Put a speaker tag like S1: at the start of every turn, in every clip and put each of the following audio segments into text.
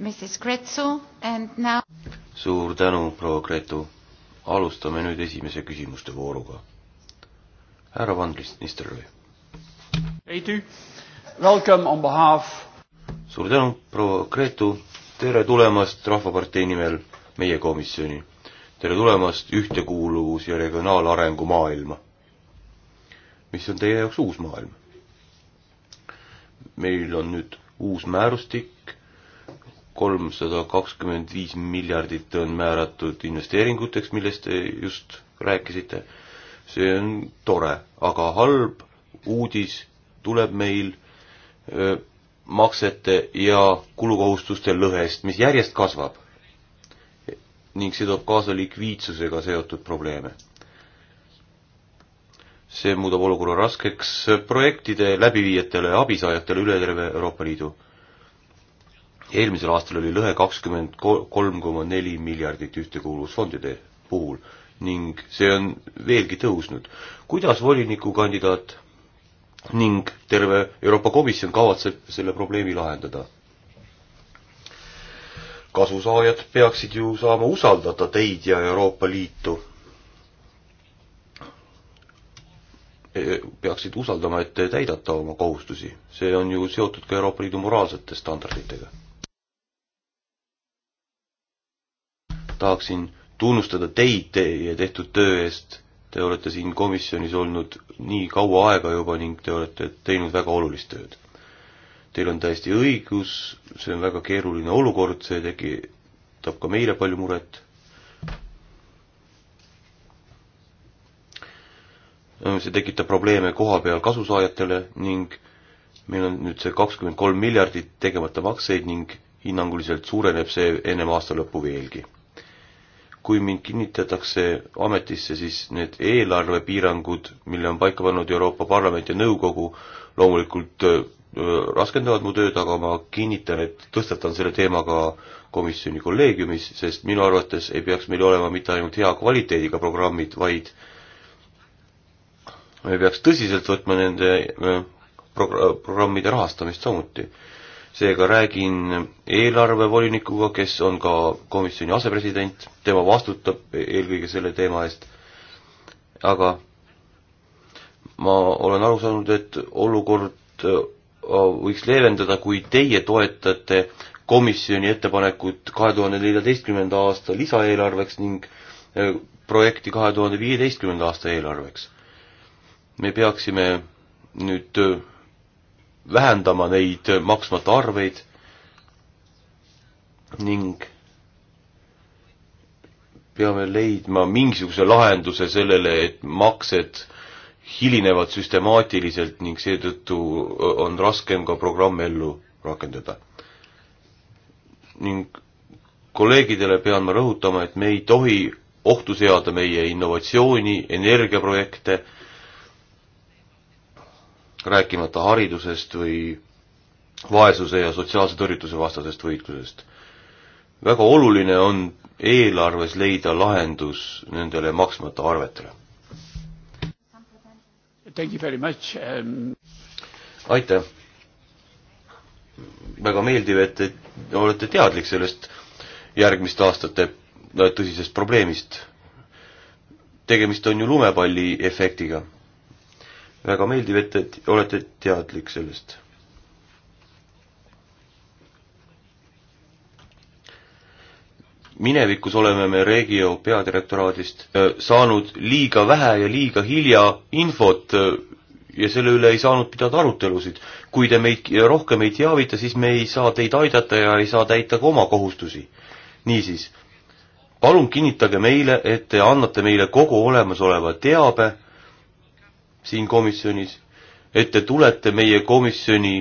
S1: Mrs Kretsu and now
S2: suur tänu, proua Gretu. alustame nüüd esimese küsimuste vooruga. härra Vandrist, Nisterlõi. Eity, welcome on behalf. suur tänu, proua Gretu. tere tulemast Rahvapartei nimel meie komisjoni. tere tulemast ühtekuuluvus- ja regionaalarengu maailma. mis on teie jaoks uus maailm? meil on nüüd uus määrustik kolmsada kakskümmend viis miljardit on määratud investeeringuteks, millest te just rääkisite. see on tore, aga halb uudis tuleb meil öö, maksete ja kulukohustuste lõhest, mis järjest kasvab. ning see toob kaasa likviidsusega seotud probleeme. see muudab olukorra raskeks projektide läbiviijatele ja abisaajatele üle terve Euroopa Liidu eelmisel aastal oli lõhe kakskümmend kolm koma neli miljardit ühtekuuluvusfondide puhul ning see on veelgi tõusnud. kuidas volinikukandidaat ning terve Euroopa Komisjon kavatseb selle probleemi lahendada? kasusaajad peaksid ju saama usaldada teid ja Euroopa Liitu. E, peaksid usaldama, et te täidate oma kohustusi. see on ju seotud ka Euroopa Liidu moraalsete standarditega tahaksin tunnustada teid teie tehtud töö eest. Te olete siin komisjonis olnud nii kaua aega juba ning te olete teinud väga olulist tööd. Teil on täiesti õigus, see on väga keeruline olukord, see tekitab ka meile palju muret see tekitab probleeme koha peal kasusaajatele ning meil on nüüd see kakskümmend kolm miljardit tegemata makseid ning hinnanguliselt suureneb see ennem aasta lõppu veelgi kui mind kinnitatakse ametisse, siis need eelarvepiirangud, mille on paika pannud Euroopa Parlament ja Nõukogu, loomulikult äh, raskendavad mu tööd, aga ma kinnitan, et tõstatan selle teema ka komisjoni kolleegiumis, sest minu arvates ei peaks meil olema mitte ainult hea kvaliteediga programmid, vaid me peaks tõsiselt võtma nende äh, progr-, programmide rahastamist samuti seega räägin eelarvevolinikuga, kes on ka komisjoni asepresident, tema vastutab eelkõige selle teema eest, aga ma olen aru saanud, et olukord äh, võiks leevendada, kui teie toetate komisjoni ettepanekut kahe tuhande neljateistkümnenda aasta lisaeelarveks ning äh, projekti kahe tuhande viieteistkümnenda aasta eelarveks. me peaksime nüüd äh, vähendama neid maksmata arveid ning peame leidma mingisuguse lahenduse sellele, et maksed hilinevad süstemaatiliselt ning seetõttu on raskem ka programm ellu rakendada. ning kolleegidele pean ma rõhutama, et me ei tohi ohtu seada meie innovatsiooni, energiaprojekte rääkimata haridusest või vaesuse ja sotsiaalse tõrjutuse vastasest võitlusest. väga oluline on eelarves leida lahendus nendele maksmata arvetele.
S3: Um...
S2: aitäh! väga meeldiv, et te olete teadlik sellest järgmiste aastate tõsisest probleemist. tegemist on ju lumepalli efektiga väga meeldiv, et te olete teadlik sellest. minevikus oleme me Regio peadirektoraadist öö, saanud liiga vähe ja liiga hilja infot öö, ja selle üle ei saanud pidada arutelusid. kui te meid rohkem ei teavita, siis me ei saa teid aidata ja ei saa täita ka oma kohustusi. niisiis, palun kinnitage meile, et te annate meile kogu olemasoleva teabe siin komisjonis, et te tulete meie komisjoni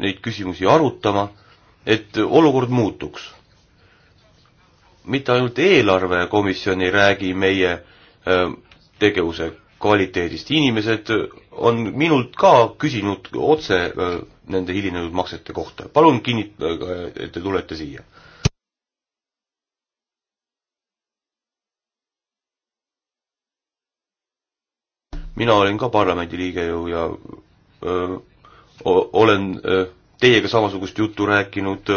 S2: neid küsimusi arutama, et olukord muutuks. mitte ainult eelarvekomisjon ei räägi meie äh, tegevuse kvaliteedist, inimesed on minult ka küsinud otse äh, nende hilinenud maksete kohta. palun kinnitage, äh, et te tulete siia mina olen ka parlamendiliige ju ja öö, olen öö, teiega samasugust juttu rääkinud,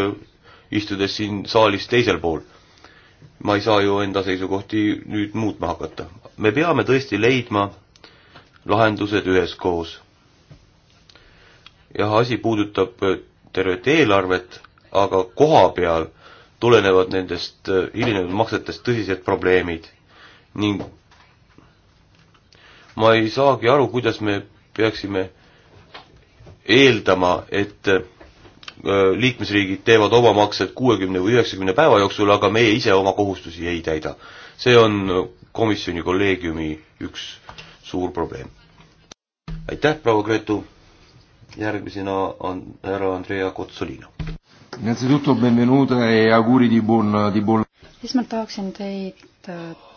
S2: istudes siin saalis teisel pool. ma ei saa ju enda seisukohti nüüd muutma hakata. me peame tõesti leidma lahendused üheskoos. jah, asi puudutab tervet eelarvet, aga koha peal tulenevad nendest hilinenud maksetest tõsised probleemid ning ma ei saagi aru, kuidas me peaksime eeldama, et äh, liikmesriigid teevad oma maksed kuuekümne või üheksakümne päeva jooksul, aga meie ise oma kohustusi ei täida. see on komisjoni kolleegiumi üks suur probleem. aitäh, proua Gretu. järgmisena on härra Andrea Kotsolino. E
S3: esmalt tahaksin teid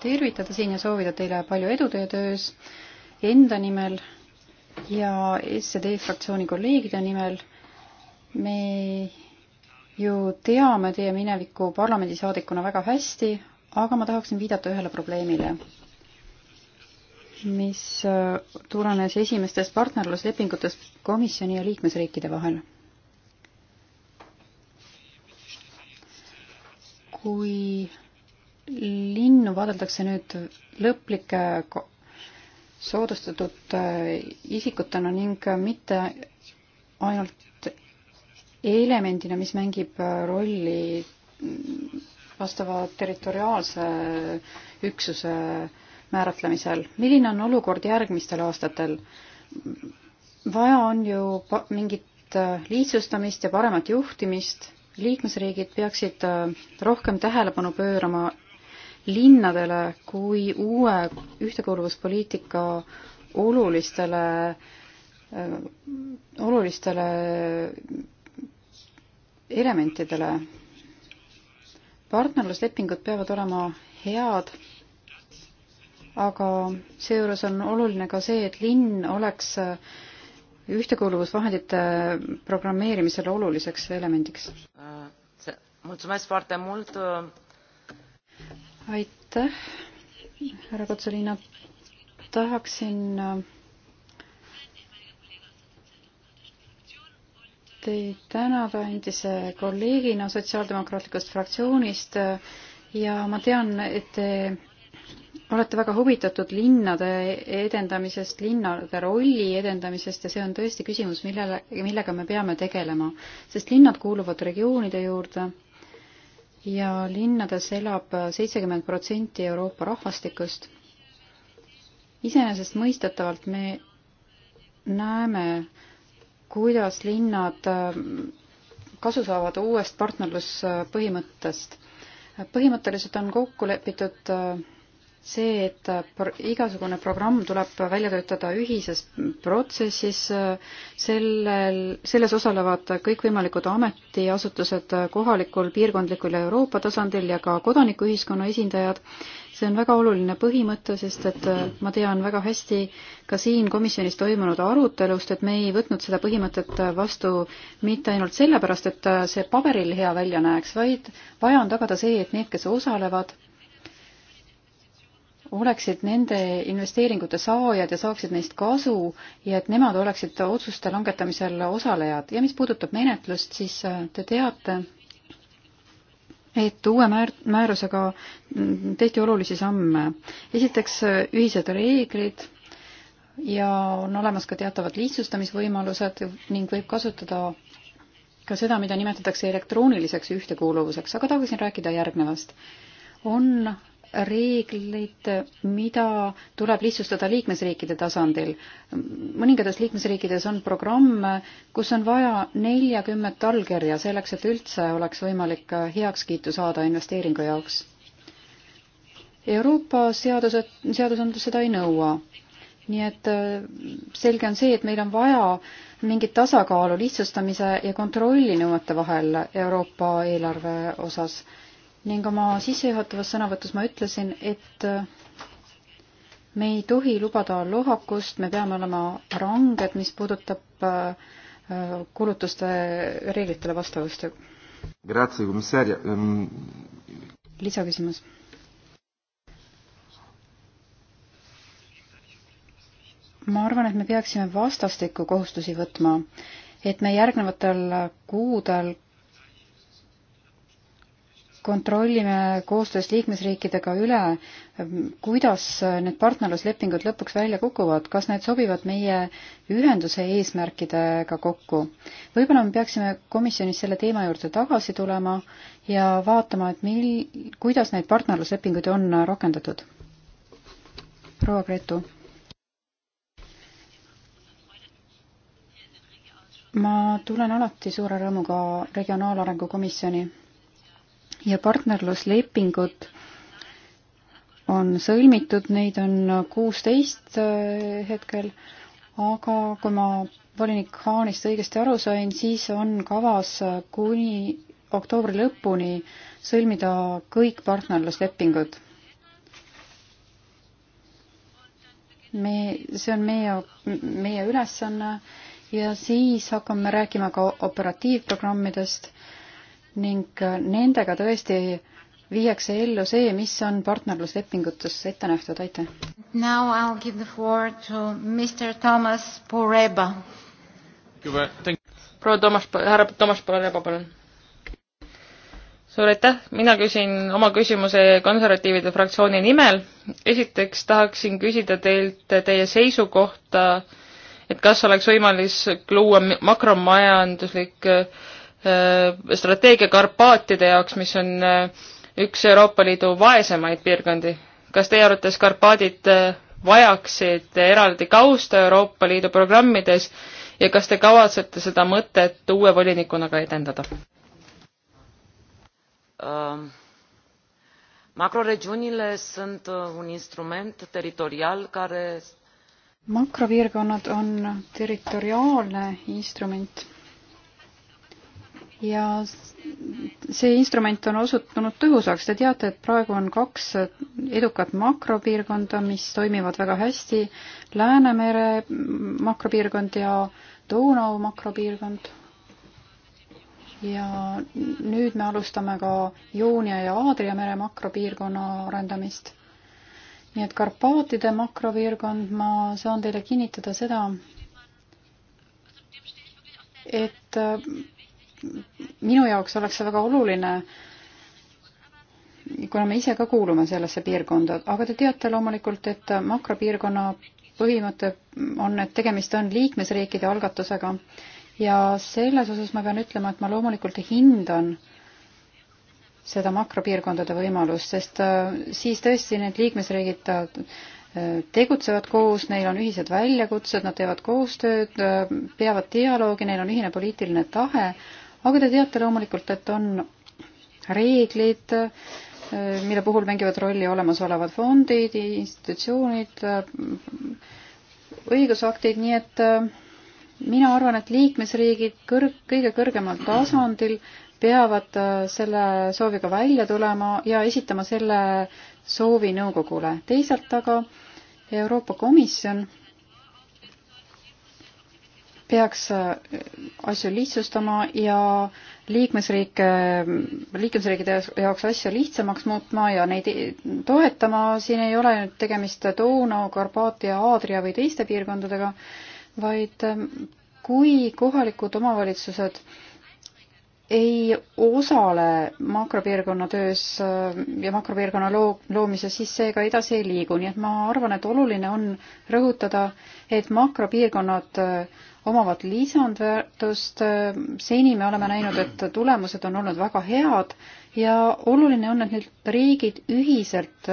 S3: tervitada siin ja soovida teile palju edu teie töös enda nimel ja SED fraktsiooni kolleegide nimel. me ju teame teie minevikku parlamendisaadikuna väga hästi, aga ma tahaksin viidata ühele probleemile, mis äh, tulenes esimestest partnerluslepingutest komisjoni ja liikmesriikide vahel. kui linnu vaadeldakse nüüd lõplike soodustatud äh, isikutena ning äh, mitte ainult elemendina, mis mängib äh, rolli mm, vastava territoriaalse üksuse määratlemisel. milline on olukord järgmistel aastatel? vaja on ju mingit lihtsustamist ja paremat juhtimist liikmesriigid peaksid rohkem tähelepanu pöörama linnadele kui uue ühtekuuluvuspoliitika olulistele, äh, olulistele elementidele. partnerluslepingud peavad olema head, aga seejuures on oluline ka see, et linn oleks äh, ühtekuuluvusvahendite programmeerimisel oluliseks elemendiks.
S4: Äh, mulțumesc foarte mult
S3: aitäh, härra Kotseliina. tahaksin äh, teid tänada endise kolleegina Sotsiaaldemokraatlikust fraktsioonist ja ma tean, et te olete väga huvitatud linnade edendamisest, linnade rolli edendamisest ja see on tõesti küsimus, millele, millega me peame tegelema, sest linnad kuuluvad regioonide juurde ja linnades elab seitsekümmend protsenti Euroopa rahvastikust. iseenesestmõistetavalt me näeme, kuidas linnad ähm, kasu saavad uuest partnerluspõhimõttest. põhimõtteliselt on kokku lepitud äh, see, et pr igasugune programm tuleb välja töötada ühises protsessis, sellel, selles osalevad kõikvõimalikud ametiasutused kohalikul, piirkondlikul ja Euroopa tasandil ja ka kodanikuühiskonna esindajad. see on väga oluline põhimõte, sest et ma tean väga hästi ka siin komisjonis toimunud arutelust, et me ei võtnud seda põhimõtet vastu mitte ainult sellepärast, et see paberil hea välja näeks, vaid vaja on tagada see, et need, kes osalevad, oleksid nende investeeringute saajad ja saaksid neist kasu ja et nemad oleksid otsuste langetamisel osalejad. ja mis puudutab menetlust, siis äh, te teate, et uue määr-, määrusega mm, tehti olulisi samme. esiteks äh, ühised reeglid ja on olemas ka teatavad lihtsustamisvõimalused ning võib kasutada ka seda, mida nimetatakse elektrooniliseks ühtekuuluvuseks, aga tahaksin rääkida järgnevast. on reeglid, mida tuleb lihtsustada liikmesriikide tasandil. mõningates liikmesriikides on programm, kus on vaja neljakümmet allkirja selleks, et üldse oleks võimalik heakskiitu saada investeeringu jaoks. Euroopa seadused, seadusandlus seda ei nõua. nii et äh, selge on see, et meil on vaja mingit tasakaalu lihtsustamise ja kontrolli nõuete vahel Euroopa eelarve osas ning oma sissejuhatavas sõnavõtus ma ütlesin, et äh, me ei tohi lubada lohakust, me peame olema ranged, mis puudutab äh, äh, kulutuste reeglitele vastavust. Ehm, lisaküsimus. ma arvan, et me peaksime vastastikku kohustusi võtma, et me järgnevatel kuudel kontrollime koostöös liikmesriikidega üle, kuidas need partnerluslepingud lõpuks välja kukuvad, kas need sobivad meie ühenduse eesmärkidega kokku. võib-olla me peaksime komisjonis selle teema juurde tagasi tulema ja vaatama, et mil, kuidas neid partnerluslepinguid on rakendatud. proua Gretu. ma tulen alati suure rõõmuga Regionaalarengu Komisjoni ja partnerluslepingud on sõlmitud, neid on kuusteist äh, hetkel, aga kui ma volinik Haanist õigesti aru sain, siis on kavas äh, kuni oktoobri lõpuni sõlmida kõik partnerluslepingud. me, see on meie, meie ülesanne ja siis hakkame rääkima ka operatiivprogrammidest äh, ning äh, nendega tõesti viiakse ellu see, mis on partnerluslepingutes ette nähtud, aitäh.
S1: Now I will give the floor to Mr Thomas Poreba.
S5: proua Toomas, härra Toomas Poreba, palun. suur aitäh, mina küsin oma küsimuse konservatiivide fraktsiooni nimel. esiteks tahaksin küsida teilt teie seisukohta, et kas oleks võimalik luua makromajanduslik äh, Äh, strateegia Karpaatide jaoks, mis on äh, üks Euroopa Liidu vaesemaid piirkondi. kas teie arvates Karpaadid äh, vajaksid eraldi kausta Euroopa Liidu programmides ja kas te kavatsete seda mõtet uue volinikuna ka edendada
S4: um.? Macroregiunile sunt uh, un instrument teritorial care
S3: makropiirkonnad on territoriaalne instrument ja see instrument on osutunud tõhusaks, te teate, et praegu on kaks edukat makropiirkonda, mis toimivad väga hästi, Läänemere makropiirkond ja Donau makropiirkond. ja nüüd me alustame ka Joonia ja Aadria mere makropiirkonna arendamist. nii et Karpaatide makropiirkond, ma saan teile kinnitada seda, et minu jaoks oleks see väga oluline, kuna me ise ka kuulume sellesse piirkonda, aga te teate loomulikult, et makropiirkonna põhimõte on, et tegemist on liikmesriikide algatusega ja selles osas ma pean ütlema, et ma loomulikult hindan seda makropiirkondade võimalust, sest äh, siis tõesti need liikmesriigid äh, tegutsevad koos, neil on ühised väljakutsed, nad teevad koostööd, äh, peavad dialoogi, neil on ühine poliitiline tahe, aga te teate loomulikult, et on reeglid, eh, mille puhul mängivad rolli olemasolevad fondid, institutsioonid, õigusaktid, nii et eh, mina arvan, et liikmesriigid kõrg, kõige kõrgemal tasandil peavad eh, selle sooviga välja tulema ja esitama selle soovi nõukogule. teisalt aga Euroopa Komisjon peaks äh, asju lihtsustama ja liikmesriike, liikmesriikide jaoks asju lihtsamaks muutma ja neid toetama, siin ei ole nüüd tegemist Donau, Karpaatia, Aadria või teiste piirkondadega, vaid ähm, kui kohalikud omavalitsused ei osale makropiirkonna töös äh, ja makropiirkonna loo-, loomises, siis see ka edasi ei liigu, nii et ma arvan, et oluline on rõhutada, et makropiirkonnad äh, omavad lisandväärtust. seni me oleme näinud, et tulemused on olnud väga head ja oluline on, et need riigid ühiselt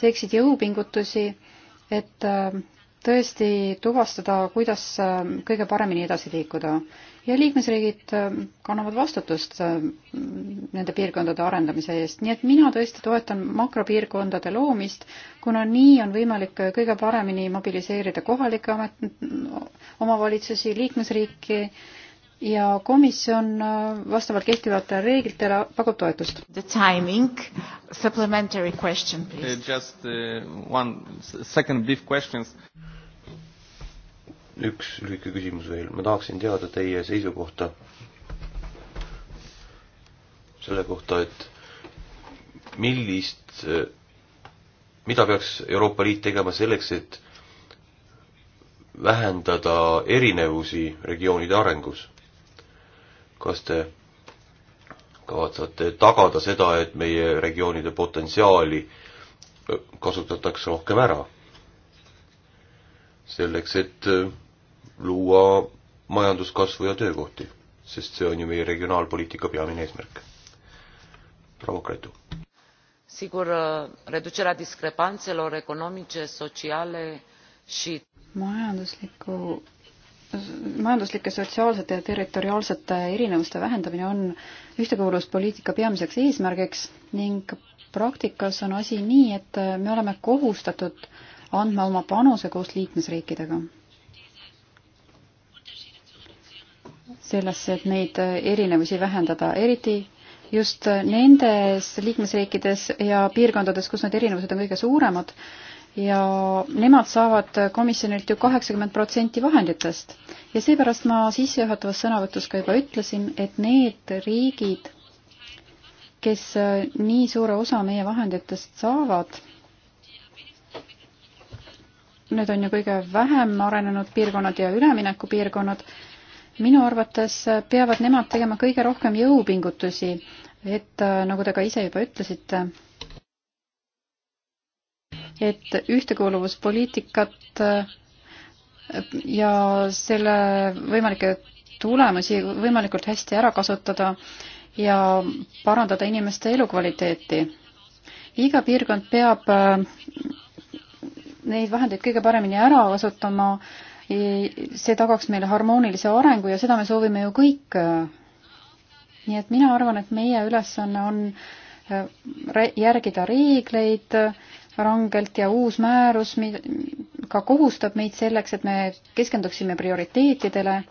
S3: teeksid jõupingutusi, et tõesti tuvastada, kuidas kõige paremini edasi liikuda ja liikmesriigid äh, kannavad vastutust äh, nende piirkondade arendamise eest, nii et mina tõesti toetan makropiirkondade loomist, kuna nii on võimalik äh, kõige paremini mobiliseerida kohalikke amet-, omavalitsusi, liikmesriiki ja komisjon vastavalt kehtivatele reeglitele pakub toetust.
S1: The timing, supplementary question please.
S2: Uh, just uh, one second brief questions üks lühike küsimus veel, ma tahaksin teada teie seisukohta selle kohta, et millist, mida peaks Euroopa Liit tegema selleks, et vähendada erinevusi regioonide arengus. kas te kavatsete tagada seda, et meie regioonide potentsiaali kasutatakse rohkem ära? selleks, et luua majanduskasvu ja töökohti, sest see on ju meie regionaalpoliitika peamine eesmärk. proua Gretu.
S4: sigur, äh, reducerea discrepantselor economice, sociale și
S3: majandusliku majanduslike, sotsiaalsete ja territoriaalsete erinevuste vähendamine on ühtekuuluvuspoliitika peamiseks eesmärgiks ning praktikas on asi nii, et me oleme kohustatud andma oma panuse koos liikmesriikidega sellesse, et neid erinevusi vähendada, eriti just nendes liikmesriikides ja piirkondades, kus need erinevused on kõige suuremad ja nemad saavad komisjonilt ju kaheksakümmend protsenti vahenditest. ja seepärast ma sissejuhatavas sõnavõtus ka juba ütlesin, et need riigid, kes nii suure osa meie vahenditest saavad, need on ju kõige vähem arenenud piirkonnad ja üleminekupiirkonnad, minu arvates peavad nemad tegema kõige rohkem jõupingutusi, et äh, nagu te ka ise juba ütlesite, et ühtekuuluvuspoliitikat äh, ja selle võimalikke tulemusi võimalikult hästi ära kasutada ja parandada inimeste elukvaliteeti. iga piirkond peab äh, neid vahendeid kõige paremini ära kasutama see tagaks meile harmoonilise arengu ja seda me soovime ju kõik. nii et mina arvan, et meie ülesanne on äh, järgida reegleid rangelt ja uus määrus ka kohustab meid selleks, et me keskenduksime prioriteetidele,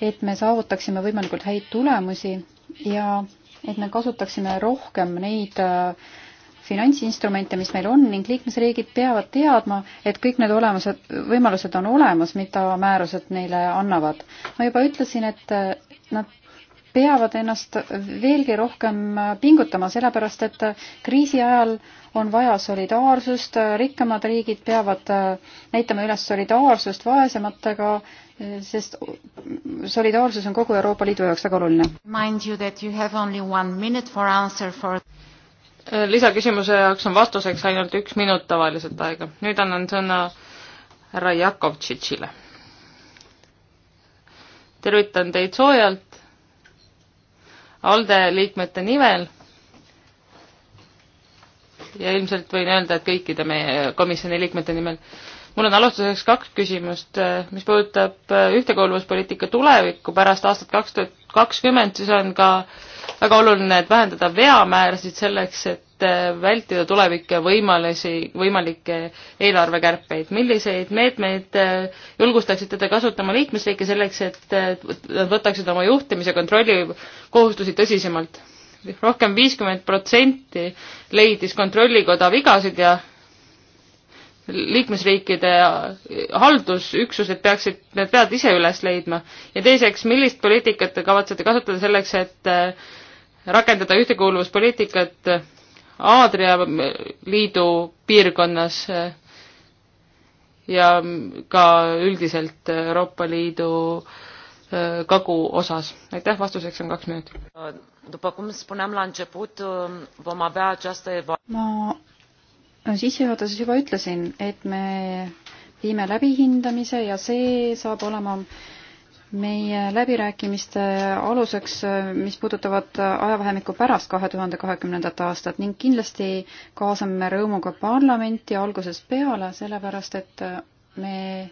S3: et me saavutaksime võimalikult häid tulemusi ja et me kasutaksime rohkem neid äh, finantsinstrumente, mis meil on ning liikmesriigid peavad teadma, et kõik need olemused, võimalused on olemas, mida määrused neile annavad. ma juba ütlesin, et eh, nad peavad ennast veelgi rohkem eh, pingutama, sellepärast et eh, kriisi ajal on vaja solidaarsust, rikkamad riigid peavad näitama üles solidaarsust vaesematega, sest solidaarsus on kogu Euroopa Liidu jaoks väga oluline.
S1: For...
S5: Äh, lisaküsimuse jaoks on vastuseks ainult üks minut tavaliselt aega. nüüd annan sõna härra Jakovtšitšile. tervitan teid soojalt ALDE liikmete nimel ja ilmselt võin öelda, et kõikide meie komisjoni liikmete nimel. mul on alustuseks kaks küsimust, äh, mis puudutab äh, ühtekuuluvuspoliitika tulevikku pärast aastat kaks tuhat kakskümmend, siis on ka äh, väga oluline, et vähendada veamäärasid selleks, et äh, vältida tulevikke võimalusi, võimalikke eelarvekärpeid. milliseid meetmeid äh, julgustaksite te kasutama liikmesriike selleks, et äh, nad võtaksid oma juhtimise kontrolli kohustusi tõsisemalt? rohkem viiskümmend protsenti leidis Kontrollikoda vigasid ja liikmesriikide haldusüksused peaksid need vead ise üles leidma ja teiseks, millist poliitikat te kavatsete kasutada selleks, et rakendada ühtekuuluvuspoliitikat Aadria liidu piirkonnas ja ka üldiselt Euroopa Liidu äh, kagu osas. aitäh, vastuseks on kaks minutit.
S4: Um,
S5: ma sissejuhatuses juba
S4: ütlesin, et
S3: me viime läbi hindamise ja see saab olema äh, meie läbirääkimiste aluseks, mis puudutavad ajavahemikku pärast kahe tuhande kahekümnendat aastat ning kindlasti kaasame rõõmuga parlamenti algusest peale, sellepärast et me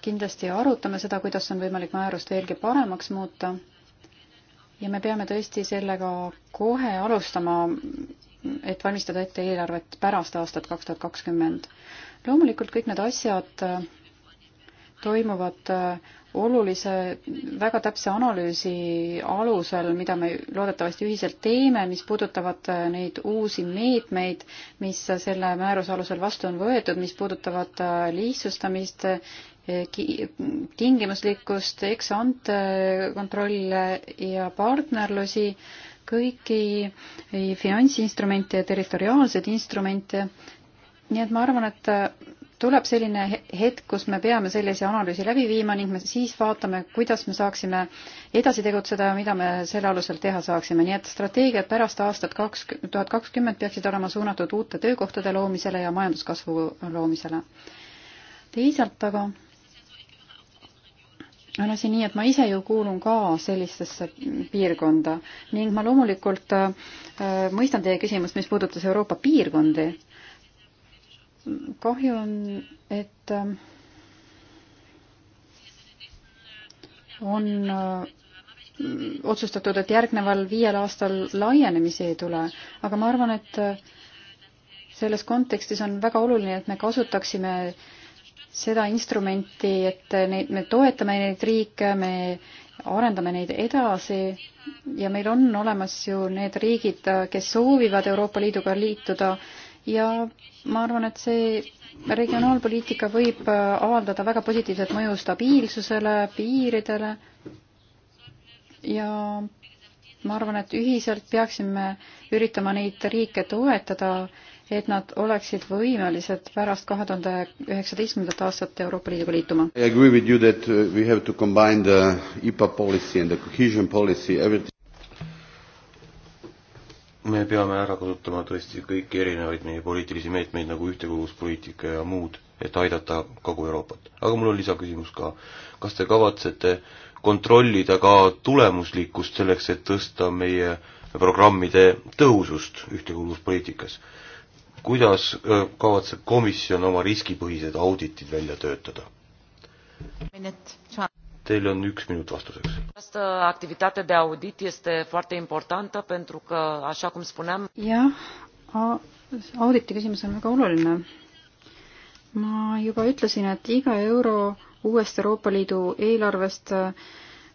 S3: kindlasti arutame seda, kuidas on võimalik määrust veelgi paremaks muuta. ja me peame tõesti sellega kohe alustama, et valmistada ette eelarvet pärast aastat kaks tuhat kakskümmend. loomulikult kõik need asjad toimuvad äh, olulise, väga täpse analüüsi alusel, mida me loodetavasti ühiselt teeme, mis puudutavad äh, neid uusi meetmeid, mis äh, selle määruse alusel vastu on võetud, mis puudutavad lihtsustamist, tingimuslikkust, eksante kontrolle ja partnerlusi, kõiki finantsinstrumente ja territoriaalseid instrumente. nii et ma arvan, et tuleb selline hetk, kus me peame sellise analüüsi läbi viima ning me siis vaatame, kuidas me saaksime edasi tegutseda ja mida me selle alusel teha saaksime, nii et strateegiad pärast aastat kaks tuhat kakskümmend peaksid olema suunatud uute töökohtade loomisele ja majanduskasvu loomisele. teisalt aga on asi nii, et ma ise ju kuulun ka sellistesse piirkonda ning ma loomulikult äh, mõistan teie küsimust, mis puudutas Euroopa piirkondi kahju on, et ähm, on äh, otsustatud, et järgneval viiel aastal laienemisi ei tule, aga ma arvan, et äh, selles kontekstis on väga oluline, et me kasutaksime seda instrumenti, et neid, me toetame neid riike, me arendame neid edasi ja meil on olemas ju need riigid, äh, kes soovivad Euroopa Liiduga liituda ja ma arvan, et see regionaalpoliitika võib äh, avaldada väga positiivset mõju stabiilsusele, piiridele ja ma arvan, et ühiselt peaksime üritama neid riike toetada, et nad oleksid võimelised pärast kahe tuhande üheksateistkümnendat aastat Euroopa Liiduga liituma. I
S2: agree with you that uh, we have to combine the IPA policy and the cohesion policy, everything me peame ära kasutama tõesti kõiki erinevaid meie poliitilisi meetmeid nagu ühtekuuluvuspoliitika ja muud, et aidata Kagu-Euroopat. aga mul on lisaküsimus ka. kas te kavatsete kontrollida ka tulemuslikkust selleks, et tõsta meie programmide tõhusust ühtekuuluvuspoliitikas? kuidas kavatseb komisjon oma riskipõhised auditid välja töötada? Teil on üks minut vastuseks.
S4: Această activitate de audit este foarte importantă pentru că, așa cum spuneam...
S3: Jah, auditi küsimus on väga oluline. Ma juba ütlesin, et iga euro uuest Euroopa Liidu eelarvest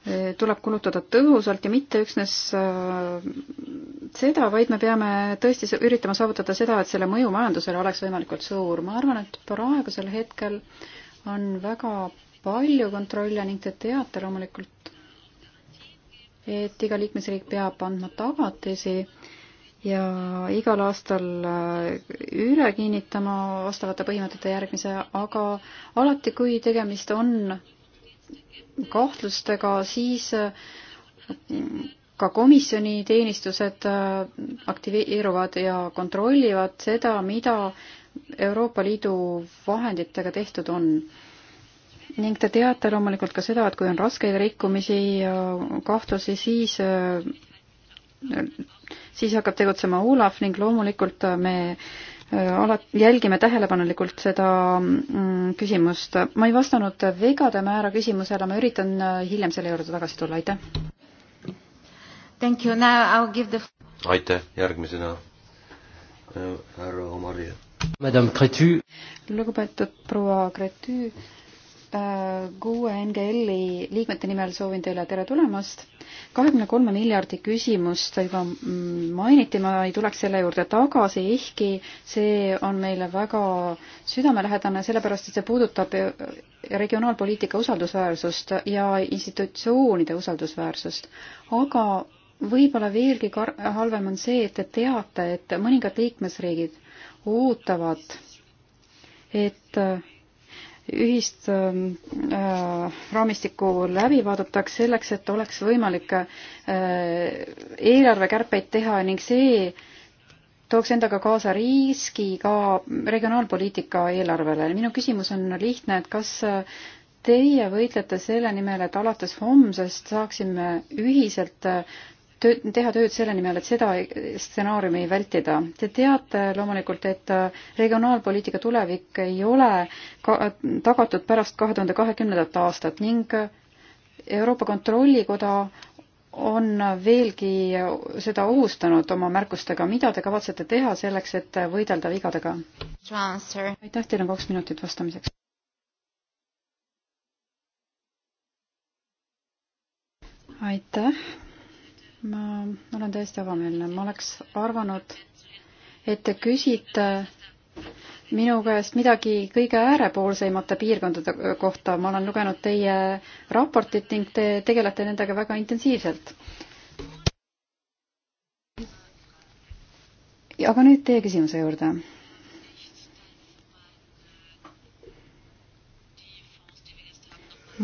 S3: eh, tuleb kulutada tõhusalt ja mitte üksnes eh, seda, vaid me peame tõesti üritama saavutada seda, et selle mõju majandusele oleks võimalikult suur. ma arvan, et praegusel hetkel on väga palju kontrolle ning te teate loomulikult, et iga liikmesriik peab andma tagatisi ja igal aastal äh, üle kinnitama vastavate põhimõtete järgmise, aga alati, kui tegemist on kahtlustega, siis äh, ka komisjoni teenistused äh, aktiveeruvad ja kontrollivad seda, mida Euroopa Liidu vahenditega tehtud on ning te teate loomulikult ka seda, et kui on raskeid rikkumisi ja kahtlusi, siis äh, siis hakkab tegutsema Olav ning loomulikult äh, me äh, alati jälgime tähelepanelikult seda mm, küsimust. ma ei vastanud vigade määra küsimusele, ma üritan hiljem
S1: selle
S2: juurde tagasi tulla, aitäh.
S1: The...
S2: aitäh, järgmisena härra Omari.
S3: lugupeetud proua Gretü kuue NGL-i liikmete nimel soovin teile tere tulemast. kahekümne kolme miljardi küsimust juba mainiti, ma ei tuleks selle juurde tagasi, ehkki see on meile väga südamelähedane, sellepärast et see puudutab regionaalpoliitika usaldusväärsust ja institutsioonide usaldusväärsust. aga võib-olla veelgi halvem on see, et te teate, et mõningad liikmesriigid ootavad, et ühist ähm, äh, raamistikku läbi vaadataks selleks, et oleks võimalik äh, eelarvekärpeid teha ning see tooks endaga kaasa riski ka regionaalpoliitika eelarvele. minu küsimus on lihtne, et kas äh, teie võitlete selle nimel, et alates homsest saaksime ühiselt tööd, teha tööd selle nimel, et seda stsenaariumi vältida. Te teate loomulikult, et regionaalpoliitika tulevik ei ole ka, tagatud pärast kahe tuhande kahekümnendat aastat ning Euroopa Kontrollikoda on veelgi seda ohustanud oma märkustega. mida te kavatsete teha selleks, et võidelda vigadega?
S1: aitäh, teil on kaks
S3: minutit vastamiseks. aitäh ma olen täiesti avameelne, ma oleks arvanud, et te küsite minu käest midagi kõige äärepoolseimate piirkondade kohta, ma olen lugenud teie raportit ning te tegelete nendega väga intensiivselt. aga nüüd teie küsimuse juurde.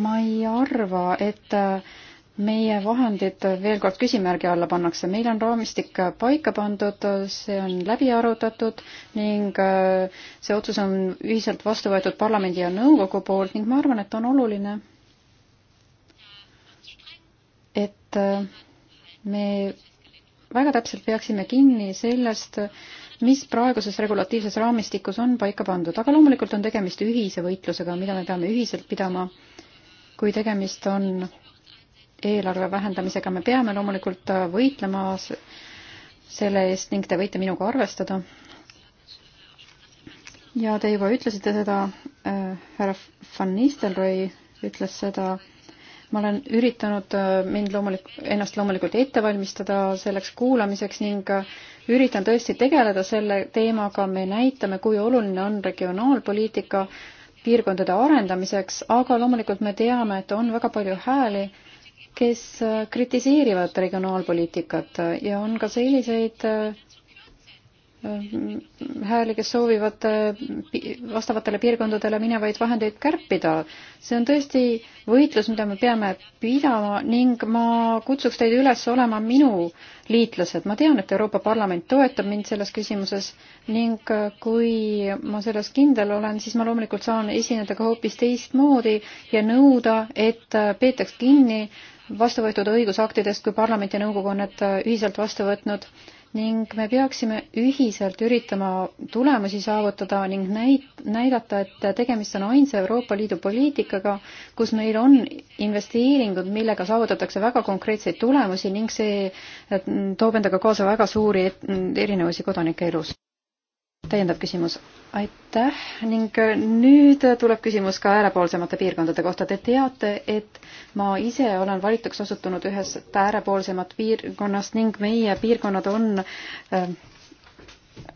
S3: ma ei arva, et äh, meie vahendid veel kord küsimärgi alla pannakse, meil on raamistik paika pandud, see on läbi arutatud ning äh, see otsus on ühiselt vastu võetud parlamendi ja nõukogu poolt ning ma arvan, et on oluline, et äh, me väga täpselt peaksime kinni sellest, mis praeguses regulatiivses raamistikus on paika pandud, aga loomulikult on tegemist ühise võitlusega, mida me peame ühiselt pidama, kui tegemist on eelarve vähendamisega, me peame loomulikult äh, võitlema selle eest ning te võite minuga arvestada. ja te juba ütlesite seda äh,, härra Van Nistelrooy ütles seda, ma olen üritanud äh, mind loomulik-, ennast loomulikult ette valmistada selleks kuulamiseks ning äh, üritan tõesti tegeleda selle teemaga, me näitame, kui oluline on regionaalpoliitika piirkondade arendamiseks, aga loomulikult me teame, et on väga palju hääli, kes äh, kritiseerivad regionaalpoliitikat ja on ka selliseid äh, äh, hääli, kes soovivad vastavatele piirkondadele minevaid vahendeid kärpida. see on tõesti võitlus, mida me peame pidama ning ma kutsuks teid üles olema minu liitlased. ma tean, et Euroopa Parlament toetab mind selles küsimuses ning kui ma selles kindel olen, siis ma loomulikult saan esineda ka hoopis teistmoodi ja nõuda, et peetaks kinni vastu võetud õigusaktidest, kui parlament ja nõukogu on need äh, ühiselt vastu võtnud ning me peaksime ühiselt üritama tulemusi saavutada ning näit-, näidata, et tegemist on ainsa Euroopa Liidu poliitikaga, kus meil on investeeringud, millega saavutatakse väga konkreetseid tulemusi ning see mm, toob endaga kaasa väga suuri mm, erinevusi kodanike elus täiendav küsimus, aitäh ning äh, nüüd äh, tuleb küsimus ka äärepoolsemate piirkondade kohta. Te teate, et ma ise olen valituks osutunud ühest äärepoolsemat piirkonnast ning meie piirkonnad on äh,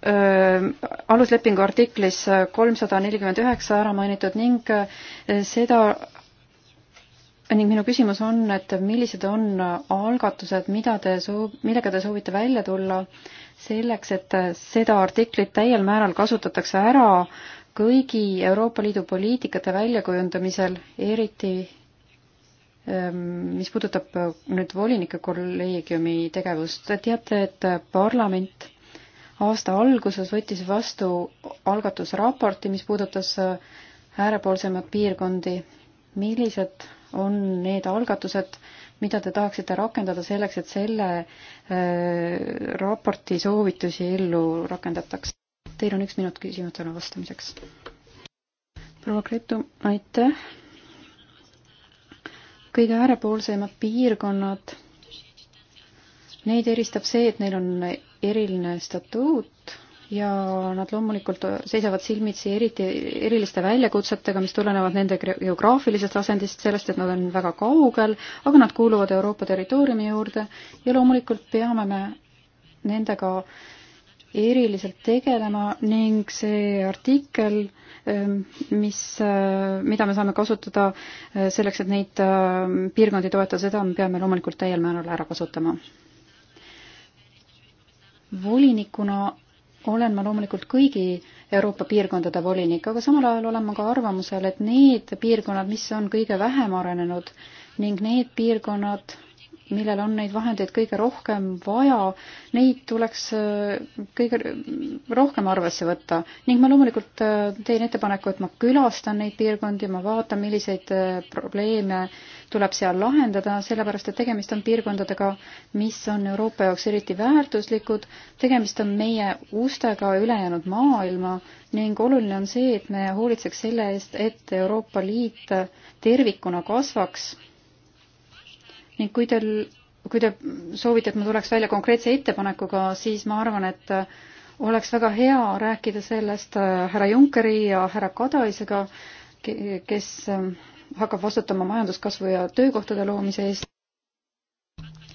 S3: äh, aluslepingu artiklis kolmsada nelikümmend üheksa ära mainitud ning seda ning minu küsimus on, et millised on algatused, mida te soo-, millega te soovite välja tulla selleks, et seda artiklit täiel määral kasutatakse ära kõigi Euroopa Liidu poliitikate väljakujundamisel, eriti ähm, mis puudutab nüüd volinike kolleegiumi tegevust, teate, et parlament aasta alguses võttis vastu algatusraporti, mis puudutas äh, äärepoolsemaid piirkondi. millised on need algatused, mida te tahaksite rakendada selleks, et selle äh, raporti soovitusi ellu rakendataks? Teil on üks minut küsimustele vastamiseks. proua Gretu, aitäh. kõige äärepoolsemad piirkonnad, neid eristab see, et neil on eriline statuut ja nad loomulikult seisavad silmitsi eriti eriliste väljakutsetega, mis tulenevad nende geograafilisest asendist, sellest, et nad on väga kaugel, aga nad kuuluvad Euroopa territooriumi juurde ja loomulikult peame me nendega eriliselt tegelema ning see artikkel, ähm, mis, äh, mida me saame kasutada äh, selleks, et neid ähm, piirkondi toetada, seda me peame loomulikult täiel määral ära kasutama. volinikuna olen ma loomulikult kõigi Euroopa piirkondade volinik, aga samal ajal olen ma ka arvamusel, et need piirkonnad, mis on kõige vähem arenenud ning need piirkonnad, millel on neid vahendeid kõige rohkem vaja, neid tuleks äh, kõige rohkem arvesse võtta. ning ma loomulikult äh, teen ettepaneku, et ma külastan neid piirkondi, ma vaatan, milliseid äh, probleeme tuleb seal lahendada, sellepärast et tegemist on piirkondadega, mis on Euroopa jaoks eriti väärtuslikud, tegemist on meie ustega ülejäänud maailma ning oluline on see, et me hoolitseks selle eest, et Euroopa Liit tervikuna kasvaks ning kui teil, kui te soovite, et ma tuleks välja konkreetse ettepanekuga, siis ma arvan, et oleks väga hea rääkida sellest äh, härra Junckeri ja härra Kadaisega, kes äh, hakkab vastutama majanduskasvu ja töökohtade loomise eest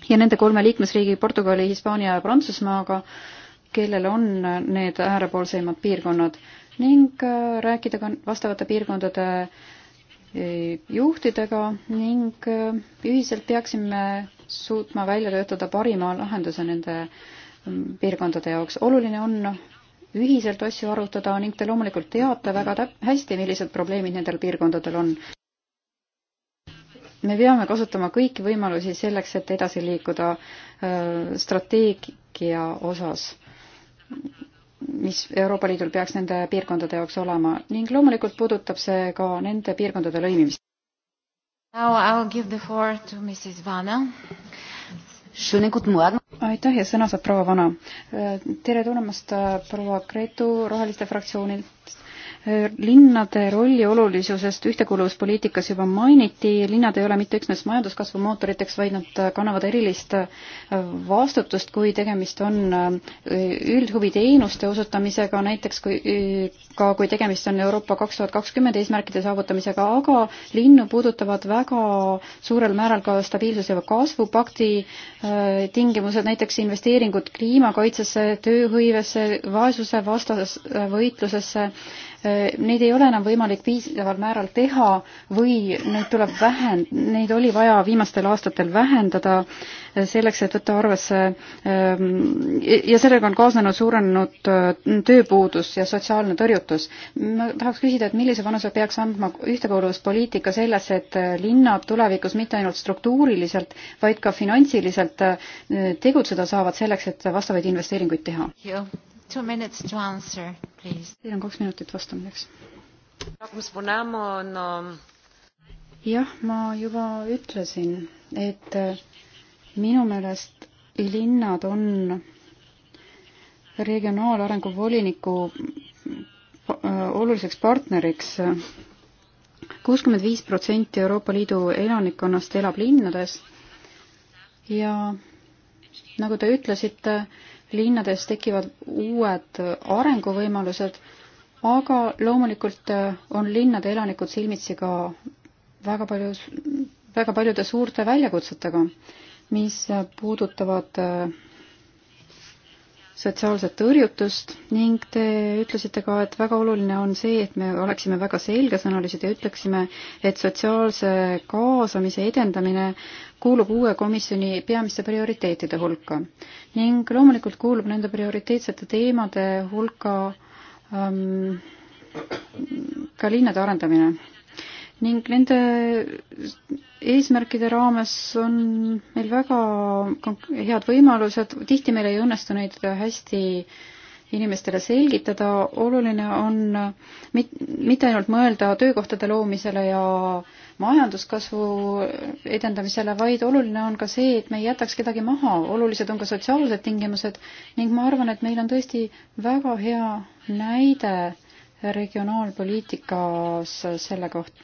S3: ja nende kolme liikmesriigi Portugali, Hispaania ja Prantsusmaaga, kellel on äh, need äärepoolseimad piirkonnad ning rääkida ka vastavate piirkondade äh, juhtidega ning äh, ühiselt peaksime suutma välja töötada parima lahenduse nende mm, piirkondade jaoks. oluline on ühiselt asju arutada ning te loomulikult teate väga täp-, hästi, millised probleemid nendel piirkondadel on. me peame kasutama kõiki võimalusi selleks, et edasi liikuda äh, strateegia osas mis Euroopa Liidul peaks nende piirkondade jaoks olema ning loomulikult puudutab see ka nende piirkondade lõimimist. aitäh ja sõna saab proua Vana. tere tulemast proua Gretu Roheliste fraktsioonilt linnade rolli olulisusest ühtekuuluvuspoliitikas juba mainiti, linnad ei ole mitte üksnes majanduskasvu mootoriteks, vaid nad kannavad erilist vastutust, kui tegemist on äh, üldhuviteenuste osutamisega, näiteks kui, äh, ka kui tegemist on Euroopa kaks tuhat kakskümmend eesmärkide saavutamisega, aga linnu puudutavad väga suurel määral ka stabiilsus- ja kasvupakti äh, tingimused, näiteks investeeringud kliimakaitsesse, tööhõivesse, vaesuse vastasesse võitlusesse, neid ei ole enam võimalik piisaval määral teha või neid tuleb vähen-, neid oli vaja viimastel aastatel vähendada selleks, et võtta arvesse ehm, ja sellega on kaasnenud suurenenud äh, tööpuudus ja sotsiaalne tõrjutus. ma tahaks küsida, et millise panuse peaks andma ühtekuuluvuspoliitika sellesse, et äh, linnad tulevikus mitte ainult struktuuriliselt, vaid ka finantsiliselt äh, tegutseda saavad selleks, et vastavaid investeeringuid teha?
S1: jah Two minutes to answer,
S3: please. Teil on kaks minutit vastamiseks.
S4: nagu spuneam, on ähm,
S3: jah, ma juba ütlesin, et äh, minu meelest linnad on regionaalarengu voliniku äh, oluliseks partneriks. kuuskümmend viis protsenti Euroopa Liidu elanikkonnast elab linnades ja nagu te ütlesite, linnades tekivad uued arenguvõimalused, aga loomulikult äh, on linnade elanikud silmitsi ka väga palju, väga paljude suurte väljakutsetega, mis äh, puudutavad äh, sotsiaalset tõrjutust ning te ütlesite ka, et väga oluline on see, et me oleksime väga selgesõnalised ja ütleksime, et sotsiaalse kaasamise edendamine kuulub uue komisjoni peamiste prioriteetide hulka ning loomulikult kuulub nende prioriteetsete teemade hulka ähm, ka linnade arendamine. ning nende eesmärkide raames on meil väga head võimalused, tihti meil ei õnnestu neid hästi äh, inimestele selgitada, oluline on mit-, mitte ainult mõelda töökohtade loomisele ja majanduskasvu edendamisele, vaid oluline on ka see, et me ei jätaks kedagi maha, olulised on ka sotsiaalsed tingimused ning ma arvan, et meil on tõesti väga hea näide regionaalpoliitikas selle koht-,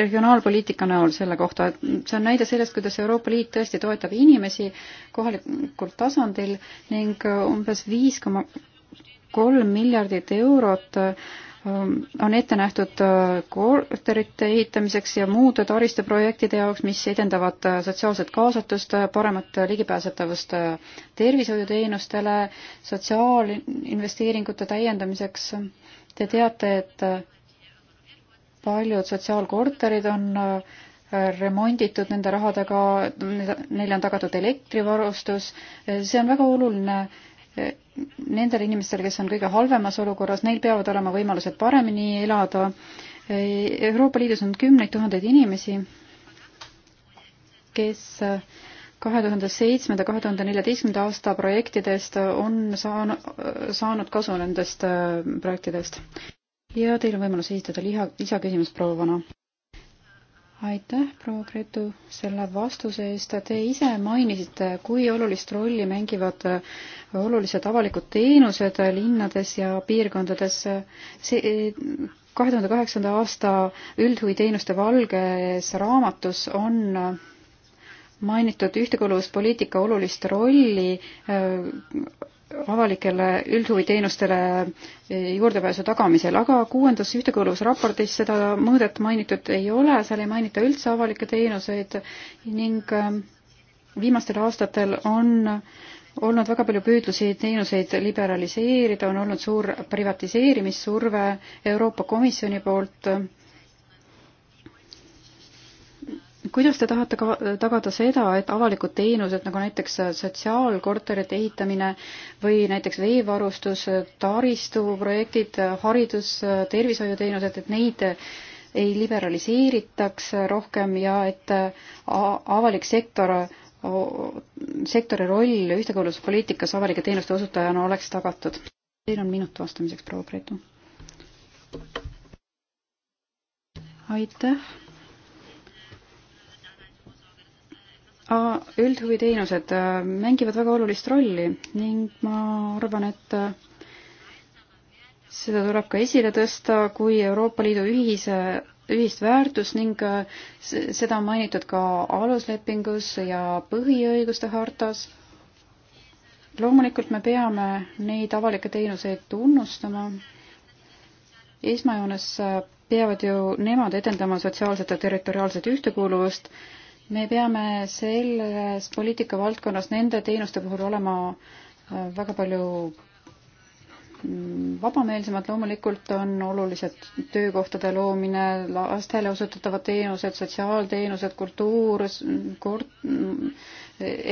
S3: regionaalpoliitika näol selle kohta, et see on näide sellest, kuidas Euroopa Liit tõesti toetab inimesi kohalikul tasandil ning umbes viis koma kolm miljardit eurot ähm, on ette nähtud äh, korterite ehitamiseks ja muude taristuprojektide jaoks, mis edendavad äh, sotsiaalset kaasatust, äh, paremat ligipääsetavust tervishoiuteenustele, sotsiaalinvesteeringute täiendamiseks Te teate, et paljud sotsiaalkorterid on äh, remonditud nende rahadega, neile on tagatud elektrivarustus, see on väga oluline äh, nendele inimestele, kes on kõige halvemas olukorras, neil peavad olema võimalused paremini elada. Äh, Euroopa Liidus on kümneid tuhandeid inimesi, kes kahe tuhande seitsmenda, kahe tuhande neljateistkümnenda aasta projektidest on saanud, saanud kasu nendest äh, projektidest. ja teil on võimalus esitada liha, lisaküsimus, proua Vana. aitäh, proua Gretu, selle vastuse eest. Te ise mainisite, kui olulist rolli mängivad äh, olulised avalikud teenused linnades ja piirkondades. see kahe tuhande kaheksanda aasta üldhuviteenuste valges raamatus on äh, mainitud ühtekuuluvuspoliitika olulist rolli äh, avalikele üldhuviteenustele äh, juurdepääsu tagamisel, aga kuuendas ühtekuuluvusraportis seda mõõdet mainitud ei ole, seal ei mainita üldse avalikke teenuseid ning äh, viimastel aastatel on olnud väga palju püüdlusi teenuseid liberaliseerida, on olnud suur privatiseerimissurve Euroopa Komisjoni poolt kuidas te tahate ka tagada seda, et avalikud teenused nagu näiteks sotsiaalkorterite ehitamine või näiteks veevarustus, taristuprojektid, haridus, tervishoiuteenused, et neid ei liberaliseeritaks rohkem ja et avalik sektor, sektori roll ühtekuuluvuspoliitikas avalike teenuste osutajana oleks tagatud? Teil on minut vastamiseks, proua Gretu. aitäh üldhuviteenused äh, mängivad väga olulist rolli ning ma arvan, et äh, seda tuleb ka esile tõsta kui Euroopa Liidu ühise, ühist väärtust ning äh, seda on mainitud ka aluslepingus ja põhiõiguste hartas. loomulikult me peame neid avalikke teenuseid tunnustama. esmajoones peavad ju nemad edendama sotsiaalset ja territoriaalset ühtekuuluvust me peame selles poliitikavaldkonnas nende teenuste puhul olema äh, väga palju mm, vabameelsemad loomulikult on olulised töökohtade loomine, lastele osutatavad teenused, sotsiaalteenused, kultuur, kord-, mm,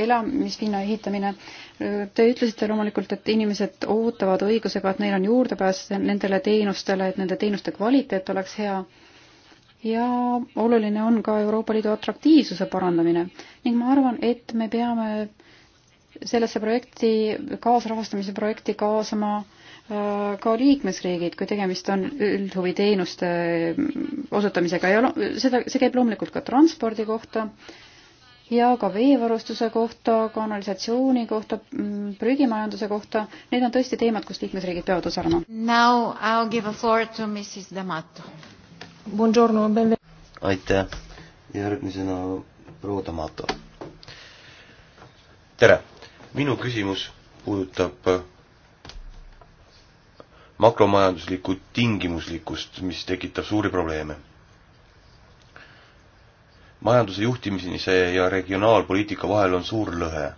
S3: elamispinna ehitamine. Te ütlesite loomulikult, et inimesed ootavad õigusega, et neil on juurdepääs nendele teenustele, et nende teenuste kvaliteet oleks hea ja oluline on ka Euroopa Liidu atraktiivsuse parandamine ning ma arvan, et me peame sellesse projekti, kaasrahastamise projekti kaasama äh, ka liikmesriigid, kui tegemist on üldhuviteenuste mm, osutamisega ja seda, see käib loomulikult ka transpordi kohta ja ka veevarustuse kohta, kanalisatsiooni kohta, mm, prügimajanduse kohta, need on tõesti teemad, kus liikmesriigid peavad osalema.
S1: Now I will give a floor to Mrs Damato. Buongiorno, benven-.
S2: aitäh, järgmisena proua Tomato. tere, minu küsimus puudutab äh, makromajanduslikku tingimuslikkust, mis tekitab suuri probleeme. majanduse juhtimise ja regionaalpoliitika vahel on suur lõhe.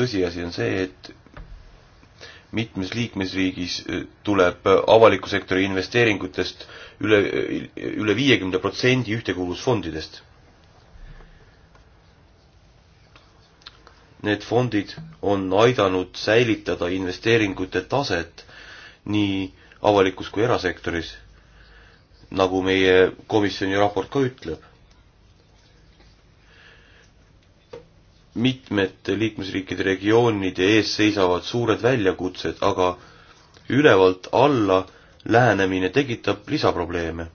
S2: tõsiasi on see, et mitmes liikmesriigis eh, tuleb eh, avaliku sektori investeeringutest üle, eh, üle viiekümne protsendi ühtekuuluvusfondidest. Need fondid on aidanud säilitada investeeringute taset nii avalikus kui erasektoris, nagu meie komisjoni raport ka ütleb mitmed liikmesriikide regioonide ees seisavad suured väljakutsed, aga ülevalt alla lähenemine tekitab lisaprobleeme.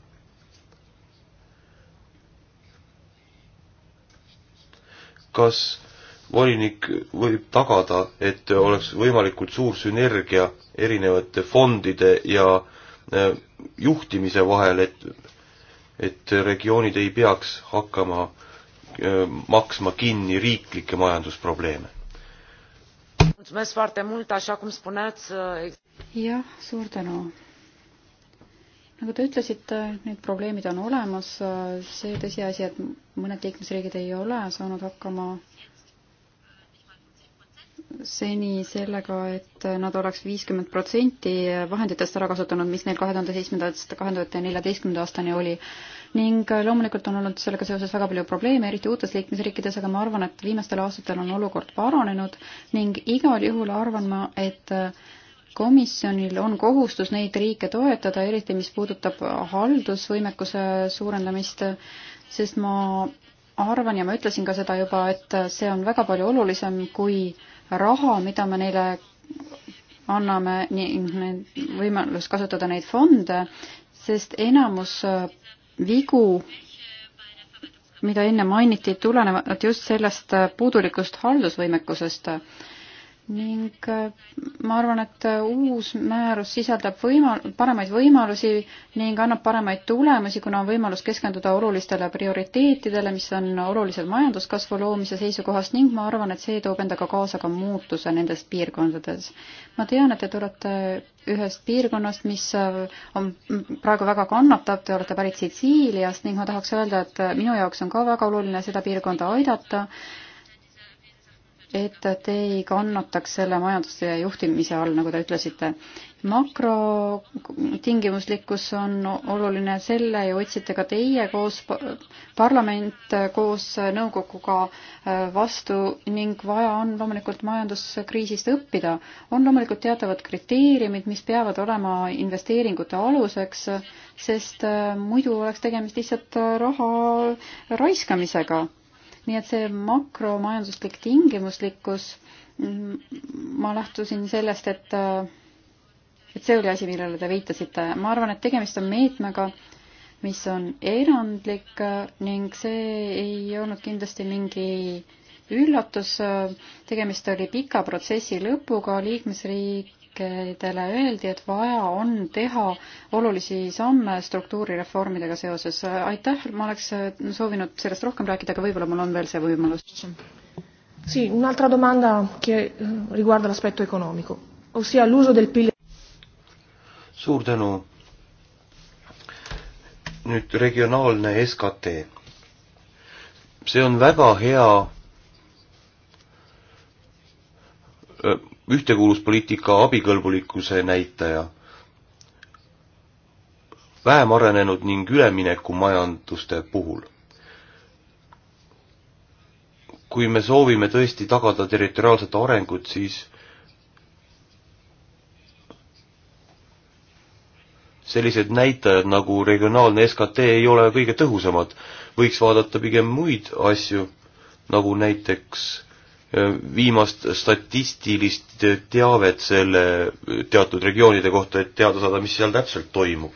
S2: kas volinik võib tagada, et oleks võimalikult suur sünergia erinevate fondide ja äh, juhtimise vahel, et, et regioonid ei peaks hakkama äh, Äh, maksma kinni riiklikke majandusprobleeme.
S4: Äh,
S3: jah, suur tänu. nagu te ütlesite, need probleemid on olemas, see tõsiasi, et mõned liikmesriigid ei ole saanud hakkama seni sellega, et nad oleks viiskümmend protsenti vahenditest ära kasutanud, mis neil kahe tuhande seitsmendast, kahe tuhande neljateistkümnenda aastani oli ning äh, loomulikult on olnud sellega seoses väga palju probleeme, eriti uutes liikmesriikides, aga ma arvan, et viimastel aastatel on olukord paranenud ning igal juhul arvan ma, et äh, komisjonil on kohustus neid riike toetada, eriti mis puudutab äh, haldusvõimekuse suurendamist, sest ma arvan ja ma ütlesin ka seda juba, et see on väga palju olulisem kui raha, mida me neile anname, võimalus kasutada neid fonde, sest enamus vigu, mida enne mainiti, tulenevad just sellest puudulikust haldusvõimekusest ning äh, ma arvan, et äh, uus määrus sisaldab võimal-, paremaid võimalusi ning annab paremaid tulemusi, kuna on võimalus keskenduda olulistele prioriteetidele, mis on olulised majanduskasvu loomise seisukohast ning ma arvan, et see toob endaga kaasa ka muutuse nendes piirkondades. ma tean, et te tulete ühest piirkonnast, mis äh, on praegu väga kannatab, te olete pärit Sitsiiliast ning ma tahaks öelda, et minu jaoks on ka väga oluline seda piirkonda aidata et te ei kannataks selle majanduse juhtimise all, nagu te ütlesite. makrotingimuslikkus on oluline, selle ju võtsite ka teie koos, parlament koos nõukoguga äh, vastu ning vaja on loomulikult majanduskriisist õppida. on loomulikult teatavad kriteeriumid, mis peavad olema investeeringute aluseks, sest äh, muidu oleks tegemist lihtsalt äh, raha raiskamisega nii et see makromajanduslik tingimuslikkus, ma lähtusin sellest, et, et see oli asi, millele te viitasite. ma arvan, et tegemist on meetmega, mis on erandlik ning see ei olnud kindlasti mingi üllatus, tegemist oli pika protsessi lõpuga, liikmesriik riikidele öeldi, et vaja on teha olulisi samme struktuurireformidega seoses. aitäh, ma oleks soovinud sellest rohkem rääkida, aga võib-olla mul on veel see võimalus.
S5: Sì, un'altra domanda che riguarda l'aspetto economico,
S2: ossia l'uso del PIL. Suur tänu. Nüüd regionaalne SKT. See on väga hea ühtekuuluspoliitika abikõlbulikkuse näitaja. vähem arenenud ning üleminekumajanduste puhul. kui me soovime tõesti tagada territoriaalset arengut, siis sellised näitajad nagu regionaalne SKT ei ole kõige tõhusamad, võiks vaadata pigem muid asju, nagu näiteks viimast statistilist teavet selle teatud regioonide kohta, et teada saada, mis seal täpselt toimub.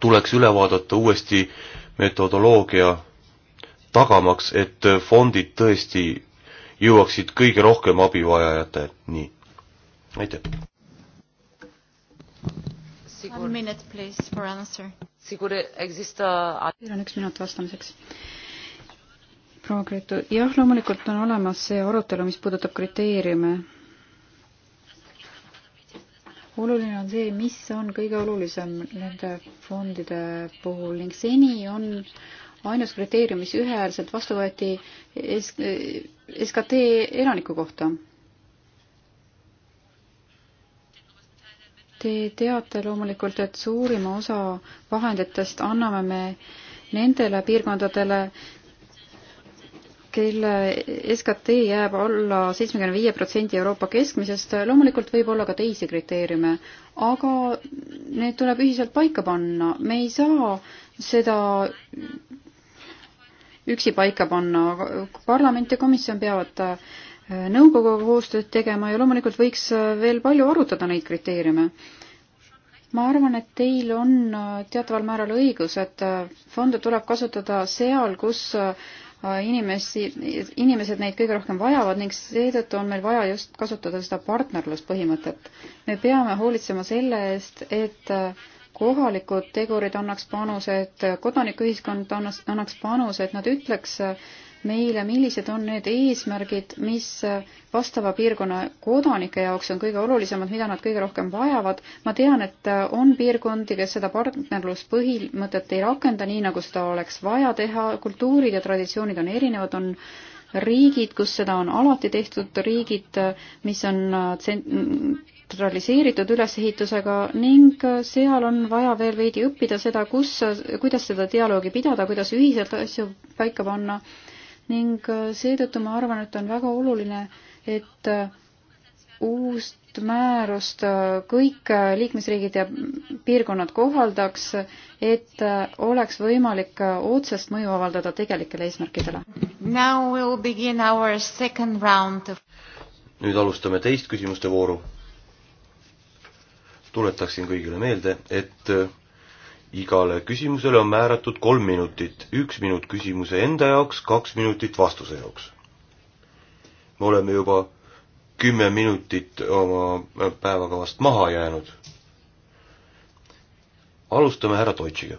S2: tuleks üle vaadata uuesti metodoloogia, tagamaks, et fondid tõesti jõuaksid kõige rohkem abivajajateni. aitäh.
S1: Sigur,
S4: sigur există... Teil
S3: on üks minut vastamiseks proua Gretu, jah, loomulikult on olemas see arutelu, mis puudutab kriteeriume. oluline on see, mis on kõige olulisem nende fondide puhul ning seni on ainus kriteerium, mis ühehäälselt vastu võeti S SKT elaniku kohta. Te teate loomulikult, et suurima osa vahenditest anname me nendele piirkondadele, kelle eh, SKT jääb alla seitsmekümne viie protsendi Euroopa keskmisest, loomulikult võib olla ka teisi kriteeriume, aga need tuleb ühiselt paika panna, me ei saa seda üksi paika panna, parlament ja komisjon peavad eh, nõukoguga koostööd tegema ja loomulikult võiks eh, veel palju arutada neid kriteeriume ma arvan, et teil on teataval määral õigus, et fonde tuleb kasutada seal, kus Äh, inimesi, inimesed neid kõige rohkem vajavad ning seetõttu on meil vaja just kasutada seda partnerluspõhimõtet. me peame hoolitsema selle eest, et äh, kohalikud tegurid annaks panuse, et äh, kodanikuühiskond annaks, annaks panuse, et nad ütleks meile, millised on need eesmärgid, mis vastava piirkonna kodanike jaoks on kõige olulisemad, mida nad kõige rohkem vajavad. ma tean, et on piirkondi, kes seda partnerluspõhimõtet ei rakenda nii, nagu seda oleks vaja teha, kultuurid ja traditsioonid on erinevad, on riigid, kus seda on alati tehtud, riigid, mis on tsentraliseeritud ülesehitusega ning seal on vaja veel veidi õppida seda, kus, kuidas seda dialoogi pidada, kuidas ühiselt asju paika panna ning äh, seetõttu ma arvan, et on väga oluline, et äh, uust määrust äh, kõik liikmesriigid ja piirkonnad kohaldaks, et oleks võimalik otsest mõju avaldada tegelikele eesmärkidele.
S1: Of...
S2: nüüd alustame teist küsimuste vooru. tuletaksin kõigile meelde, et igale küsimusele on määratud kolm minutit, üks minut küsimuse enda jaoks, kaks minutit vastuse jaoks. me oleme juba kümme minutit oma päevakavast maha jäänud. alustame härra Deutschiga.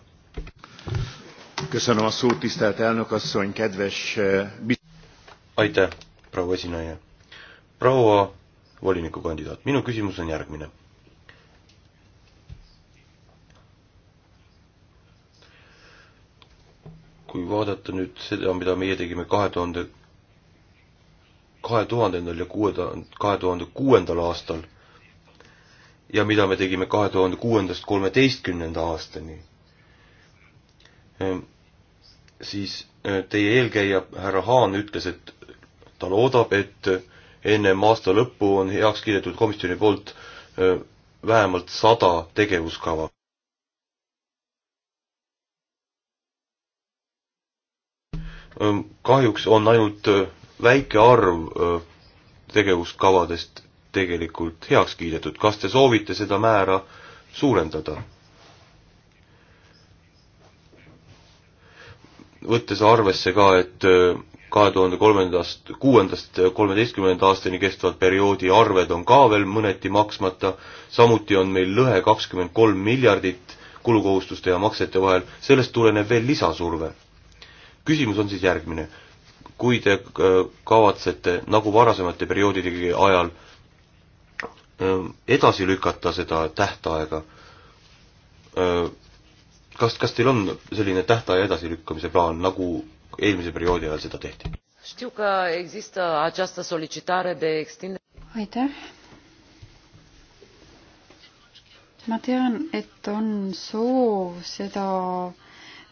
S2: Eh, aitäh, proua esinaine. proua volinikukandidaat, minu küsimus on järgmine kui vaadata nüüd seda, mida meie tegime kahe tuhande, kahe tuhandendal ja kuuenda, kahe tuhande kuuendal aastal ja mida me tegime kahe tuhande kuuendast kolmeteistkümnenda aastani, ehm, siis ehm, teie eelkäija härra Haan ütles, et ta loodab, et ennem aasta lõppu on heaks kiidetud komisjoni poolt ehm, vähemalt sada tegevuskava. kahjuks on ainult väike arv tegevuskavadest tegelikult heaks kiidetud. kas te soovite seda määra suurendada? võttes arvesse ka, et kahe tuhande kolmandast, kuuendast kolmeteistkümnenda aastani kestvad perioodi arved on ka veel mõneti maksmata, samuti on meil lõhe kakskümmend kolm miljardit kulukohustuste ja maksete vahel, sellest tuleneb veel lisasurve küsimus on siis järgmine. kui te äh, kavatsete nagu varasemate perioodide ajal ähm, edasi lükata seda tähtaega, äh, kas, kas teil on selline tähtaja edasilükkamise plaan, nagu eelmise perioodi ajal seda tehti?
S4: aitäh.
S3: ma tean, et on soov seda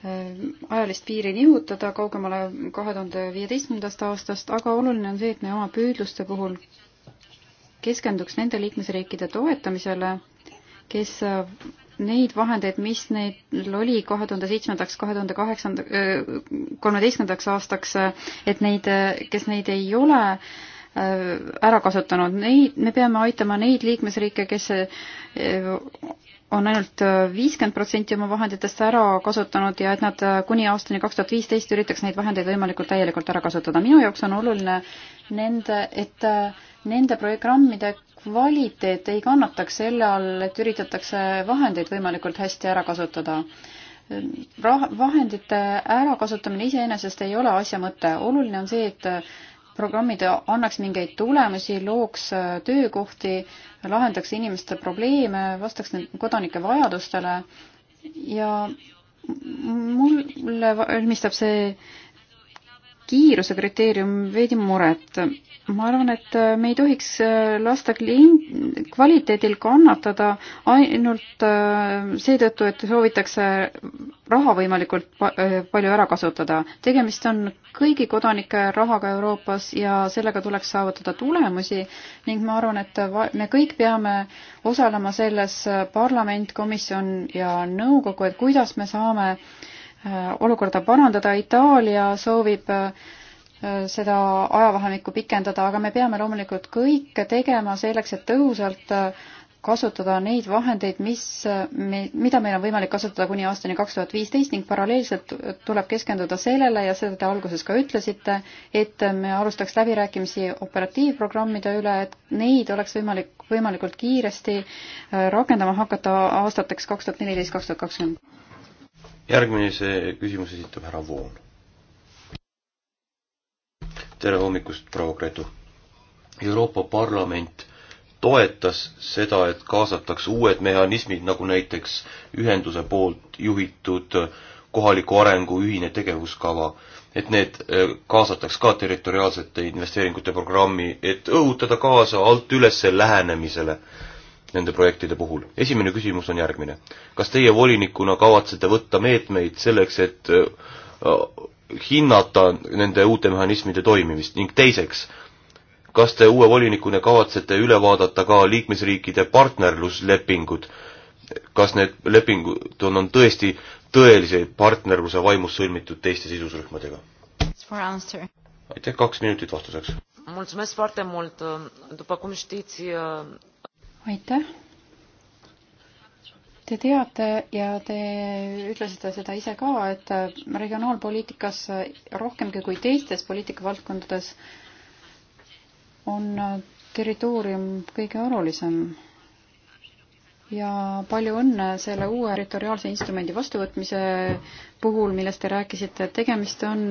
S3: Äh, ajalist piiri nihutada kaugemale kahe tuhande viieteistkümnendast aastast, aga oluline on see, et me oma püüdluste puhul keskenduks nende liikmesriikide toetamisele, kes äh, neid vahendeid, mis neil oli kahe tuhande seitsmendaks, kahe tuhande kaheksanda, äh, kolmeteistkümnendaks aastaks, et neid, kes neid ei ole, Äh, ära kasutanud. Neid, me peame aitama neid liikmesriike, kes äh, on ainult äh, viiskümmend protsenti oma vahenditest ära kasutanud ja et nad kuni aastani kaks tuhat viisteist üritaks neid vahendeid võimalikult täielikult ära kasutada. minu jaoks on oluline nende, et nende programmide kvaliteet ei kannataks selle all, et üritatakse vahendeid võimalikult hästi ära kasutada rah-, vahendite ärakasutamine iseenesest ei ole asja mõte, oluline on see, et programmid annaks mingeid tulemusi, looks äh, töökohti, lahendaks inimeste probleeme, vastaks kodanike vajadustele ja mulle valmistab see kiiruse kriteerium veidi muret. ma arvan, et äh, me ei tohiks äh, lasta klient, kvaliteedil kannatada ainult äh, seetõttu, et soovitakse raha võimalikult palju ära kasutada. tegemist on kõigi kodanike rahaga Euroopas ja sellega tuleks saavutada tulemusi ning ma arvan, et me kõik peame osalema selles parlament, komisjon ja nõukogu, et kuidas me saame äh, Äh, olukorda parandada. Itaalia soovib äh, seda ajavahemikku pikendada, aga me peame loomulikult kõike tegema selleks, et tõhusalt äh, kasutada neid vahendeid, mis me, mida meil on võimalik kasutada kuni aastani kaks tuhat viisteist ning paralleelselt tuleb keskenduda sellele ja seda te alguses ka ütlesite, et me alustaks läbirääkimisi operatiivprogrammide üle, et neid oleks võimalik võimalikult kiiresti rakendama hakata aastateks kaks tuhat neliteist, kaks tuhat kakskümmend
S2: järgmine see küsimus esitab härra Voon. tere hommikust, proua Gretu. Euroopa Parlament toetas seda, et kaasatakse uued mehhanismid, nagu näiteks ühenduse poolt juhitud kohaliku arengu ühine tegevuskava, et need äh, kaasataks ka territoriaalsete investeeringute programmi, et õhutada kaasa alt üles lähenemisele nende projektide puhul. esimene küsimus on järgmine. kas teie volinikuna kavatsete võtta meetmeid selleks, et äh, hinnata nende uute mehhanismide toimimist ning teiseks, kas te uue volinikuna kavatsete üle vaadata ka liikmesriikide partnerluslepingud, kas need lepingud on, on tõesti tõelise partnerluse vaimus sõlmitud teiste sisusrühmadega? aitäh, kaks minutit vastuseks.
S4: mulțumesc foarte mult, după cum știți
S3: aitäh. Te teate ja te ütlesite seda ise ka, et regionaalpoliitikas rohkemgi kui teistes poliitikavaldkondades on territoorium kõige olulisem. ja palju õnne selle uue territoriaalse instrumendi vastuvõtmise puhul, millest te rääkisite, et tegemist on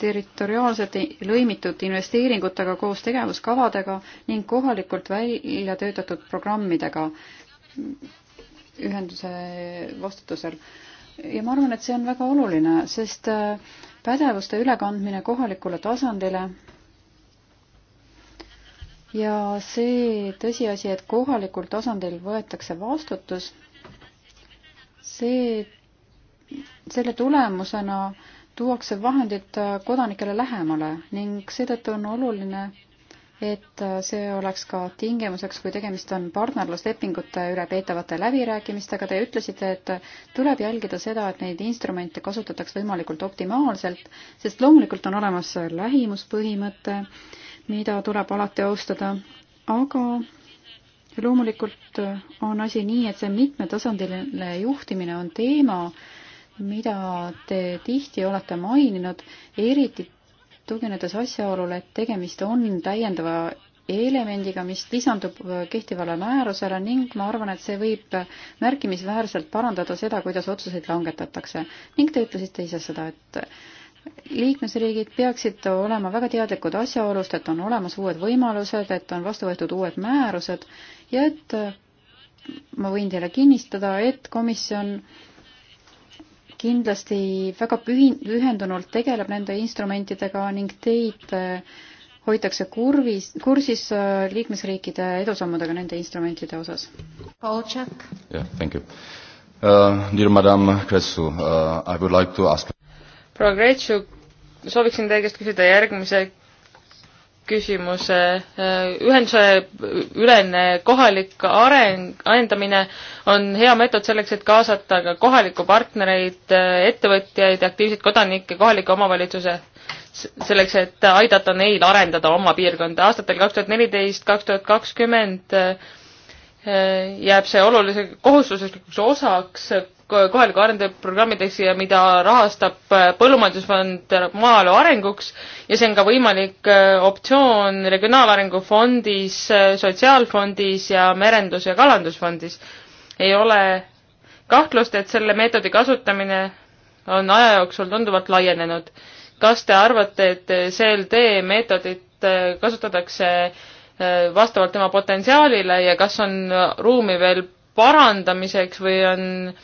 S3: territoriaalselt lõimitud investeeringutega koos tegevuskavadega ning kohalikult välja töötatud programmidega ühenduse vastutusel. ja ma arvan, et see on väga oluline, sest äh, pädevuste ülekandmine kohalikule tasandile ja see tõsiasi, et kohalikul tasandil võetakse vastutus, see, selle tulemusena äh, tuuakse vahendid äh, kodanikele lähemale ning seetõttu on oluline, et äh, see oleks ka tingimuseks, kui tegemist on partnerluslepingute üle peetavate läbirääkimistega. Te ütlesite, et äh, tuleb jälgida seda, et neid instrumente kasutataks võimalikult optimaalselt, sest loomulikult on olemas lähimuspõhimõte, mida tuleb alati austada, aga loomulikult on asi nii, et see mitmetasandiline juhtimine on teema, mida te tihti olete maininud, eriti tuginedes asjaolule, et tegemist on täiendava elemendiga, mis lisandub kehtivale määrusele ning ma arvan, et see võib märkimisväärselt parandada seda, kuidas otsuseid langetatakse. ning te ütlesite ise seda, et liikmesriigid peaksid olema väga teadlikud asjaolust, et on olemas uued võimalused, et on vastu võetud uued määrused ja et ma võin teile kinnistada, et komisjon äh, kindlasti väga pühin-, pühendunult tegeleb nende instrumentidega ning teid äh, hoitakse kurvis, kursis äh, liikmesriikide edusammudega nende
S5: instrumentide osas. jah,
S2: thank you uh,. Dear madam Kressu uh,, I would like to ask
S5: proua Gretšu, sooviksin teie käest küsida järgmise küsimuse, ühenduse ülene kohalik areng, arendamine on hea meetod selleks, et kaasata ka kohalikku partnereid, ettevõtjaid, aktiivseid kodanikke, kohalikke omavalitsuse, selleks, et aidata neil arendada oma piirkonda. aastatel kaks tuhat neliteist, kaks tuhat kakskümmend eh, jääb see olulise kohustuslikuks osaks kohaliku arenguprogrammideks ja mida rahastab äh, Põllumajandusfond maaelu arenguks ja see on ka võimalik äh, optsioon Regionaalarengu fondis, äh, Sotsiaalfondis ja Merendus- ja Kalandusfondis. ei ole kahtlust, et selle meetodi kasutamine on aja jooksul tunduvalt laienenud. kas te arvate, et CLD meetodit kasutatakse vastavalt tema potentsiaalile ja kas on ruumi veel parandamiseks või on äh,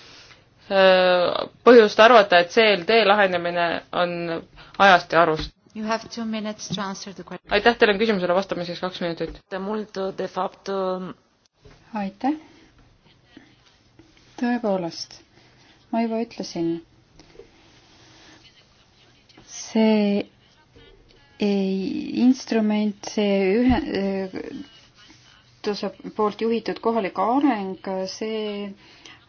S5: Äh, põhjust arvata, et CLD lahendamine on ajast ja arust. aitäh, teil on küsimusele vastamiseks kaks minutit.
S3: aitäh. tõepoolest, ma juba ütlesin, see instrument, see ühe, äh, poolt juhitud kohalik areng, see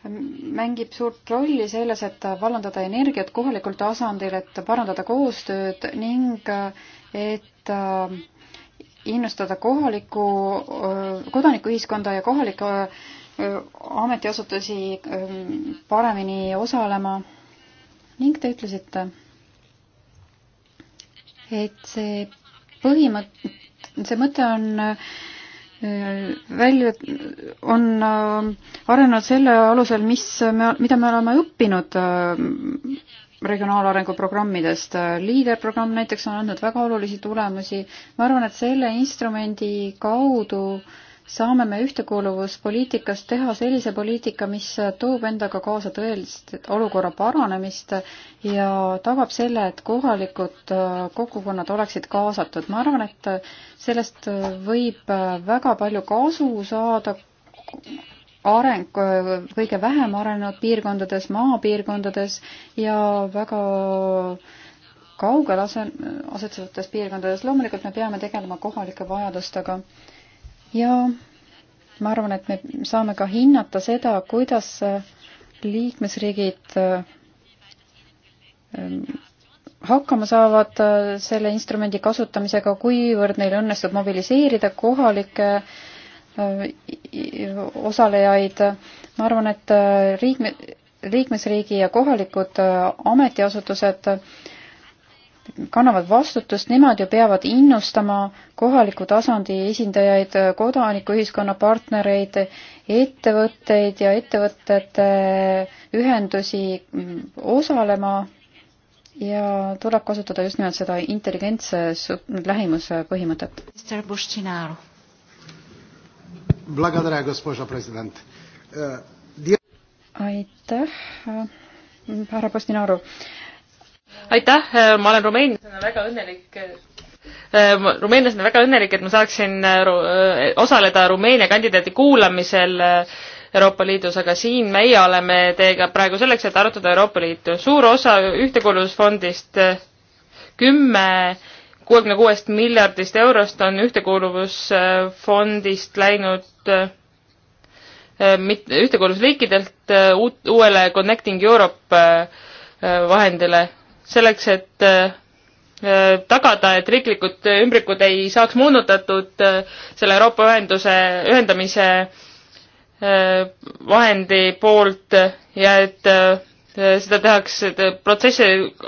S3: mängib suurt rolli selles, et vallandada energiat kohalikul tasandil, et parandada koostööd ning et äh, innustada kohalikku, äh, kodanikuühiskonda ja kohalikke äh, ametiasutusi ähm, paremini osalema. ning te ütlesite, et see põhimõte, see mõte on välja, on ähm, arenenud selle alusel, mis me, mida me oleme õppinud ähm, regionaalarengu programmidest. liiderprogramm näiteks on andnud väga olulisi tulemusi. ma arvan, et selle instrumendi kaudu äh, saame me ühtekuuluvuspoliitikas teha sellise poliitika, mis toob endaga kaasa tõelist olukorra paranemist ja tagab selle, et kohalikud äh, kogukonnad oleksid kaasatud. ma arvan, et sellest võib äh, väga palju kasu saada areng äh, kõige vähem arenenud piirkondades, maapiirkondades ja väga kaugel ase-, asetsevates piirkondades. loomulikult me peame tegelema kohalike vajadustega ja ma arvan, et me saame ka hinnata seda, kuidas liikmesriigid ähm, hakkama saavad äh, selle instrumendi kasutamisega, kuivõrd neil õnnestub mobiliseerida kohalikke äh, osalejaid. ma arvan, et äh, riik, liikmesriigi ja kohalikud ametiasutused äh, kannavad vastutust, nemad ju peavad innustama kohaliku tasandi esindajaid, kodanikuühiskonna partnereid, ettevõtteid ja ettevõtete ühendusi mm, osalema ja tuleb kasutada just nimelt seda intelligentse lähimuse põhimõtet.
S5: aitäh, härra Postinaru aitäh, äh, ma olen rumeenlasena väga õnnelik. Äh, rumeenlasena väga õnnelik, et ma saaksin äh, osaleda Rumeenia kandidaadi kuulamisel Euroopa Liidus, aga siin meie oleme teiega praegu selleks, et arutada Euroopa Liitu. suur osa Ühtekuuluvusfondist, kümme kuuekümne kuuest miljardist eurost on Ühtekuuluvusfondist läinud mit-, ühtekuuluvusriikidelt uut, uuele Connecting Europe vahendile selleks, et äh, tagada, et riiklikud ümbrikud ei saaks moonutatud äh, selle Euroopa ühenduse, ühendamise äh, vahendi poolt ja et seda tehakse, protsessi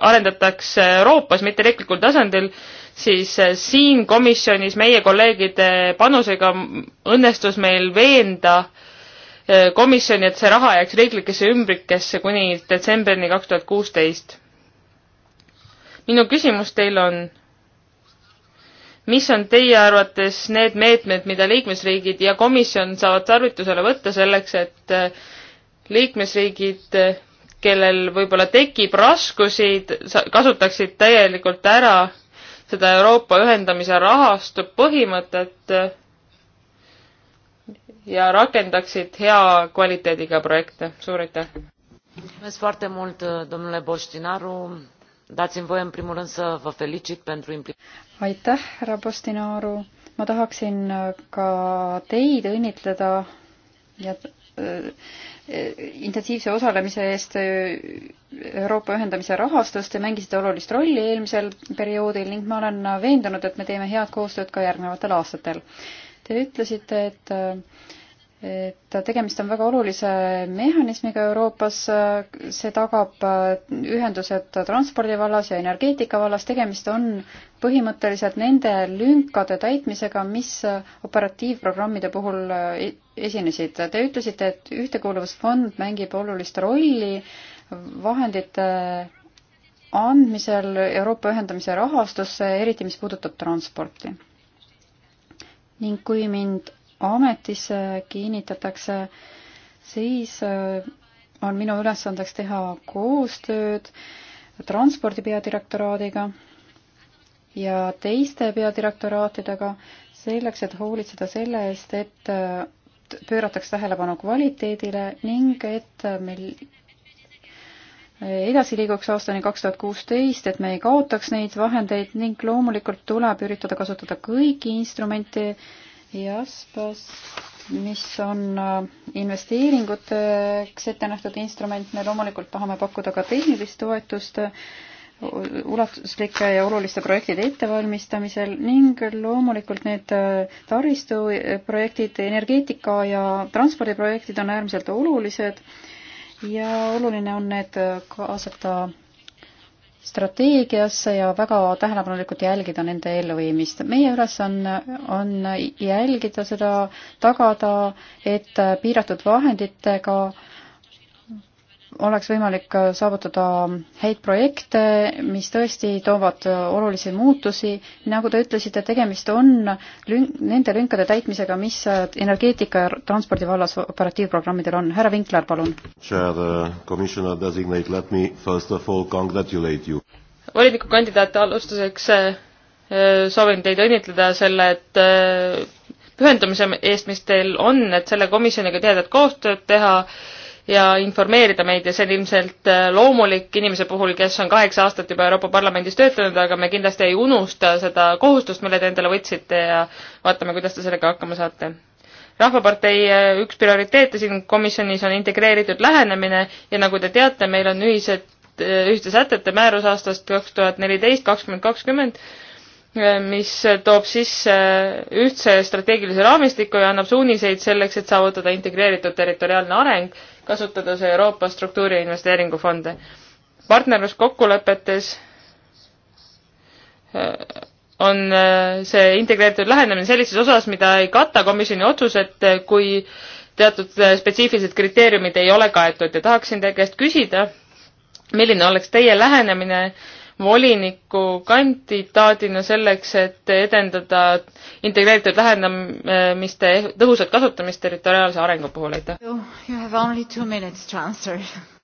S5: arendatakse Euroopas, mitte riiklikul tasandil, siis siin komisjonis meie kolleegide panusega õnnestus meil veenda komisjoni, et see raha jääks riiklikesse ümbrikesse kuni detsembrini kaks tuhat kuusteist minu küsimus teile on, mis on teie arvates need meetmed, mida liikmesriigid ja komisjon saavad tarvitusele võtta selleks, et eh, liikmesriigid, eh, kellel võib-olla tekib raskusi, kasutaksid täielikult ära seda Euroopa ühendamise rahastu põhimõtet eh, ja rakendaksid hea kvaliteediga projekte. suur aitäh!
S4: mulțumesc foarte mult domnule boștinaru dați mi voie în primul rând să vă felicit pentru implicare.
S3: aitäh, härra Postinaru, ma tahaksin äh, ka teid õnnitleda ja äh, äh, intensiivse osalemise eest Euroopa ühendamise rahastust, te mängisite olulist rolli eelmisel perioodil ning ma olen veendunud, et me teeme head koostööd ka järgnevatel aastatel. Te ütlesite, et et tegemist on väga olulise mehhanismiga Euroopas, see tagab ühendused transpordi vallas ja energeetika vallas, tegemist on põhimõtteliselt nende lünkade täitmisega, mis operatiivprogrammide puhul e-, esinesid. Te ütlesite, et Ühtekuuluvusfond mängib olulist rolli vahendite andmisel Euroopa ühendamise rahastusse, eriti mis puudutab transporti ning kui mind ametisse kinnitatakse, siis äh, on minu ülesandeks teha koostööd transpordi peadirektoraadiga ja teiste peadirektoraatidega selleks, et hoolitseda selle eest, et äh, pöörataks tähelepanu kvaliteedile ning et meil edasi liiguks aastani kaks tuhat kuusteist, et me ei kaotaks neid vahendeid ning loomulikult tuleb üritada kasutada kõiki instrumente JASPAS, mis on äh, investeeringuteks ette nähtud instrument, me loomulikult tahame pakkuda ka tehnilist toetust äh, ulatuslike ja oluliste projektide ettevalmistamisel ning loomulikult need äh, taristuprojektid, energeetika ja transpordiprojektid on äärmiselt olulised ja oluline on need kaasata ka strateegiasse ja väga tähelepanelikult jälgida nende elluviimist. meie ülesanne on, on jälgida seda, tagada, et piiratud vahenditega äh, oleks võimalik äh, saavutada häid projekte, mis tõesti toovad äh, olulisi muutusi. nagu te ütlesite, tegemist on lün-, nende lünkade täitmisega, mis äh, energeetika ja transpordi vallas operatiivprogrammidel on. härra Vinkler, palun.
S5: volinikukandidaat, alustuseks soovin teid õnnitleda selle, et pühendumise eest, mis teil on, et selle komisjoniga tihedat koostööd teha ja informeerida meid ja see on ilmselt äh, loomulik inimese puhul, kes on kaheksa aastat juba Euroopa Parlamendis töötanud, aga me kindlasti ei unusta seda kohustust, mille te endale võtsite ja vaatame, kuidas te sellega hakkama saate. rahvapartei äh, üks prioriteete siin komisjonis on integreeritud lähenemine ja nagu te teate, meil on ühised, äh, ühiste sätete määrus aastast kaks tuhat neliteist, kakskümmend kakskümmend, mis toob sisse ühtse strateegilise raamistiku ja annab suuniseid selleks, et saavutada integreeritud territoriaalne areng kasutades Euroopa struktuuri investeeringufonde. partnerluskokkulepetes äh, on äh, see integreeritud lähenemine sellises osas, mida ei kata komisjoni otsus, et äh, kui teatud spetsiifilised kriteeriumid ei ole kaetud ja tahaksin teie käest küsida, milline oleks teie lähenemine äh, voliniku kandidaadina selleks, et edendada integreeritud lähenemiste tõhusat kasutamist territoriaalse arengu puhul, aitäh!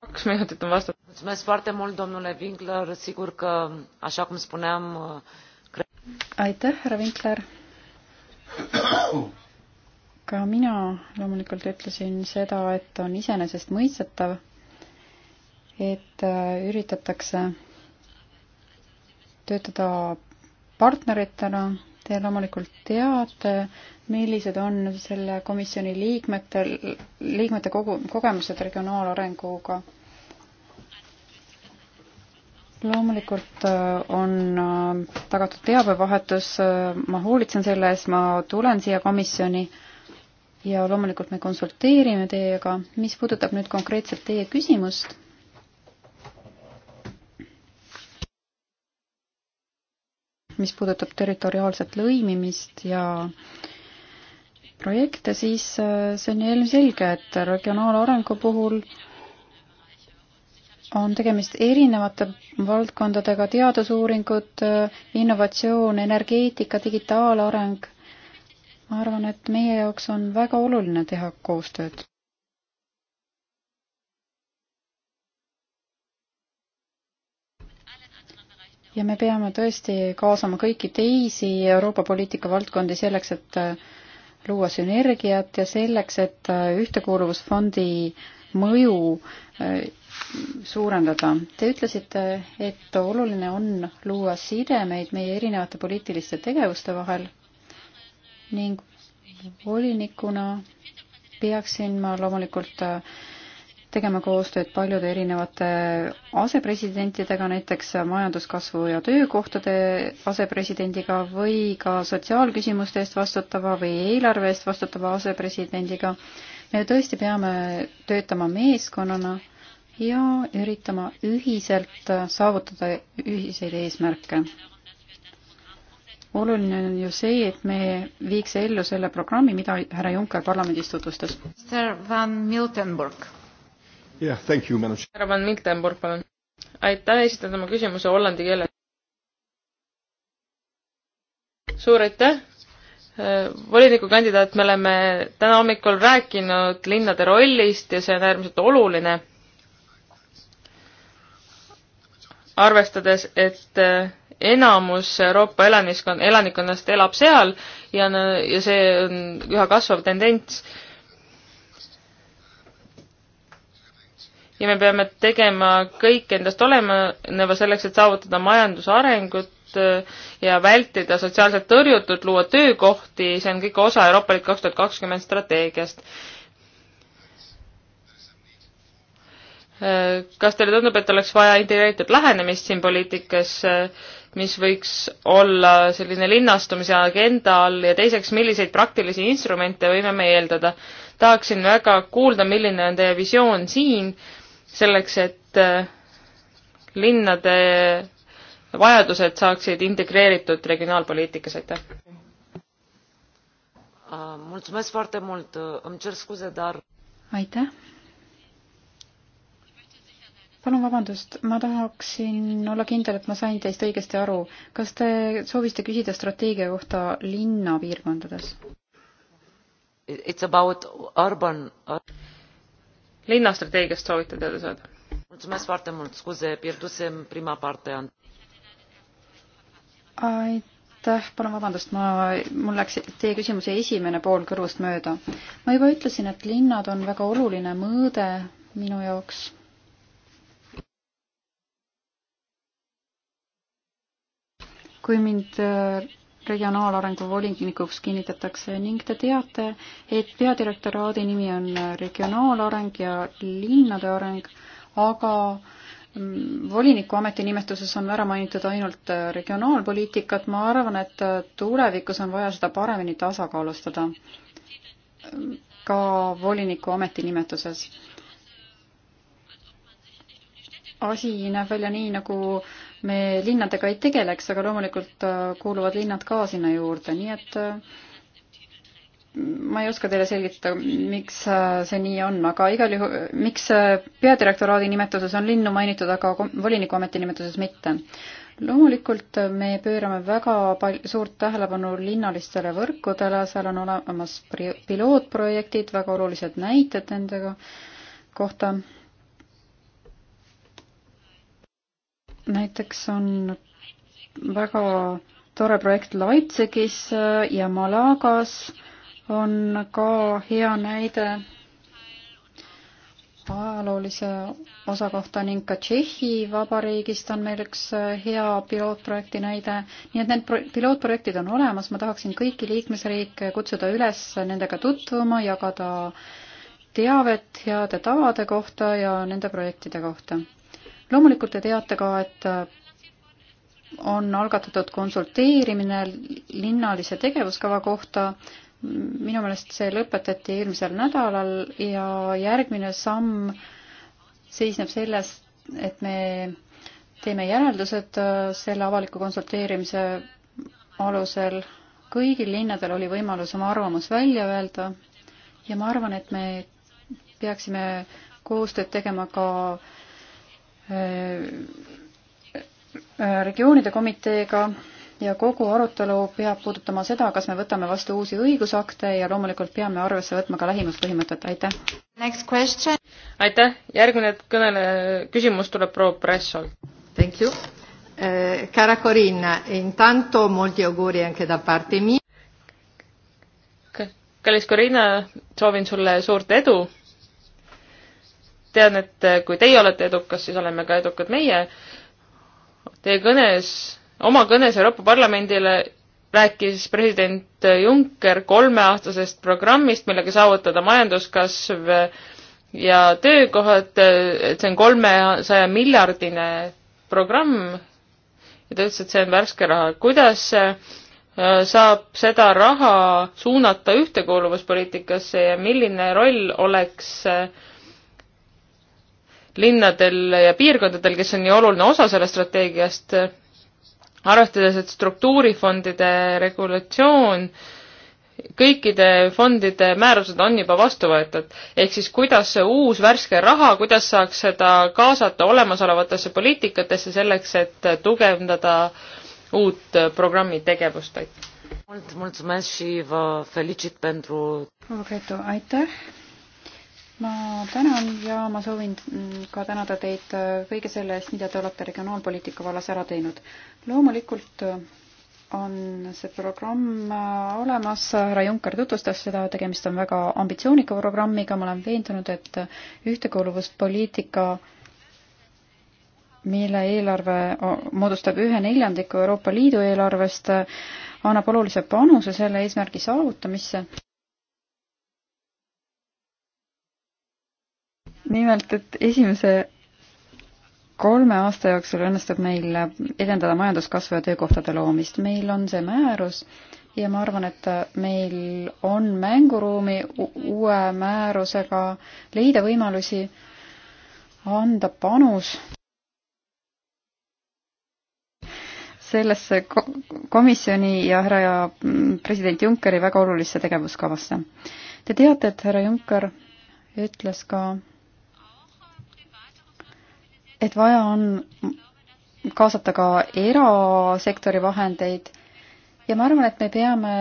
S1: kaks minutit on vastus. mulțumesc
S4: foarte mult, domnule Winkler, sigur că, așa cum spuneam,
S3: aitäh, härra Vinkler! ka mina loomulikult ütlesin seda, et on iseenesestmõistetav, et äh, üritatakse töötada partneritena. Te loomulikult teate, millised on selle komisjoni liikmetel, liikmete kogu, kogemused regionaalarenguga. loomulikult äh, on äh, tagatud teabevahetus, äh, ma hoolitsen selle eest, ma tulen siia komisjoni ja loomulikult me konsulteerime teiega. mis puudutab nüüd konkreetselt teie küsimust mis puudutab territoriaalset lõimimist ja projekte, siis äh, see on ilmselge, et regionaalarengu puhul on tegemist erinevate valdkondadega, teadusuuringud, äh, innovatsioon, energeetika, digitaalareng. ma arvan, et meie jaoks on väga oluline teha koostööd. ja me peame tõesti kaasama kõiki teisi Euroopa poliitika valdkondi selleks, et äh, luua sünergiat ja selleks, et äh, Ühtekuuluvusfondi mõju äh, suurendada. Te ütlesite, et oluline on luua sidemeid meie erinevate poliitiliste tegevuste vahel ning volinikuna peaksin ma loomulikult tegema koostööd paljude erinevate asepresidentidega, näiteks majanduskasvu ja töökohtade asepresidendiga või ka sotsiaalküsimuste eest vastutava või eelarve eest vastutava asepresidendiga. me tõesti peame töötama meeskonnana ja üritama ühiselt saavutada ühiseid eesmärke oluline on ju see, et me viiks ellu selle programmi, mida härra Juncker parlamendis tutvustas.
S5: Mr Van Miltenburg härra Van Miltenburg, palun. aitäh, esitan oma küsimuse hollandi keeles. suur aitäh volinikukandidaat, me oleme täna hommikul rääkinud linnade rollist ja see on äärmiselt oluline. arvestades, et enamus Euroopa elaniskond, elanikkonnast elab seal ja, ja see on üha kasvav tendents ja me peame tegema kõik endast oleneva selleks, et saavutada majandusarengut äh, ja vältida sotsiaalset tõrjutut, luua töökohti, see on kõik osa Euroopa Liit kaks tuhat kakskümmend strateegiast. Äh, kas teile tundub, et oleks vaja integreeritud lähenemist siin poliitikas, äh, mis võiks olla selline linnastumise agenda all ja teiseks, milliseid praktilisi instrumente võime me eeldada? tahaksin väga kuulda, milline on teie visioon siin selleks, et äh, linnade vajadused saaksid integreeritud regionaalpoliitikas, aitäh!
S4: Ah,
S3: aitäh! palun vabandust, ma tahaksin olla kindel, et ma sain teist õigesti aru. kas te soovisite küsida strateegia kohta linnapiirkondades?
S4: It's about urban linnastrateegiast soovite teada saada? mulțumesc foarte mult, scuze, pierdusem prima parte.
S3: aitäh, palun vabandust, ma, mul läks teie küsimuse esimene pool kõrvust mööda. ma juba ütlesin, et linnad on väga oluline mõõde minu jaoks. kui mind äh, regionaalarengu volinikuks kinnitatakse ning te teate, et peadirektoraadi nimi on regionaalareng ja linnade areng, aga mm, voliniku ametinimetuses on ära mainitud ainult äh, regionaalpoliitikat, ma arvan, et äh, tulevikus on vaja seda paremini tasakaalustada mm, ka voliniku ametinimetuses. asi näeb välja nii, nagu äh, me linnadega ei tegeleks, aga loomulikult äh, kuuluvad linnad ka sinna juurde, nii et äh, ma ei oska teile selgitada, miks äh, see nii on, aga igal juhul, miks peadirektoraadi nimetuses on linnu mainitud, aga volinikuameti nimetuses mitte. loomulikult me pöörame väga pal-, suurt tähelepanu linnalistele võrkudele, seal on olemas pri-, pilootprojektid, väga olulised näited nendega kohta näiteks on väga tore projekt Leipzigis ja Malagas on ka hea näide ajaloolise osa kohta ning ka Tšehhi Vabariigist on meil üks hea pilootprojekti näide. nii et need pro pilootprojektid on olemas, ma tahaksin kõiki liikmesriike kutsuda üles nendega tutvuma, jagada teavet heade tavade kohta ja nende projektide kohta loomulikult te teate ka, et äh, on algatatud konsulteerimine linnalise tegevuskava kohta. minu meelest see lõpetati eelmisel nädalal ja järgmine samm seisneb selles, et me teeme järeldused äh, selle avaliku konsulteerimise alusel. kõigil linnadel oli võimalus oma arvamus välja öelda ja ma arvan, et me peaksime koostööd tegema ka äh, Äh, äh, regioonide komiteega ja kogu arutelu peab puudutama seda, kas me võtame vastu uusi õigusakte ja loomulikult peame arvesse võtma ka lähimuspõhimõtet, aitäh.
S5: aitäh, järgmine kõnele, küsimus tuleb proua Pressol. Thank you eh,.
S1: Cara Corinna, intanto molti auguri anche da parte mia.
S5: kallis Corinna, soovin sulle suurt edu tean, et eh, kui teie olete edukas, siis oleme ka edukad meie. Teie kõnes, oma kõnes Euroopa Parlamendile rääkis president Juncker kolmeaastasest programmist, millega saavutada majanduskasv ja töökohad, et see on kolmesaja miljardine programm ja ta ütles, et see on värske raha. kuidas eh, saab seda raha suunata ühtekuuluvuspoliitikasse ja milline roll oleks äh, linnadel ja piirkondadel, kes on nii oluline osa sellest strateegiast, arvestades, et struktuurifondide regulatsioon kõikide fondide määrused on juba vastu võetud. ehk siis kuidas see uus värske raha, kuidas saaks seda kaasata olemasolevatesse poliitikatesse selleks, et tugevdada uut programmi tegevust? aitäh!
S4: aitäh
S3: ma tänan ja ma soovin ka tänada teid kõige selle eest, mida te olete regionaalpoliitika vallas ära teinud. loomulikult on see programm olemas, härra Juncker tutvustas seda, tegemist on väga ambitsioonika programmiga, ma olen veendunud, et ühtekuuluvuspoliitika, mille eelarve moodustab ühe neljandiku Euroopa Liidu eelarvest, annab olulise panuse selle eesmärgi saavutamisse nimelt, et esimese kolme aasta jooksul õnnestub meil edendada majanduskasvu ja töökohtade loomist. meil on see määrus ja ma arvan, et meil on mänguruumi uue määrusega leida võimalusi anda panus sellesse komisjoni ja härra ja president Junckeri väga olulisse tegevuskavasse. Te teate, et härra Juncker ütles ka et vaja on kaasata ka erasektori vahendeid ja ma arvan, et me peame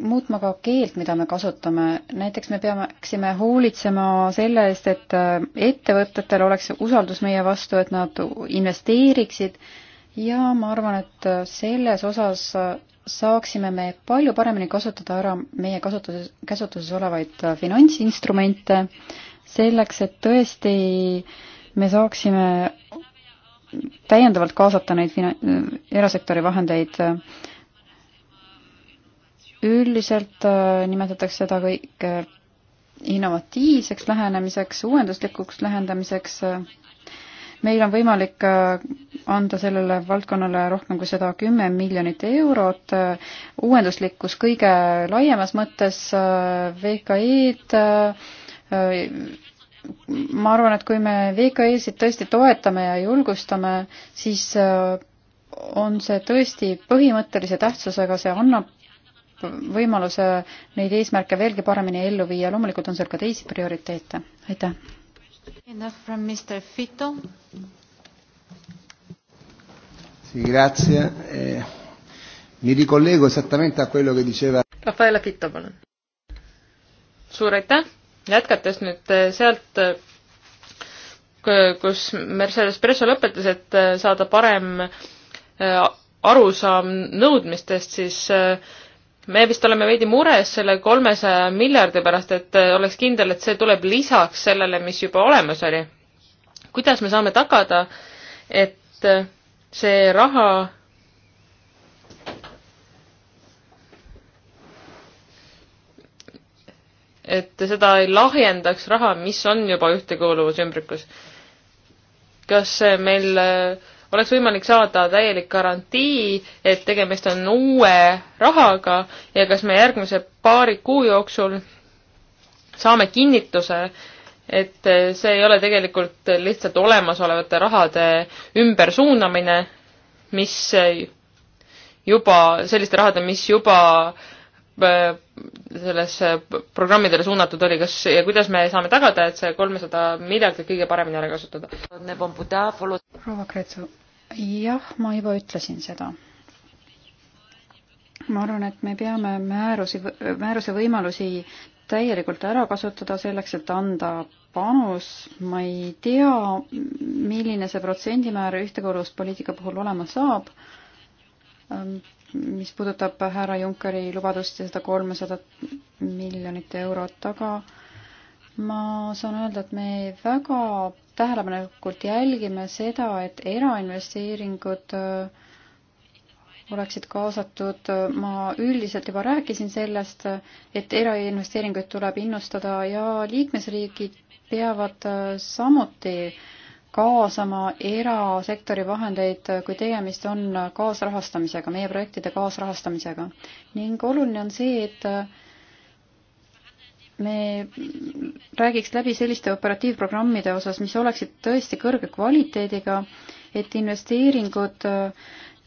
S3: muutma ka keelt, mida me kasutame. näiteks me peaksime hoolitsema selle eest, et ettevõtetel oleks usaldus meie vastu, et nad investeeriksid ja ma arvan, et selles osas saaksime me palju paremini kasutada ära meie kasutuses, käsutuses olevaid finantsinstrumente selleks, et tõesti äh, me saaksime täiendavalt kaasata neid erasektori vahendeid. üldiselt äh, nimetatakse seda kõike äh, innovatiivseks lähenemiseks, uuenduslikuks lähendamiseks. meil on võimalik äh, anda sellele valdkonnale rohkem kui sada kümme miljonit eurot, uuenduslikkus kõige laiemas mõttes, VKE-d, ma arvan, et kui me VKE-sid tõesti toetame ja julgustame, siis äh, on see tõesti põhimõttelise tähtsusega, see annab võimaluse neid eesmärke veelgi paremini ellu viia, loomulikult on seal ka teisi prioriteete, aitäh.
S1: Enough from Mr Fito.
S5: Sì, grazie. Eh, mi ricollego esattamente a quello che diceva. Raffaella Fitto, palun. Suur aitäh jätkates nüüd äh, sealt, äh, kus Mercedes Presso lõpetas, et äh, saada parem arusaam nõudmistest, siis me vist oleme veidi mures selle kolmesaja miljardi pärast, et oleks kindel, et see tuleb lisaks sellele, mis juba olemas oli. kuidas me saame tagada, et see raha et seda ei lahjendaks raha, mis on juba ühtekuuluvusümbrikus. kas meil äh, oleks võimalik saada täielik garantii, et tegemist on uue rahaga ja kas me järgmise paari kuu jooksul saame kinnituse, et äh, see ei ole tegelikult lihtsalt olemasolevate rahade ümbersuunamine, mis äh, juba, selliste rahade, mis juba äh, sellesse programmidele suunatud oli, kas ja kuidas me saame tagada, et see kolmesada miljardit kõige paremini ära kasutada?
S3: proua Kreetsu, jah, ma juba ütlesin seda. ma arvan, et me peame määrusi, määruse võimalusi täielikult ära kasutada selleks, et anda panus, ma ei tea, milline see protsendimäär ühtekuuluvuspoliitika puhul olema saab mis puudutab härra Junckeri lubadust ja seda kolmesadat miljonit eurot, aga ma saan öelda, et me väga tähelepanelikult jälgime seda, et erainvesteeringud äh, oleksid kaasatud, ma üldiselt juba rääkisin sellest, et erainvesteeringuid tuleb innustada ja liikmesriigid peavad äh, samuti äh, kaasama erasektori vahendeid, kui tegemist on kaasrahastamisega, meie projektide kaasrahastamisega. ning oluline on see, et me räägiks läbi selliste operatiivprogrammide osas, mis oleksid tõesti kõrge kvaliteediga, et investeeringud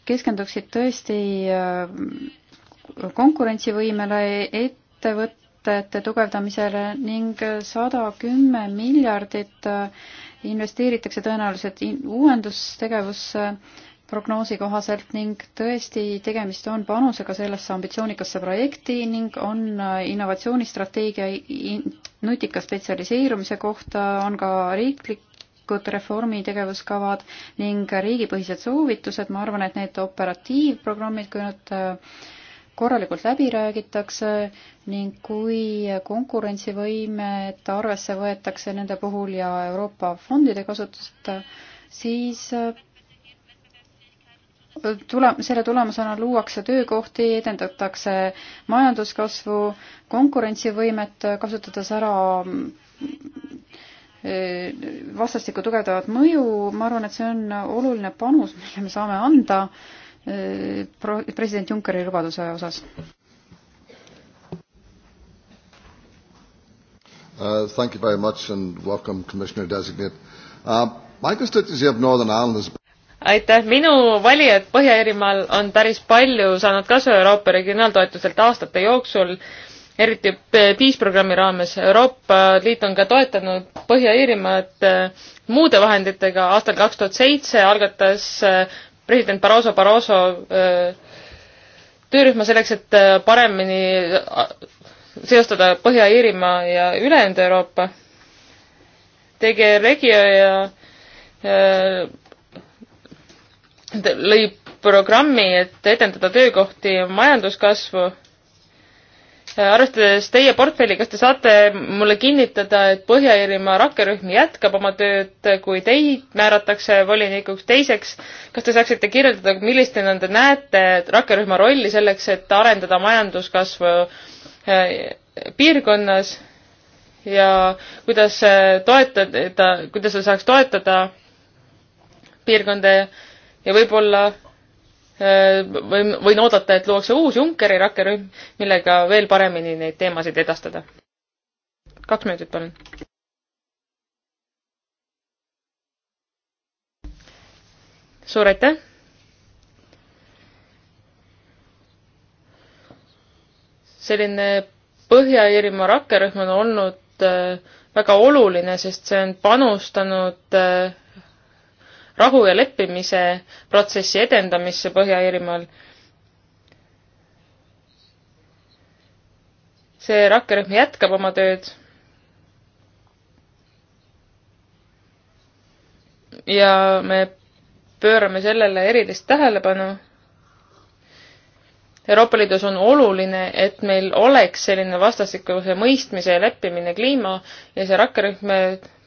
S3: keskenduksid tõesti äh, konkurentsivõimele, ettevõtete tugevdamisele ning sada kümme miljardit äh, investeeritakse tõenäoliselt uuendustegevusse prognoosi kohaselt ning tõesti tegemist on panusega sellesse ambitsioonikasse projekti ning on äh, innovatsioonistrateegia nutika spetsialiseerumise kohta, on ka riiklik vajalikud reformi tegevuskavad ning riigipõhised soovitused, ma arvan, et need operatiivprogrammid, kui nad äh, korralikult läbi räägitakse ning kui konkurentsivõimet arvesse võetakse nende puhul ja Euroopa fondide kasutust, siis äh, tule, selle tulemusena luuakse töökohti, edendatakse majanduskasvu, konkurentsivõimet, kasutades ära äh, vastastikku tugevdavat mõju, ma arvan, et see on oluline panus, mille me saame anda äh, president Junckeri lubaduse osas?
S2: Uh, thank you very much and welcome, Commissioner Designate. Uh, my constituency of Northern
S5: Ireland is aitäh, minu valijad Põhja-Iirimaal on päris palju saanud kasu Euroopa regionaaltoetustelt aastate jooksul, eriti PIS programmi raames. Euroopa Liit on ka toetanud Põhja-Iirimaad äh, muude vahenditega. aastal kaks tuhat seitse algatas äh, president Barroso Barroso äh, töörühma selleks, et äh, paremini äh, seostada Põhja-Iirimaa ja ülejäänud Euroopa. tegi Regio ja, ja lõi programmi, et edendada töökohti ja majanduskasvu Äh, arvestades teie portfelli, kas te saate mulle kinnitada, et Põhja-Iirimaa rakkerühm jätkab oma tööd, kui teid määratakse volinikuks? teiseks, kas te saaksite kirjeldada, millistena te näete rakkerühma rolli selleks, et arendada majanduskasvu äh, piirkonnas ja kuidas äh, toetada, kuidas ta saaks toetada piirkonda ja võib-olla Äh, võin, võin oodata, et luuakse uus Junckeri rakkerühm, millega veel paremini neid teemasid edastada. kaks minutit, palun. suur aitäh. selline Põhja-Iirimaa rakkerühm on olnud äh, väga oluline, sest see on panustanud äh, rahu ja leppimise protsessi edendamisse Põhja-Iirimaal. see rakkerühm jätkab oma tööd. ja me pöörame sellele erilist tähelepanu. Euroopa Liidus on oluline, et meil oleks selline vastastikuse mõistmise ja leppimine kliima ja see rakkerühm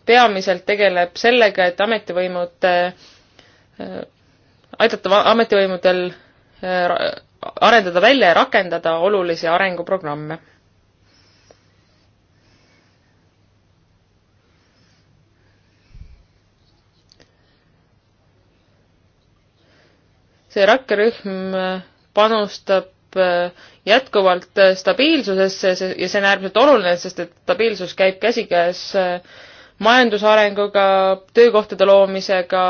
S5: peamiselt tegeleb sellega, et ametivõimud, äh, aidata ametivõimudel äh, arendada välja ja rakendada olulisi arenguprogramme. see rakkerühm äh, panustab jätkuvalt stabiilsusesse ja see on äärmiselt oluline, sest et stabiilsus käib käsikäes äh, majandusarenguga, töökohtade loomisega,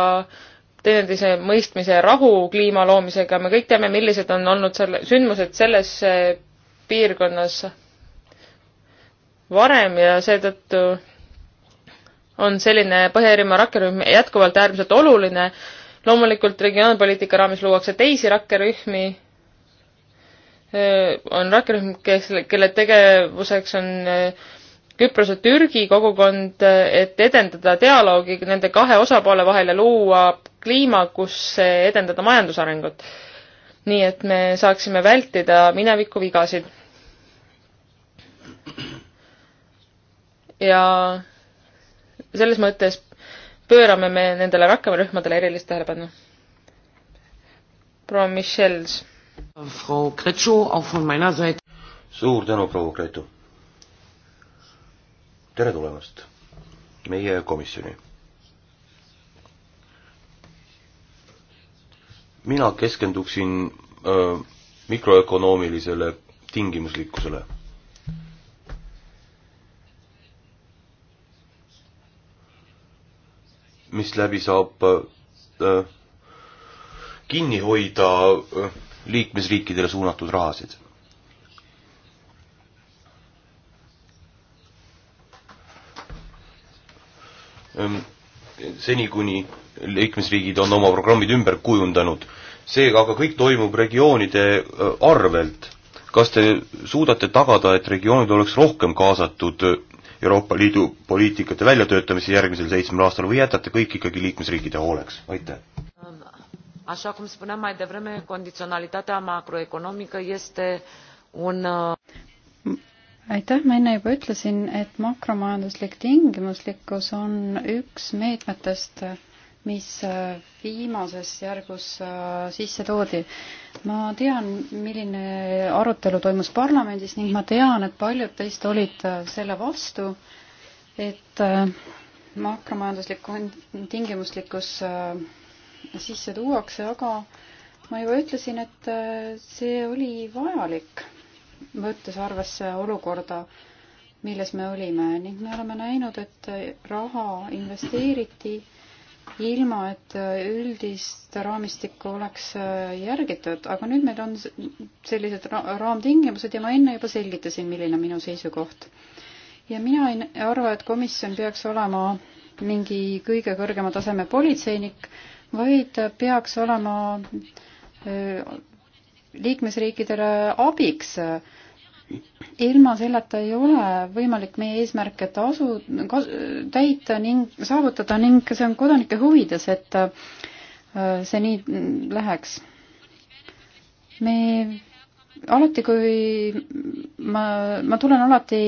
S5: teineteise mõistmise ja rahu kliima loomisega, me kõik teame, millised on olnud selle, sündmused selles eh, piirkonnas varem ja seetõttu on selline Põhja-Iirimaa rakkerühm jätkuvalt äärmiselt oluline. loomulikult regionaalpoliitika raames luuakse teisi rakkerühmi, eh, on rakkerühm, kes, kelle tegevuseks on äh, Küprose Türgi kogukond, et edendada dialoogi nende kahe osapoole vahel ja luua kliima, kus edendada majandusarengut. nii et me saaksime vältida mineviku vigasid. ja selles mõttes pöörame me nendele rakkerühmadele erilist tähelepanu. proua Michels.
S2: suur tänu, proua Gretu tere tulemast meie komisjoni. mina keskenduksin öö, mikroökonoomilisele tingimuslikkusele. mis läbi saab öö, kinni hoida öö, liikmesriikidele suunatud rahasid seni, kuni liikmesriigid on oma programmid ümber kujundanud. seega aga kõik toimub regioonide arvelt. kas te suudate tagada, et regioonid oleks rohkem kaasatud Euroopa Liidu poliitikate väljatöötamise järgmisel seitsmel aastal või jätate kõik ikkagi liikmesriikide hooleks? aitäh!
S4: Așa cum spuneam mai devreme, condiționalitatea macroeconomică este un
S3: aitäh, ma enne juba ütlesin, et makromajanduslik tingimuslikkus on üks meetmetest, mis äh, viimases järgus äh, sisse toodi. ma tean, milline arutelu toimus parlamendis ning ma tean, et paljud teist olid äh, selle vastu, et makromajanduslik tingimuslikkus sisse tuuakse, aga ma juba ütlesin, et see oli vajalik võttes arvesse olukorda, milles me olime ning me oleme näinud, et raha investeeriti ilma, et üldist raamistikku oleks äh, järgitud, aga nüüd meil on sellised ra raamtingimused ja ma enne juba selgitasin, milline on minu seisukoht. ja mina ei arva, et komisjon peaks olema mingi kõige kõrgema taseme politseinik, vaid peaks olema äh, liikmesriikidele abiks äh, ilma selleta ei ole võimalik meie eesmärke tasu, täita ning saavutada ning see on kodanike huvides, et äh, see nii läheks. me alati, kui ma, ma tulen alati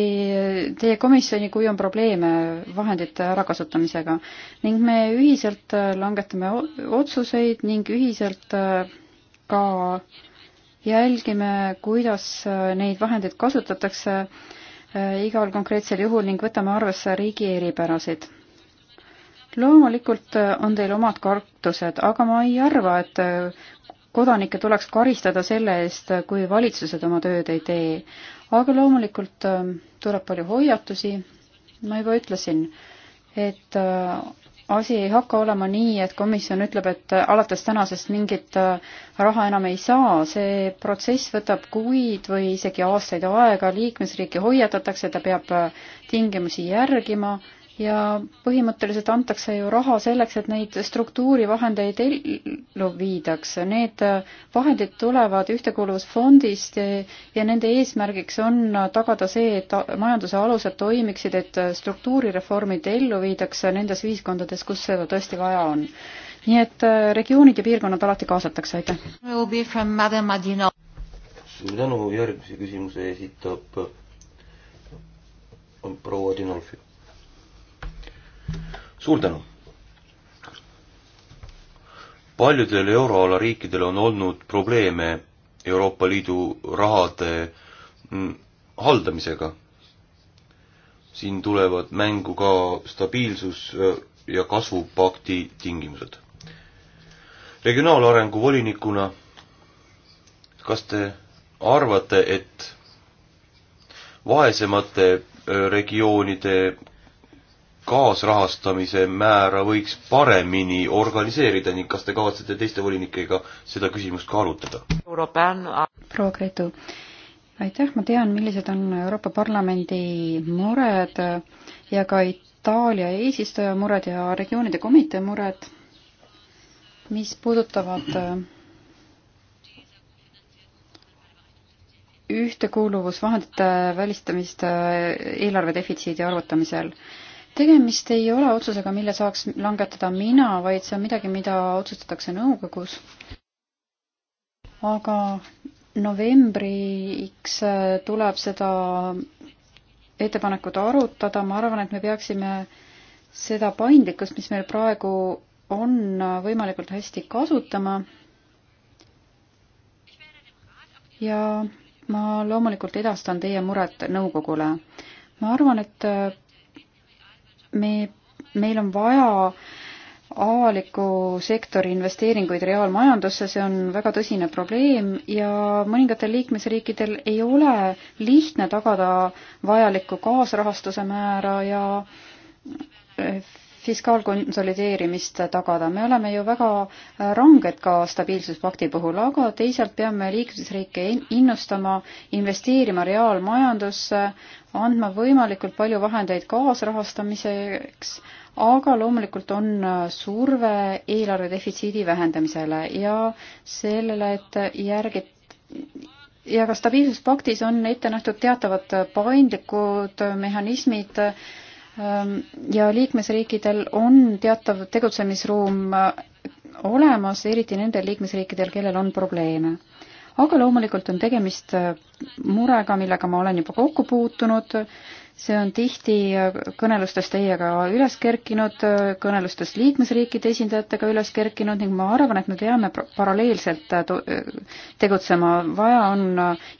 S3: teie komisjoni, kui on probleeme vahendite ärakasutamisega ning me ühiselt äh, langetame otsuseid ning ühiselt äh, ka äh, jälgime, kuidas äh, neid vahendeid kasutatakse äh, igal konkreetsel juhul ning võtame arvesse riigi eripärasid. loomulikult äh, on teil omad kartused, aga ma ei arva, et kodanikke tuleks karistada selle eest, kui valitsused oma tööd ei tee. aga loomulikult tuleb palju hoiatusi, ma juba ütlesin, et asi ei hakka olema nii, et komisjon ütleb, et alates tänasest mingit äh, raha enam ei saa, see protsess võtab kuid või isegi aastaid aega, liikmesriiki hoiatatakse, ta peab äh, tingimusi järgima ja põhimõtteliselt antakse ju raha selleks, et neid struktuurivahendeid ellu viidaks. Need vahendid tulevad Ühtekuuluvusfondist ja nende eesmärgiks on tagada see, et majanduse alused toimiksid, et struktuurireformid ellu viidakse nendes ühiskondades, kus seda tõesti vaja on. nii et äh,
S1: regioonid ja piirkonnad
S3: alati kaasatakse, aitäh!
S2: suur tänu, järgmise küsimuse esitab äh, proua Dinolfi suur tänu! paljudel euroala riikidel on olnud probleeme Euroopa Liidu rahade mm, haldamisega. siin tulevad mängu ka stabiilsus äh, ja kasvupakti tingimused. regionaalarengu volinikuna, kas te arvate, et vaesemate äh, regioonide kaasrahastamise määra võiks paremini organiseerida ning kas te kavatsete teiste volinikega seda küsimust ka arutada?
S4: proua Gretu,
S3: aitäh, ma tean, millised on Euroopa Parlamendi mured ja ka Itaalia eesistuja mured ja regioonide komitee mured, mis puudutavad äh, ühtekuuluvusvahendite välistamist äh, eelarve defitsiidi arvutamisel tegemist ei ole otsusega, mille saaks langetada mina, vaid see on midagi, mida otsustatakse nõukogus. aga novembriks äh, tuleb seda ettepanekut arutada, ma arvan, et me peaksime seda paindlikkust, mis meil praegu on, võimalikult hästi kasutama. ja ma loomulikult edastan teie muret nõukogule. ma arvan, et äh, me, meil on vaja avaliku sektori investeeringuid reaalmajandusse, see on väga tõsine probleem ja mõningatel liikmesriikidel ei ole lihtne tagada vajalikku kaasrahastuse määra ja eh, fiskaalkonsolideerimist tagada. me oleme ju väga äh, ranged ka stabiilsuspakti puhul, aga teisalt peame liikmesriike innustama investeerima reaalmajandusse, andma võimalikult palju vahendeid kaasrahastamiseks, aga loomulikult on äh, surve eelarve defitsiidi vähendamisele ja sellele, et järgid ja ka stabiilsuspaktis on ette nähtud teatavad paindlikud äh, mehhanismid, Ähm, ja liikmesriikidel on teatav tegutsemisruum äh, olemas, eriti nendel liikmesriikidel, kellel on probleeme. aga loomulikult on tegemist äh, murega, millega ma olen juba kokku puutunud see on tihti äh, kõnelustes teiega üles kerkinud, äh, kõnelustes liikmesriikide esindajatega üles kerkinud ning ma arvan, et me peame paralleelselt äh, tegutsema. vaja on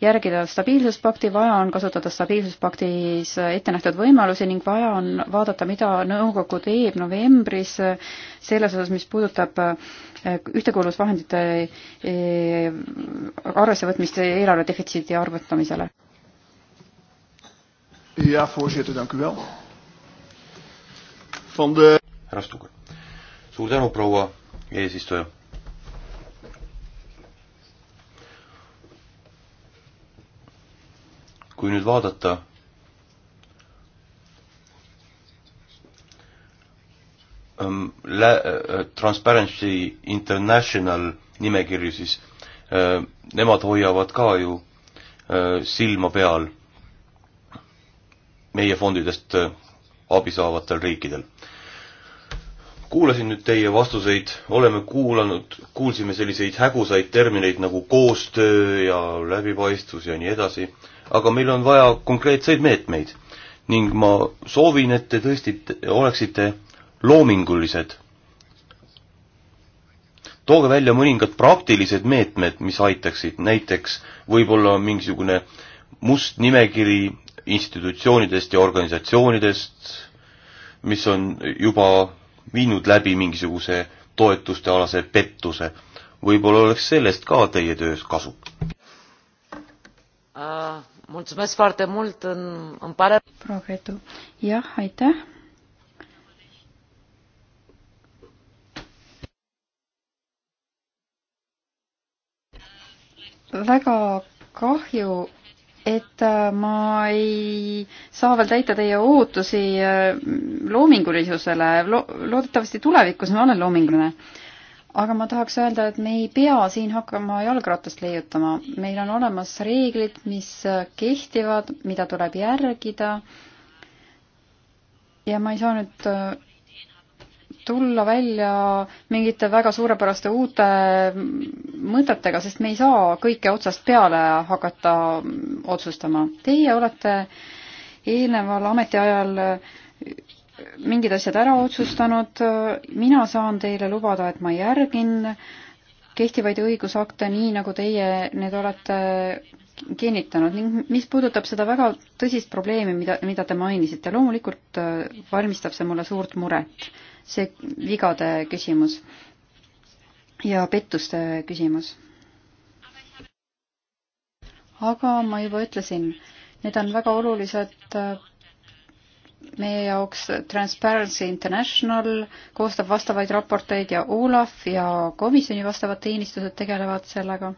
S3: järgida stabiilsuspakti, vaja on kasutada stabiilsuspaktis ette nähtud võimalusi ning vaja on vaadata, mida nõukogu teeb novembris selles osas, mis puudutab ühtekuuluvusvahendite arvessevõtmist eelarve defitsiidi arvutamisele
S2: Ja, voorzitter, dank u wel. Van de... härra Stuga. suur tänu, proua eesistuja. kui nüüd vaadata ähm, lä- äh,, Transparency International nimekirju, siis äh, nemad hoiavad ka ju äh, silma peal meie fondidest äh, abi saavatel riikidel. kuulasin nüüd teie vastuseid, oleme kuulanud, kuulsime selliseid hägusaid termineid nagu koostöö ja läbipaistvus ja nii edasi, aga meil on vaja konkreetseid meetmeid ning ma soovin, et te tõesti oleksite loomingulised. tooge välja mõningad praktilised meetmed, mis aitaksid, näiteks võib-olla mingisugune must nimekiri institutsioonidest ja organisatsioonidest, mis on juba viinud läbi mingisuguse toetuste alase pettuse. võib-olla oleks sellest ka teie töös kasu
S4: uh,? mulțumesc foarte mult, îmi, îmi pare... Profetul. Jah, aitäh.
S3: väga kahju, et äh, ma ei saa veel täita teie ootusi äh, loomingulisusele Lo. loodetavasti tulevikus ma olen loominguline. aga ma tahaks öelda, et me ei pea siin hakkama jalgratast leiutama. meil on olemas reeglid, mis äh, kehtivad, mida tuleb järgida. ja ma ei saa nüüd tulla välja mingite väga suurepäraste uute mõtetega, sest me ei saa kõike otsast peale hakata otsustama. Teie olete eelneval ametiajal mingid asjad ära otsustanud, mina saan teile lubada, et ma järgin kehtivaid õigusakte nii, nagu teie need olete kinnitanud ning mis puudutab seda väga tõsist probleemi, mida, mida te mainisite, loomulikult äh, valmistab see mulle suurt muret see vigade küsimus ja pettuste küsimus. aga ma juba ütlesin, need on väga olulised äh, meie jaoks Transparency International koostab vastavaid raporteid ja Olaf ja komisjoni vastavad teenistused tegelevad sellega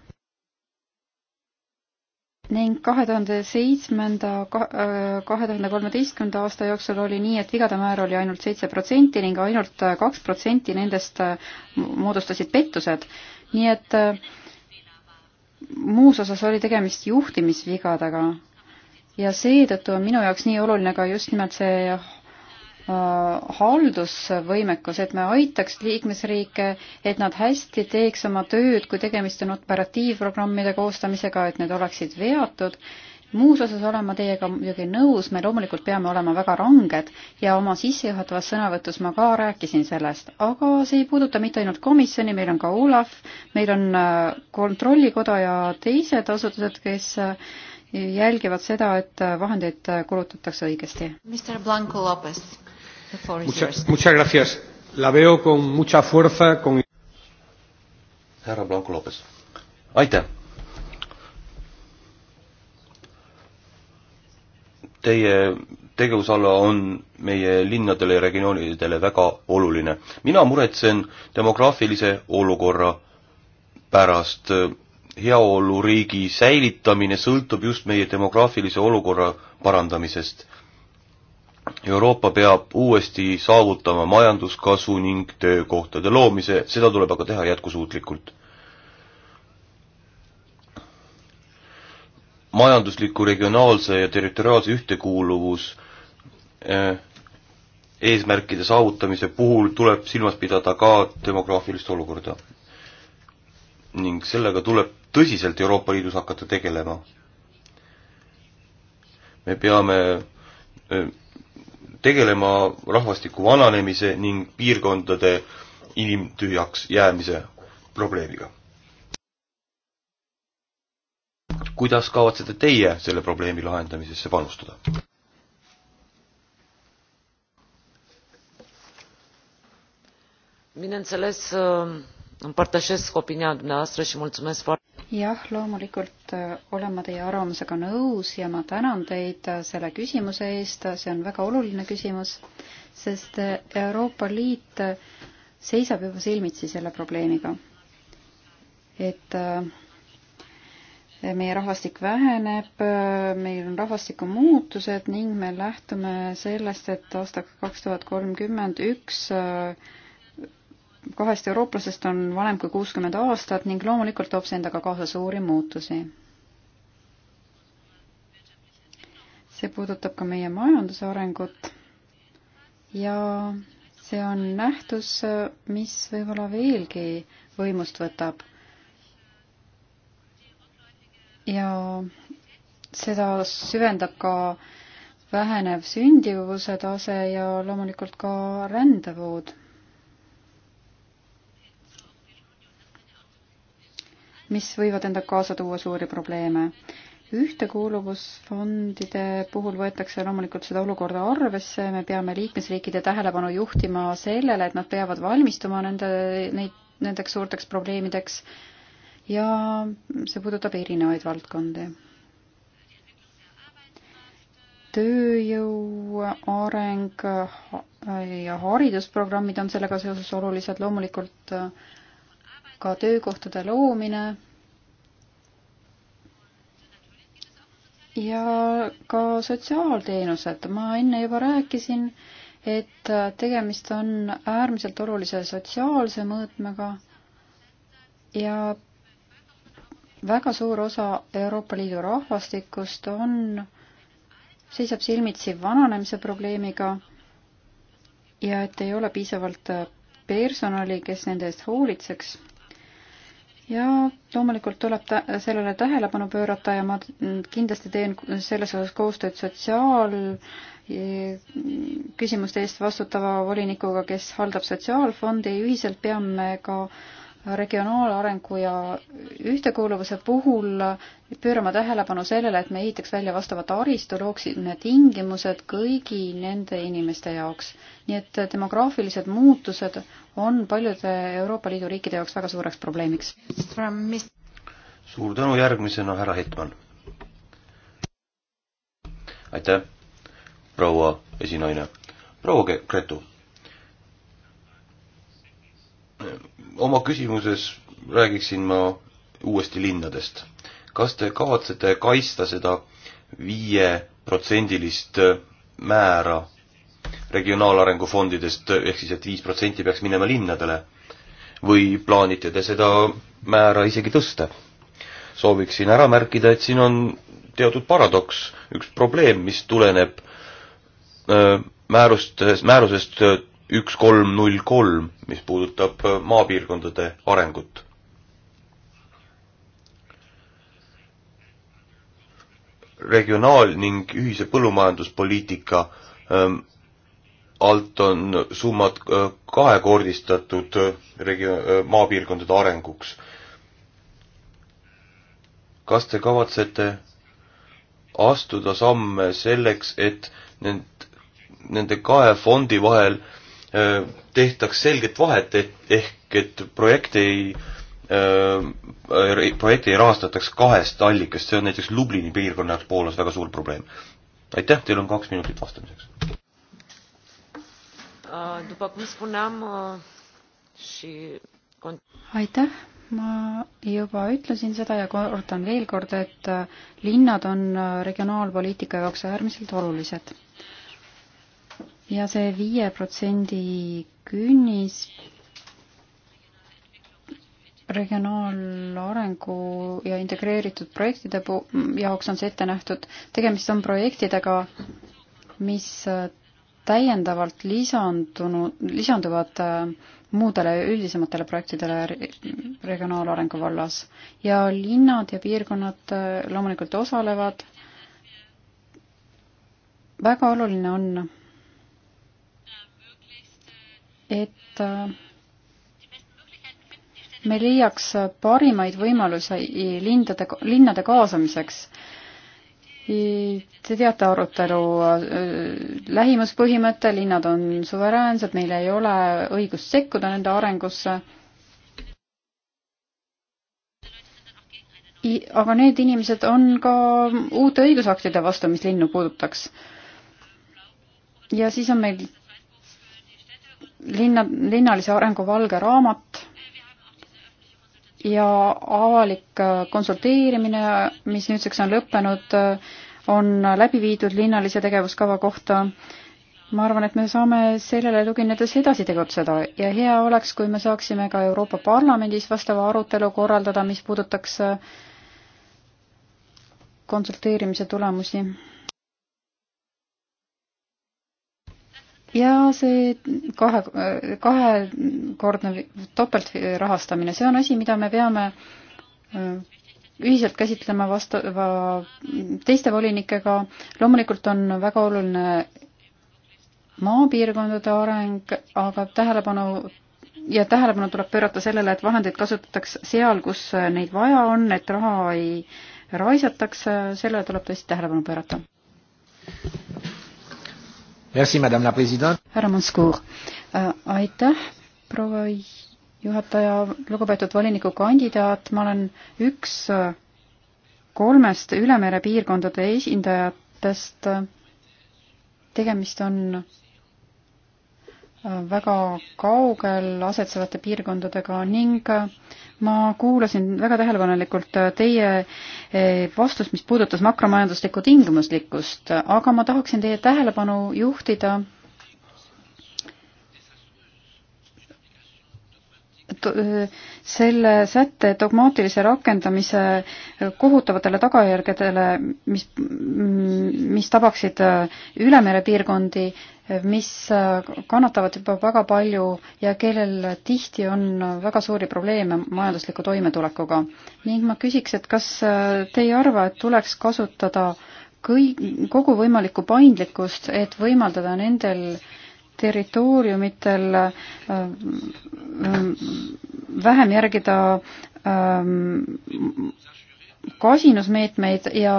S3: ning kahe tuhande seitsmenda, äh, kahe tuhande kolmeteistkümnenda aasta jooksul oli nii, et vigade määr oli ainult seitse protsenti ning ainult äh, kaks protsenti nendest äh, moodustasid pettused. nii et muus osas oli tegemist juhtimisvigadega ja seetõttu on minu jaoks nii oluline ka just nimelt see Äh, haldusvõimekus, et me aitaks liikmesriike, et nad hästi teeks oma tööd, kui tegemist on operatiivprogrammide koostamisega, et need oleksid veatud. muus osas olen ma teiega muidugi nõus, me loomulikult peame olema väga ranged ja oma sissejuhatavas sõnavõtus ma ka rääkisin sellest, aga see ei puuduta mitte ainult komisjoni, meil on ka Olav, meil on äh, Kontrollikoda ja teised asutused, kes äh, jälgivad seda, et vahendeid kulutatakse õigesti.
S1: Mr Blanco Lopez Muchas,
S2: muchas gracias. La veo con mucha fuerza, con... härra Blanco Lopes, aitäh. Teie tegevusala on meie linnadele ja regioonidele väga oluline. mina muretsen demograafilise olukorra pärast. heaoluriigi säilitamine sõltub just meie demograafilise olukorra parandamisest Euroopa peab uuesti saavutama majanduskasvu ning töökohtade loomise, seda tuleb aga teha jätkusuutlikult. majandusliku, regionaalse ja territoriaalse ühtekuuluvus eh, eesmärkide saavutamise puhul tuleb silmas pidada ka demograafilist olukorda. ning sellega tuleb tõsiselt Euroopa Liidus hakata tegelema. me peame eh, tegelema rahvastiku vananemise ning piirkondade inimtühjaks jäämise probleemiga. kuidas kavatsete teie selle probleemi lahendamisesse panustada?
S4: bineînțeles împărtășesc opinia dumneavoastră și mulțumesc foarte
S3: jah, loomulikult äh, olen ma teie arvamusega nõus ja ma tänan teid äh, selle küsimuse eest, see on väga oluline küsimus, sest äh, Euroopa Liit seisab juba silmitsi selle probleemiga. et meie rahvastik väheneb, meil on rahvastikumuutused ning me lähtume sellest, et aastaks kaks tuhat kolmkümmend üks kahest eurooplasest on vanem kui kuuskümmend aastat ning loomulikult toob see endaga kaasa suuri muutusi. see puudutab ka meie majanduse arengut ja see on nähtus, mis võib-olla veelgi võimust võtab. ja seda süvendab ka vähenev sündivuse tase ja loomulikult ka rändevood mis võivad endaga kaasa tuua suuri probleeme. ühtekuuluvusfondide puhul võetakse loomulikult seda olukorda arvesse, me peame liikmesriikide tähelepanu juhtima sellele, et nad peavad valmistuma nende, neid, nendeks suurteks probleemideks ja see puudutab erinevaid valdkondi tööjõu areng ja haridusprogrammid on sellega seoses olulised, loomulikult ka töökohtade loomine ja ka sotsiaalteenused. ma enne juba rääkisin, et tegemist on äärmiselt olulise sotsiaalse mõõtmega ja väga suur osa Euroopa Liidu rahvastikust on, seisab silmitsi vananemise probleemiga ja et ei ole piisavalt personali, kes nende eest hoolitseks ja loomulikult tuleb ta, sellele tähelepanu pöörata ja ma kindlasti teen selles osas koostööd sotsiaalküsimuste eest vastutava volinikuga, kes haldab sotsiaalfondi, ühiselt peame ka äh, regionaalarengu ja ühtekuuluvuse puhul pöörama tähelepanu sellele, et me ehitaks välja vastava taristu, looksime tingimused kõigi nende inimeste jaoks. nii et demograafilised muutused on paljude Euroopa Liidu riikide jaoks väga
S1: suureks probleemiks.
S2: suur tänu, järgmisena härra Hetman. aitäh, proua esinaine. proua Gretu oma küsimuses räägiksin ma uuesti linnadest. kas te kavatsete kaitsta seda viieprotsendilist määra regionaalarengu fondidest, ehk siis et viis protsenti peaks minema linnadele? või plaanite te seda määra isegi tõsta? sooviksin ära märkida, et siin on teatud paradoks, üks probleem, mis tuleneb äh, määrust, määrusest üks kolm null kolm, mis puudutab äh, maapiirkondade arengut. regionaal- ning ühise põllumajanduspoliitika ähm, alt on summad äh, kahekordistatud äh, regio-, maapiirkondade arenguks. kas te kavatsete astuda samme selleks, et need, nende kahe fondi vahel Äh, tehtaks selget vahet, et ehk et projekte ei äh,, äh projekte ei rahastataks kahest allikast, see on näiteks Lublini piirkonna jaoks Poolas väga suur probleem. aitäh, teil on kaks minutit vastamiseks.
S4: aitäh,
S3: ma juba ütlesin seda ja kordan veel kord, et linnad on regionaalpoliitika jaoks äärmiselt olulised ja see viie protsendi künnis regionaalarengu ja integreeritud projektide jaoks on see ette nähtud. tegemist on projektidega, mis äh, täiendavalt lisandunud, lisanduvad äh, muudele üldisematele projektidele regionaalarengu vallas ja linnad ja piirkonnad äh, loomulikult osalevad. väga oluline on et äh, me leiaks parimaid võimalusi lindade, linnade kaasamiseks. Te teate arutelu äh, lähimuspõhimõte, linnad on suveräänsed, meil ei ole õigust sekkuda nende arengusse. aga need inimesed on ka uute õigusaktide vastu, mis linnu puudutaks. ja siis on meil linna, linnalise arengu valge raamat ja avalik äh, konsulteerimine, mis nüüdseks on lõppenud, äh, on läbi viidud linnalise tegevuskava kohta. ma arvan, et me saame sellele tuginedes edasi tegutseda ja hea oleks, kui me saaksime ka Euroopa Parlamendis vastava arutelu korraldada, mis puudutaks äh, konsulteerimise tulemusi ja see kahe, kahekordne topeltrahastamine, see on asi, mida me peame äh, ühiselt käsitlema vastava teiste volinikega. loomulikult on väga oluline maapiirkondade areng, aga tähelepanu ja tähelepanu tuleb pöörata sellele, et vahendeid kasutatakse seal, kus neid vaja on, et raha ei raisataks, sellele tuleb tõesti tähelepanu pöörata
S5: härra
S3: Manskuur, äh, aitäh, proua juhataja, lugupeetud volinikukandidaat, ma olen üks äh, kolmest ülemere piirkondade esindajatest. tegemist on väga kaugel asetsevate piirkondadega ning ma kuulasin väga tähelepanelikult teie eh, vastust, mis puudutas makromajanduslikku tingimuslikkust, aga ma tahaksin teie tähelepanu juhtida selle sätte dogmaatilise rakendamise kohutavatele tagajärgedele, mis, mis tabaksid äh, ülemere piirkondi, mis äh, kannatavad juba väga palju ja kellel tihti on väga suuri probleeme majandusliku toimetulekuga. ning ma küsiks, et kas äh, te ei arva, et tuleks kasutada kõi-, kogu võimalikku paindlikkust, et võimaldada nendel äh, territooriumitel äh, vähem järgida ähm, kasinusmeetmeid ja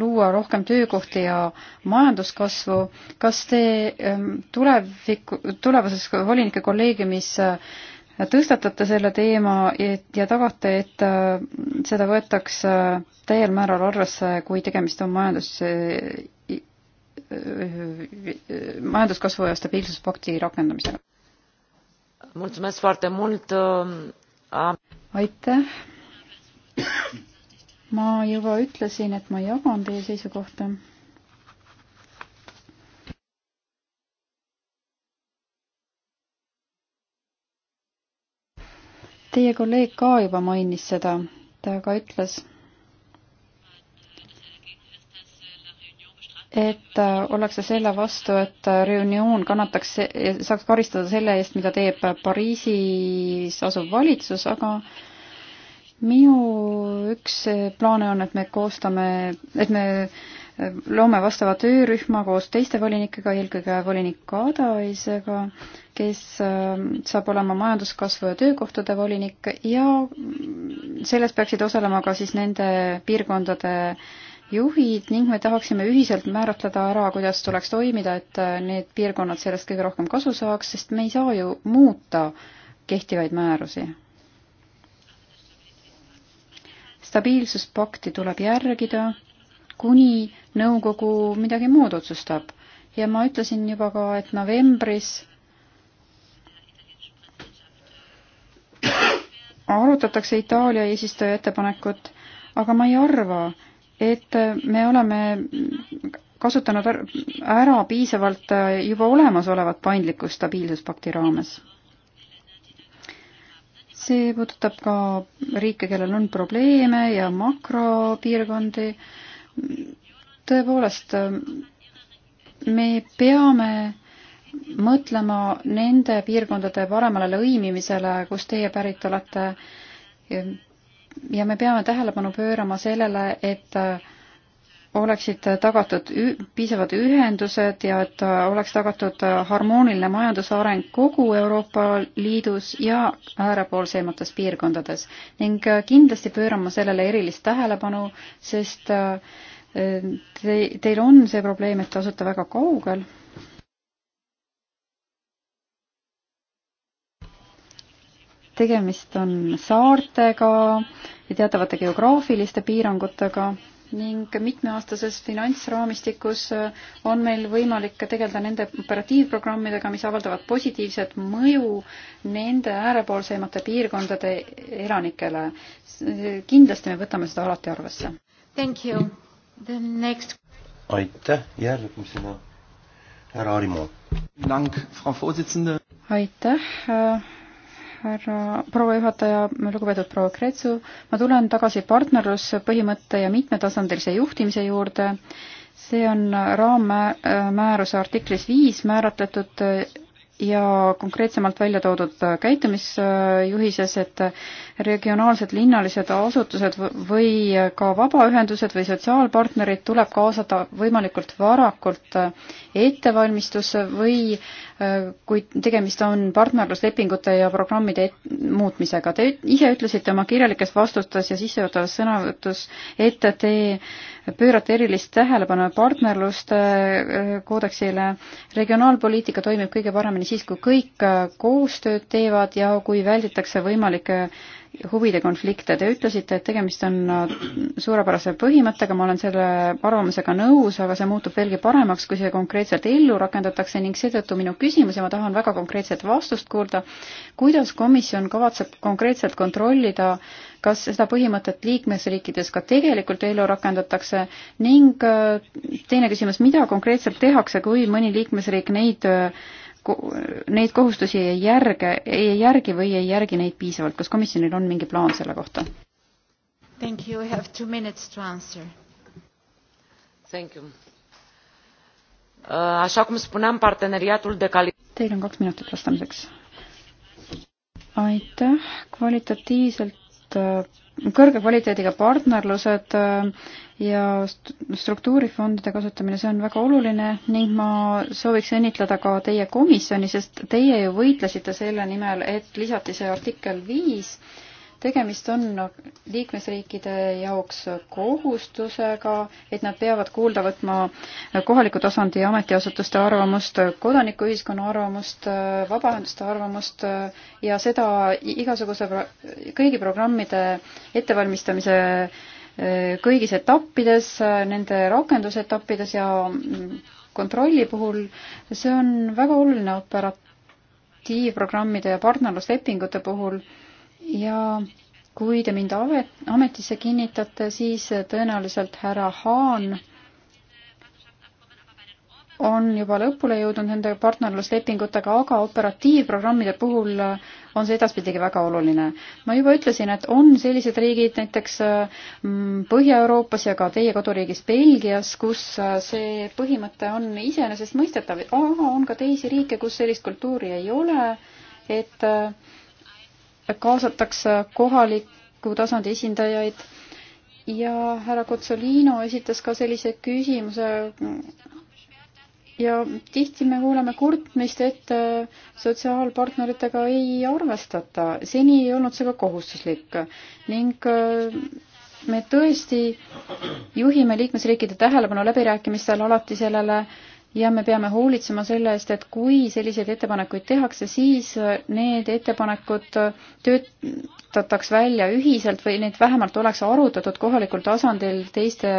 S3: luua rohkem töökohti ja majanduskasvu. kas te ähm, tuleviku, tulevases volinike kolleegiumis äh, tõstatate selle teema et, ja tagate, et äh, seda võetakse täiel määral arvesse, kui tegemist on majandus- majanduskasvu ja stabiilsuspakti rakendamisega.
S4: Um,
S3: aitäh. ma juba ütlesin, et ma jagan teie seisukohta Teie kolleeg ka juba mainis seda, ta ka ütles, et äh, ollakse selle vastu, et äh, Reunion kannataks, saaks karistada selle eest, mida teeb äh, Pariisis asuv valitsus, aga minu üks plaane on, et me koostame, et me loome vastava töörühma koos teiste volinikega, eelkõige volinik Kadaisega, kes ähm, saab olema majanduskasvu ja töökohtade volinik ja mm, selles peaksid osalema ka siis nende piirkondade äh, juhid ning me tahaksime ühiselt määratleda ära, kuidas tuleks toimida, et äh, need piirkonnad sellest kõige rohkem kasu saaks, sest me ei saa ju muuta kehtivaid määrusi. stabiilsuspakti tuleb järgida, kuni nõukogu midagi muud otsustab ja ma ütlesin juba ka, et novembris arutatakse Itaalia eesistuja ettepanekut, aga ma ei arva, et me oleme kasutanud ära piisavalt juba olemasolevat paindlikkust stabiilsuspakti raames. see puudutab ka riike, kellel on probleeme ja makropiirkondi. tõepoolest, me peame mõtlema nende piirkondade paremale lõimimisele, kust teie pärit olete ja me peame tähelepanu pöörama sellele, et äh, oleksid tagatud piisavad ühendused ja et äh, oleks tagatud äh, harmooniline majandusareng kogu Euroopa Liidus ja äärepoolseimates piirkondades ning kindlasti pöörama sellele erilist tähelepanu, sest te, teil on see probleem, et te asute väga kaugel tegemist on saartega ja teatavate geograafiliste piirangutega ning mitmeaastases finantsraamistikus on meil võimalik tegeleda nende operatiivprogrammidega, mis avaldavad positiivset mõju nende äärepoolseimate piirkondade elanikele. kindlasti me võtame seda alati arvesse.
S1: Thank you. The next.
S2: aitäh, järgmisena härra Arimo.
S3: aitäh härra, proua juhataja, lugupeetud proua Kretsu, ma tulen tagasi partnerluspõhimõtte ja mitmetasandilise juhtimise juurde. see on raammääruse artiklis viis määratletud ja konkreetsemalt välja toodud käitumisjuhises, et regionaalsed linnalised asutused või ka vabaühendused või sotsiaalpartnerid tuleb kaasata võimalikult varakult ettevalmistusse või Äh, kui tegemist on partnerluslepingute ja programmide muutmisega. Te ise ütlesite oma kirjalikes vastustes ja sissejuhatavas sõnavõtus, et te pöörate erilist tähelepanu partnerluste äh, koodeksile. regionaalpoliitika toimib kõige paremini siis, kui kõik äh, koostööd teevad ja kui välditakse võimalikke huvide konflikte. Te ütlesite, et tegemist on äh, suurepärase põhimõttega, ma olen selle arvamusega nõus, aga see muutub veelgi paremaks, kui see konkreetselt ellu rakendatakse ning seetõttu minu küsimus ja ma tahan väga konkreetset vastust kuulda, kuidas komisjon kavatseb konkreetselt kontrollida, kas seda põhimõtet liikmesriikides ka tegelikult ellu rakendatakse ning äh, teine küsimus, mida konkreetselt tehakse, kui mõni liikmesriik neid äh, neid kohustusi ei järge, ei järgi või ei järgi neid piisavalt, kas komisjonil on mingi plaan selle kohta?
S1: Thank you, we have two minutes to answer.
S4: Thank you. Uh, așa cum spuneam, parteneriatul de calitate. Teil
S3: on kaks minutit vastamiseks. aitäh, kvalitatiivselt uh, kõrge kvaliteediga partnerlused äh, ja struktuurifondide kasutamine, see on väga oluline ning ma sooviks õnnitleda ka teie komisjoni, sest teie ju võitlesite selle nimel, et lisati see artikkel viis tegemist on liikmesriikide jaoks kohustusega, et nad peavad kuulda võtma kohaliku tasandi ametiasutuste arvamust, kodanikuühiskonna arvamust, vabaühenduste arvamust ja seda igasuguse, kõigi programmide ettevalmistamise eh, kõigis etappides, nende rakendusetappides ja kontrolli puhul, see on väga oluline operatiivprogrammide ja partnerluslepingute puhul ja kui te mind ametisse kinnitate, siis tõenäoliselt härra Haan on juba lõpule jõudnud nende partnerluslepingutega, aga operatiivprogrammide puhul on see edaspidigi väga oluline. ma juba ütlesin, et on sellised riigid näiteks mm, Põhja-Euroopas ja ka teie koduriigis Belgias, kus see põhimõte on iseenesestmõistetav, aga on ka teisi riike, kus sellist kultuuri ei ole, et äh, kaasatakse kohaliku tasandi esindajaid ja härra Kotsolino esitas ka sellise küsimuse ja tihti me kuuleme kurtmist, et sotsiaalpartneritega ei arvestata, seni ei olnud see ka kohustuslik ning äh, me tõesti juhime liikmesriikide tähelepanu läbirääkimistel alati sellele äh, ja me peame hoolitsema selle eest, et kui selliseid ettepanekuid tehakse, siis need ettepanekud töötataks välja ühiselt või neid vähemalt oleks arutatud kohalikul tasandil teiste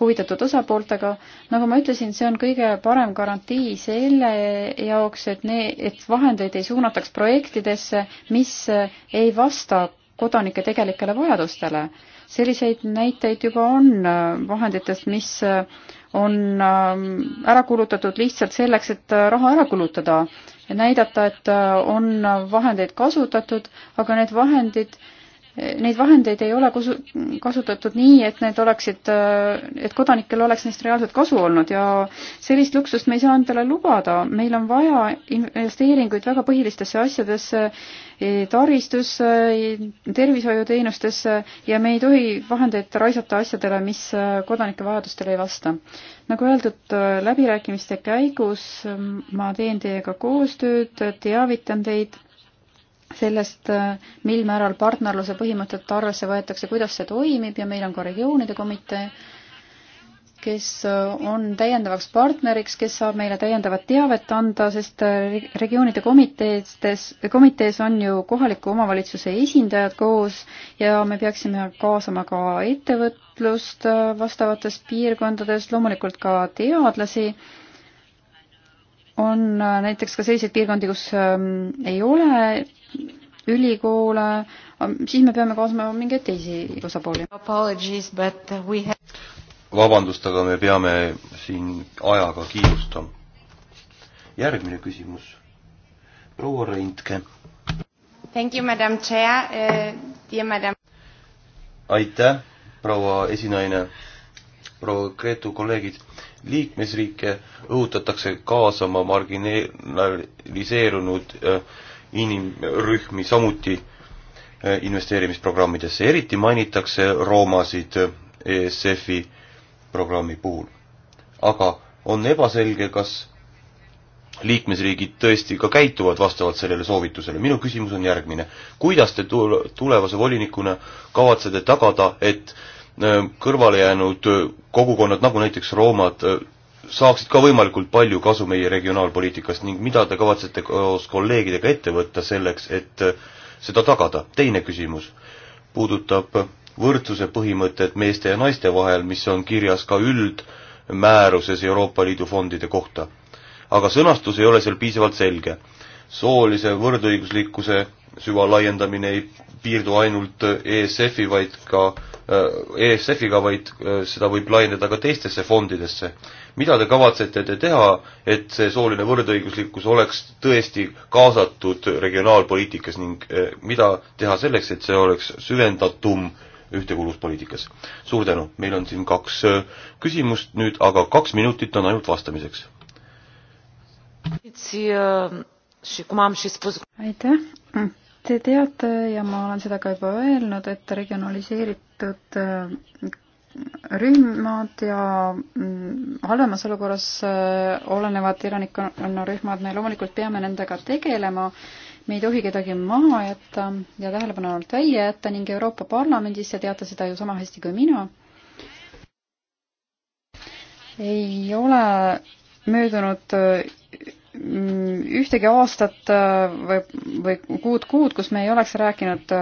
S3: huvitatud osapooltega. nagu ma ütlesin, see on kõige parem garantii selle jaoks, et nee, et vahendeid ei suunataks projektidesse, mis ei vasta kodanike tegelikele vajadustele selliseid näiteid juba on äh, vahenditest, mis äh, on äh, ära kulutatud lihtsalt selleks, et raha ära kulutada ja näidata, et on vahendeid kasutatud, aga need vahendid neid vahendeid ei ole kasu-, kasutatud nii, et need oleksid, et kodanikel oleks neist reaalselt kasu olnud ja sellist luksust me ei saa endale lubada, meil on vaja investeeringuid väga põhilistesse asjadesse, e, taristusse, e, tervishoiuteenustesse ja me ei tohi vahendeid raisata asjadele, mis e, kodanike vajadustele ei vasta. nagu öeldud, läbirääkimiste käigus ma teen teiega koostööd, teavitan teid sellest, mil määral partnerluse põhimõtet arvesse võetakse, kuidas see toimib ja meil on ka regioonide komitee, kes on täiendavaks partneriks, kes saab meile täiendavat teavet anda, sest regioonide komiteestes, komitees on ju kohaliku omavalitsuse esindajad koos ja me peaksime kaasama ka ettevõtlust äh, vastavates piirkondades, loomulikult ka teadlasi on äh, näiteks ka selliseid piirkondi, kus ähm, ei ole ülikoole, siis me peame kaasama mingeid teisi osapooli.
S2: vabandust, aga me peame siin ajaga kiirustama. järgmine küsimus. proua Reintke.
S1: Thank you, madam chair uh,, dear madam.
S2: aitäh, proua esinaine, proua Gretu kolleegid liikmesriike õhutatakse kaasama marginaliseerunud äh, inimrühmi samuti eh, investeerimisprogrammidesse, eriti mainitakse roomasid eh, ESF-i programmi puhul. aga on ebaselge, kas liikmesriigid tõesti ka käituvad vastavalt sellele soovitusele. minu küsimus on järgmine. kuidas te tulevase volinikuna kavatsete tagada, et eh, kõrvale jäänud kogukonnad, nagu näiteks roomad, saaksid ka võimalikult palju kasu meie regionaalpoliitikast ning mida te kavatsete koos kolleegidega ette võtta selleks, et äh, seda tagada. teine küsimus puudutab võrdsuse põhimõtet meeste ja naiste vahel, mis on kirjas ka üldmääruses Euroopa Liidu fondide kohta. aga sõnastus ei ole seal piisavalt selge. soolise võrdõiguslikkuse süvalaiendamine ei piirdu ainult ESF-i, vaid ka äh, ESF-iga, vaid äh, seda võib laiendada ka teistesse fondidesse mida te kavatsete te teha, et see sooline võrdõiguslikkus oleks tõesti kaasatud regionaalpoliitikas ning eh, mida teha selleks, et see oleks süvendatum ühtekuuluvuspoliitikas? suur tänu, meil on siin kaks eh, küsimust nüüd, aga kaks minutit on ainult vastamiseks.
S4: aitäh Te teate ja ma olen seda ka juba öelnud,
S3: et regionaliseeritud eh, rühmad ja mm, halvemas olukorras äh, olenevad elanikkonnarühmad, me loomulikult peame nendega tegelema, me ei tohi kedagi maha jätta ja tähelepanu alt välja jätta ning Euroopa Parlamendis, te teate seda ju sama hästi kui mina, ei ole möödunud äh, ühtegi aastat äh, või, või kuud-kuud, kus me ei oleks rääkinud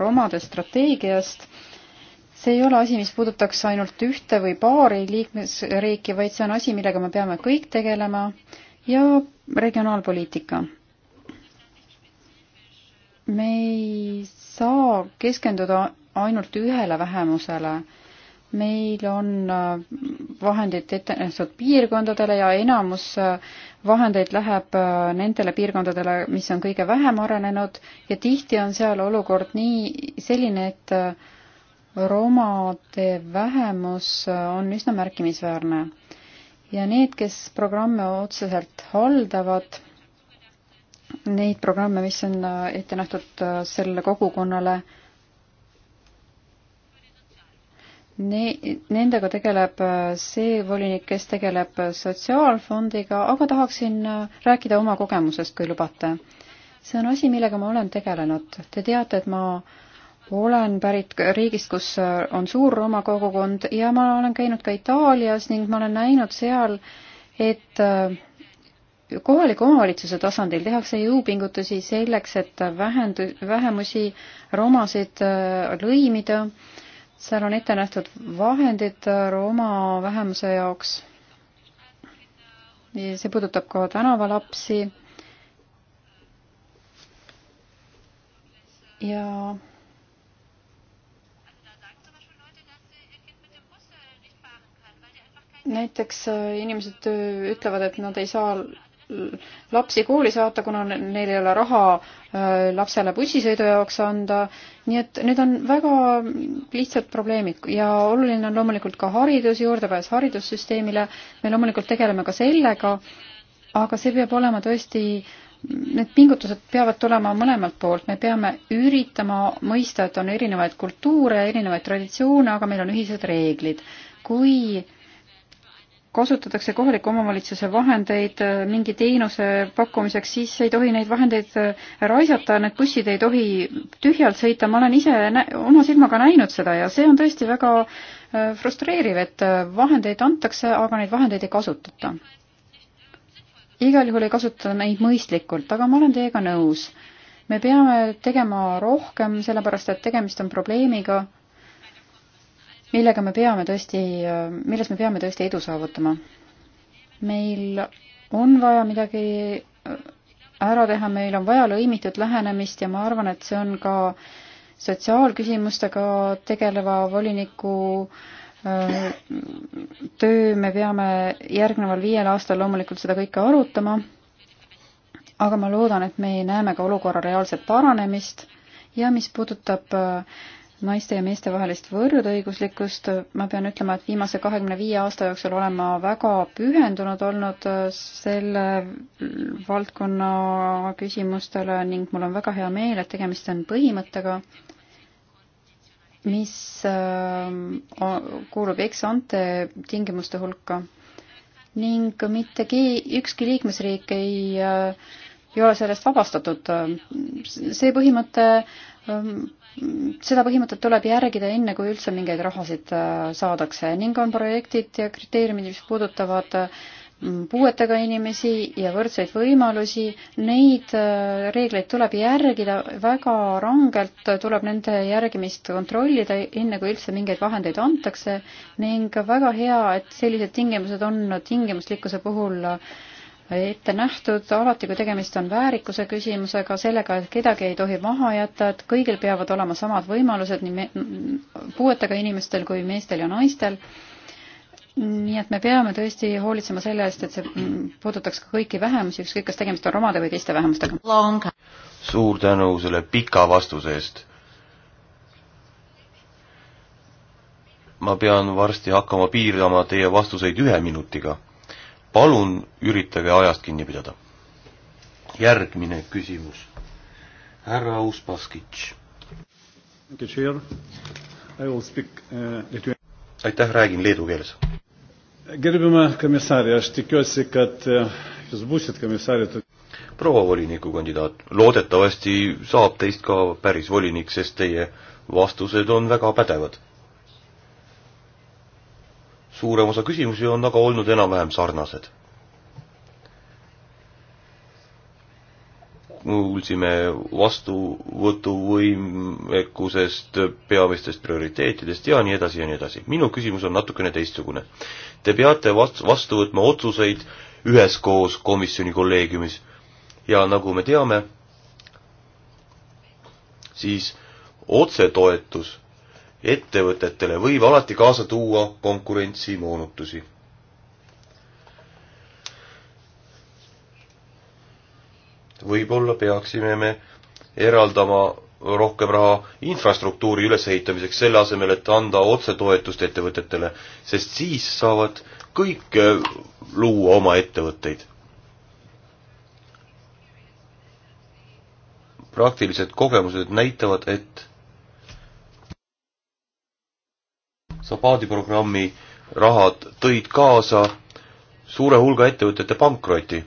S3: romade strateegiast see ei ole asi, mis puudutaks ainult ühte või paari liikmesriiki, vaid see on asi, millega me peame kõik tegelema ja regionaalpoliitika. me ei saa keskenduda ainult ühele vähemusele. meil on äh, vahendid ette nähtud piirkondadele ja enamus äh, vahendeid läheb äh, nendele piirkondadele, mis on kõige vähem arenenud ja tihti on seal olukord nii selline, et romade vähemus on üsna märkimisväärne ja need, kes programme otseselt haldavad, neid programme, mis on äh, ette nähtud äh, sellele kogukonnale, Ne-, nendega tegeleb äh, see volinik, kes tegeleb Sotsiaalfondiga, aga tahaksin rääkida oma kogemusest, kui lubate. see on asi, millega ma olen tegelenud. Te teate, et ma äh, olen pärit riigist, kus on suur Rooma kogukond ja ma olen käinud ka Itaalias ning ma olen näinud seal, et äh, kohaliku omavalitsuse tasandil tehakse jõupingutusi selleks, et vähendu-, vähemusi, romasid äh, lõimida. seal on ette nähtud vahendid äh, Rooma vähemuse jaoks. see puudutab ka tänavalapsi. ja näiteks äh, inimesed äh, ütlevad, et nad ei saa lapsi kooli saata, kuna neil ei ole raha äh, lapsele bussisõidu jaoks anda. nii et need on väga lihtsad probleemid ja oluline on loomulikult ka haridus, juurdepääs haridussüsteemile. me loomulikult tegeleme ka sellega, aga see peab olema tõesti Need pingutused peavad tulema mõlemalt poolt, me peame üritama mõista, et on erinevaid kultuure, erinevaid traditsioone, aga meil on ühised reeglid. kui äh, kasutatakse kohaliku omavalitsuse vahendeid äh, mingi teenuse pakkumiseks, siis ei tohi neid vahendeid äh, raisata, need bussid ei tohi tühjalt sõita, ma olen ise oma silmaga näinud seda ja see on tõesti väga äh, frustreeriv, et vahendeid antakse, aga neid vahendeid ei kasutata. igal juhul ei kasutata neid mõistlikult, aga ma olen teiega nõus. me peame tegema rohkem, sellepärast et tegemist on probleemiga millega me peame tõesti, milles me peame tõesti edu saavutama. meil on vaja midagi äh, ära teha, meil on vaja lõimitud lähenemist ja ma arvan, et see on ka sotsiaalküsimustega tegeleva voliniku äh, töö, me peame järgneval viiel aastal loomulikult seda kõike arutama, aga ma loodan, et me näeme ka olukorra reaalset paranemist ja mis puudutab äh, naiste ja meeste vahelist võrdõiguslikkust. ma pean ütlema, et viimase kahekümne viie aasta jooksul olen ma väga pühendunud olnud äh, selle valdkonna küsimustele ning mul on väga hea meel, et tegemist on põhimõttega, mis äh, kuulub ex-ante tingimuste hulka ning mitte keegi, ükski liikmesriik ei, äh, ei ole sellest vabastatud. see põhimõte äh, Ähm, seda põhimõtet tuleb järgida enne, kui üldse mingeid rahasid äh, saadakse ning on projektid ja kriteeriumid, mis puudutavad mm, puuetega inimesi ja võrdseid võimalusi, neid äh, reegleid tuleb järgida väga rangelt, tuleb nende järgimist kontrollida, enne kui üldse mingeid vahendeid antakse ning väga hea, et sellised tingimused on tingimuslikkuse puhul äh, ette nähtud, alati kui tegemist on väärikuse küsimusega, sellega, et kedagi ei tohi maha jätta, et kõigil peavad olema samad võimalused nii puuetega inimestel kui meestel ja naistel. nii et me peame tõesti hoolitsema selle eest, et see puudutaks ka kõiki vähemusi, ükskõik kas tegemist on romade või teiste
S1: vähemustega.
S2: suur tänu selle pika vastuse eest. ma pean varsti hakkama piirama teie vastuseid ühe minutiga palun üritage ajast kinni pidada. järgmine küsimus. härra Uspaskitš. Uh, aitäh, räägin leedu keeles. Uh, proua volinikukandidaat, loodetavasti saab teist ka päris volinik, sest teie vastused on väga pädevad suurem osa küsimusi on aga olnud enam-vähem sarnased. kuulsime vastuvõtuvõimekusest, peamistest prioriteetidest ja nii edasi ja nii edasi. minu küsimus on natukene teistsugune. Te peate vast-, vastu võtma otsuseid üheskoos komisjoni kolleegiumis ja nagu me teame, siis otsetoetus ettevõtetele võib alati kaasa tuua konkurentsimoonutusi. võib-olla peaksime me eraldama rohkem raha infrastruktuuri ülesehitamiseks, selle asemel, et anda otsetoetust ettevõtetele, sest siis saavad kõik äh, luua oma ettevõtteid praktilised kogemused näitavad, et Sabaadi programmi rahad tõid kaasa suure hulga ettevõtete pankroti.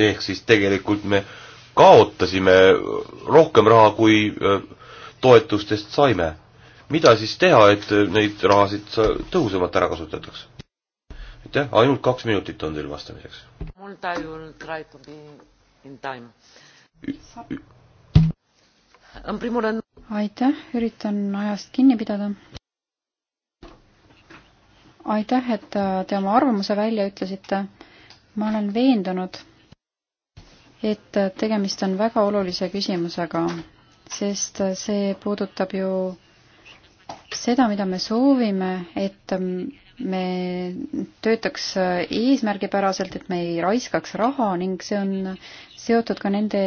S2: ehk siis tegelikult me kaotasime rohkem raha, kui toetustest saime. mida siis teha, et neid rahasid tõhusamalt ära kasutataks? aitäh, ainult kaks minutit on teil vastamiseks.
S4: mul ta ju try to be in time. În primul rând,
S3: aitäh, üritan ajast kinni pidada. aitäh, et äh, te oma arvamuse välja ütlesite. ma olen veendunud, et äh, tegemist on väga olulise küsimusega, sest äh, see puudutab ju seda, mida me soovime, et mm, me töötaks eesmärgipäraselt, et me ei raiskaks raha ning see on seotud ka nende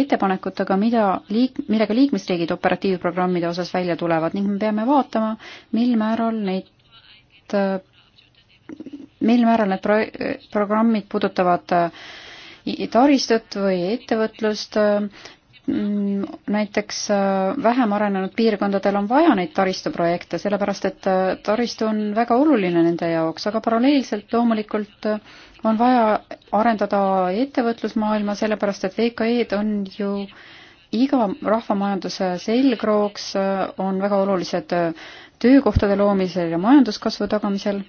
S3: ettepanekutega, mida liik-, millega liikmesriigid operatiivprogrammide osas välja tulevad ning me peame vaatama, mil määral neid, mil määral need pro-, programmid puudutavad taristut või ettevõtlust, Mm, näiteks äh, vähem arenenud piirkondadel on vaja neid taristuprojekte, sellepärast et äh, taristu on väga oluline nende jaoks, aga paralleelselt loomulikult äh, on vaja arendada ettevõtlusmaailma, sellepärast et VKE-d on ju iga rahvamajanduse selgrooks, on väga olulised töökohtade loomisel ja majanduskasvu tagamisel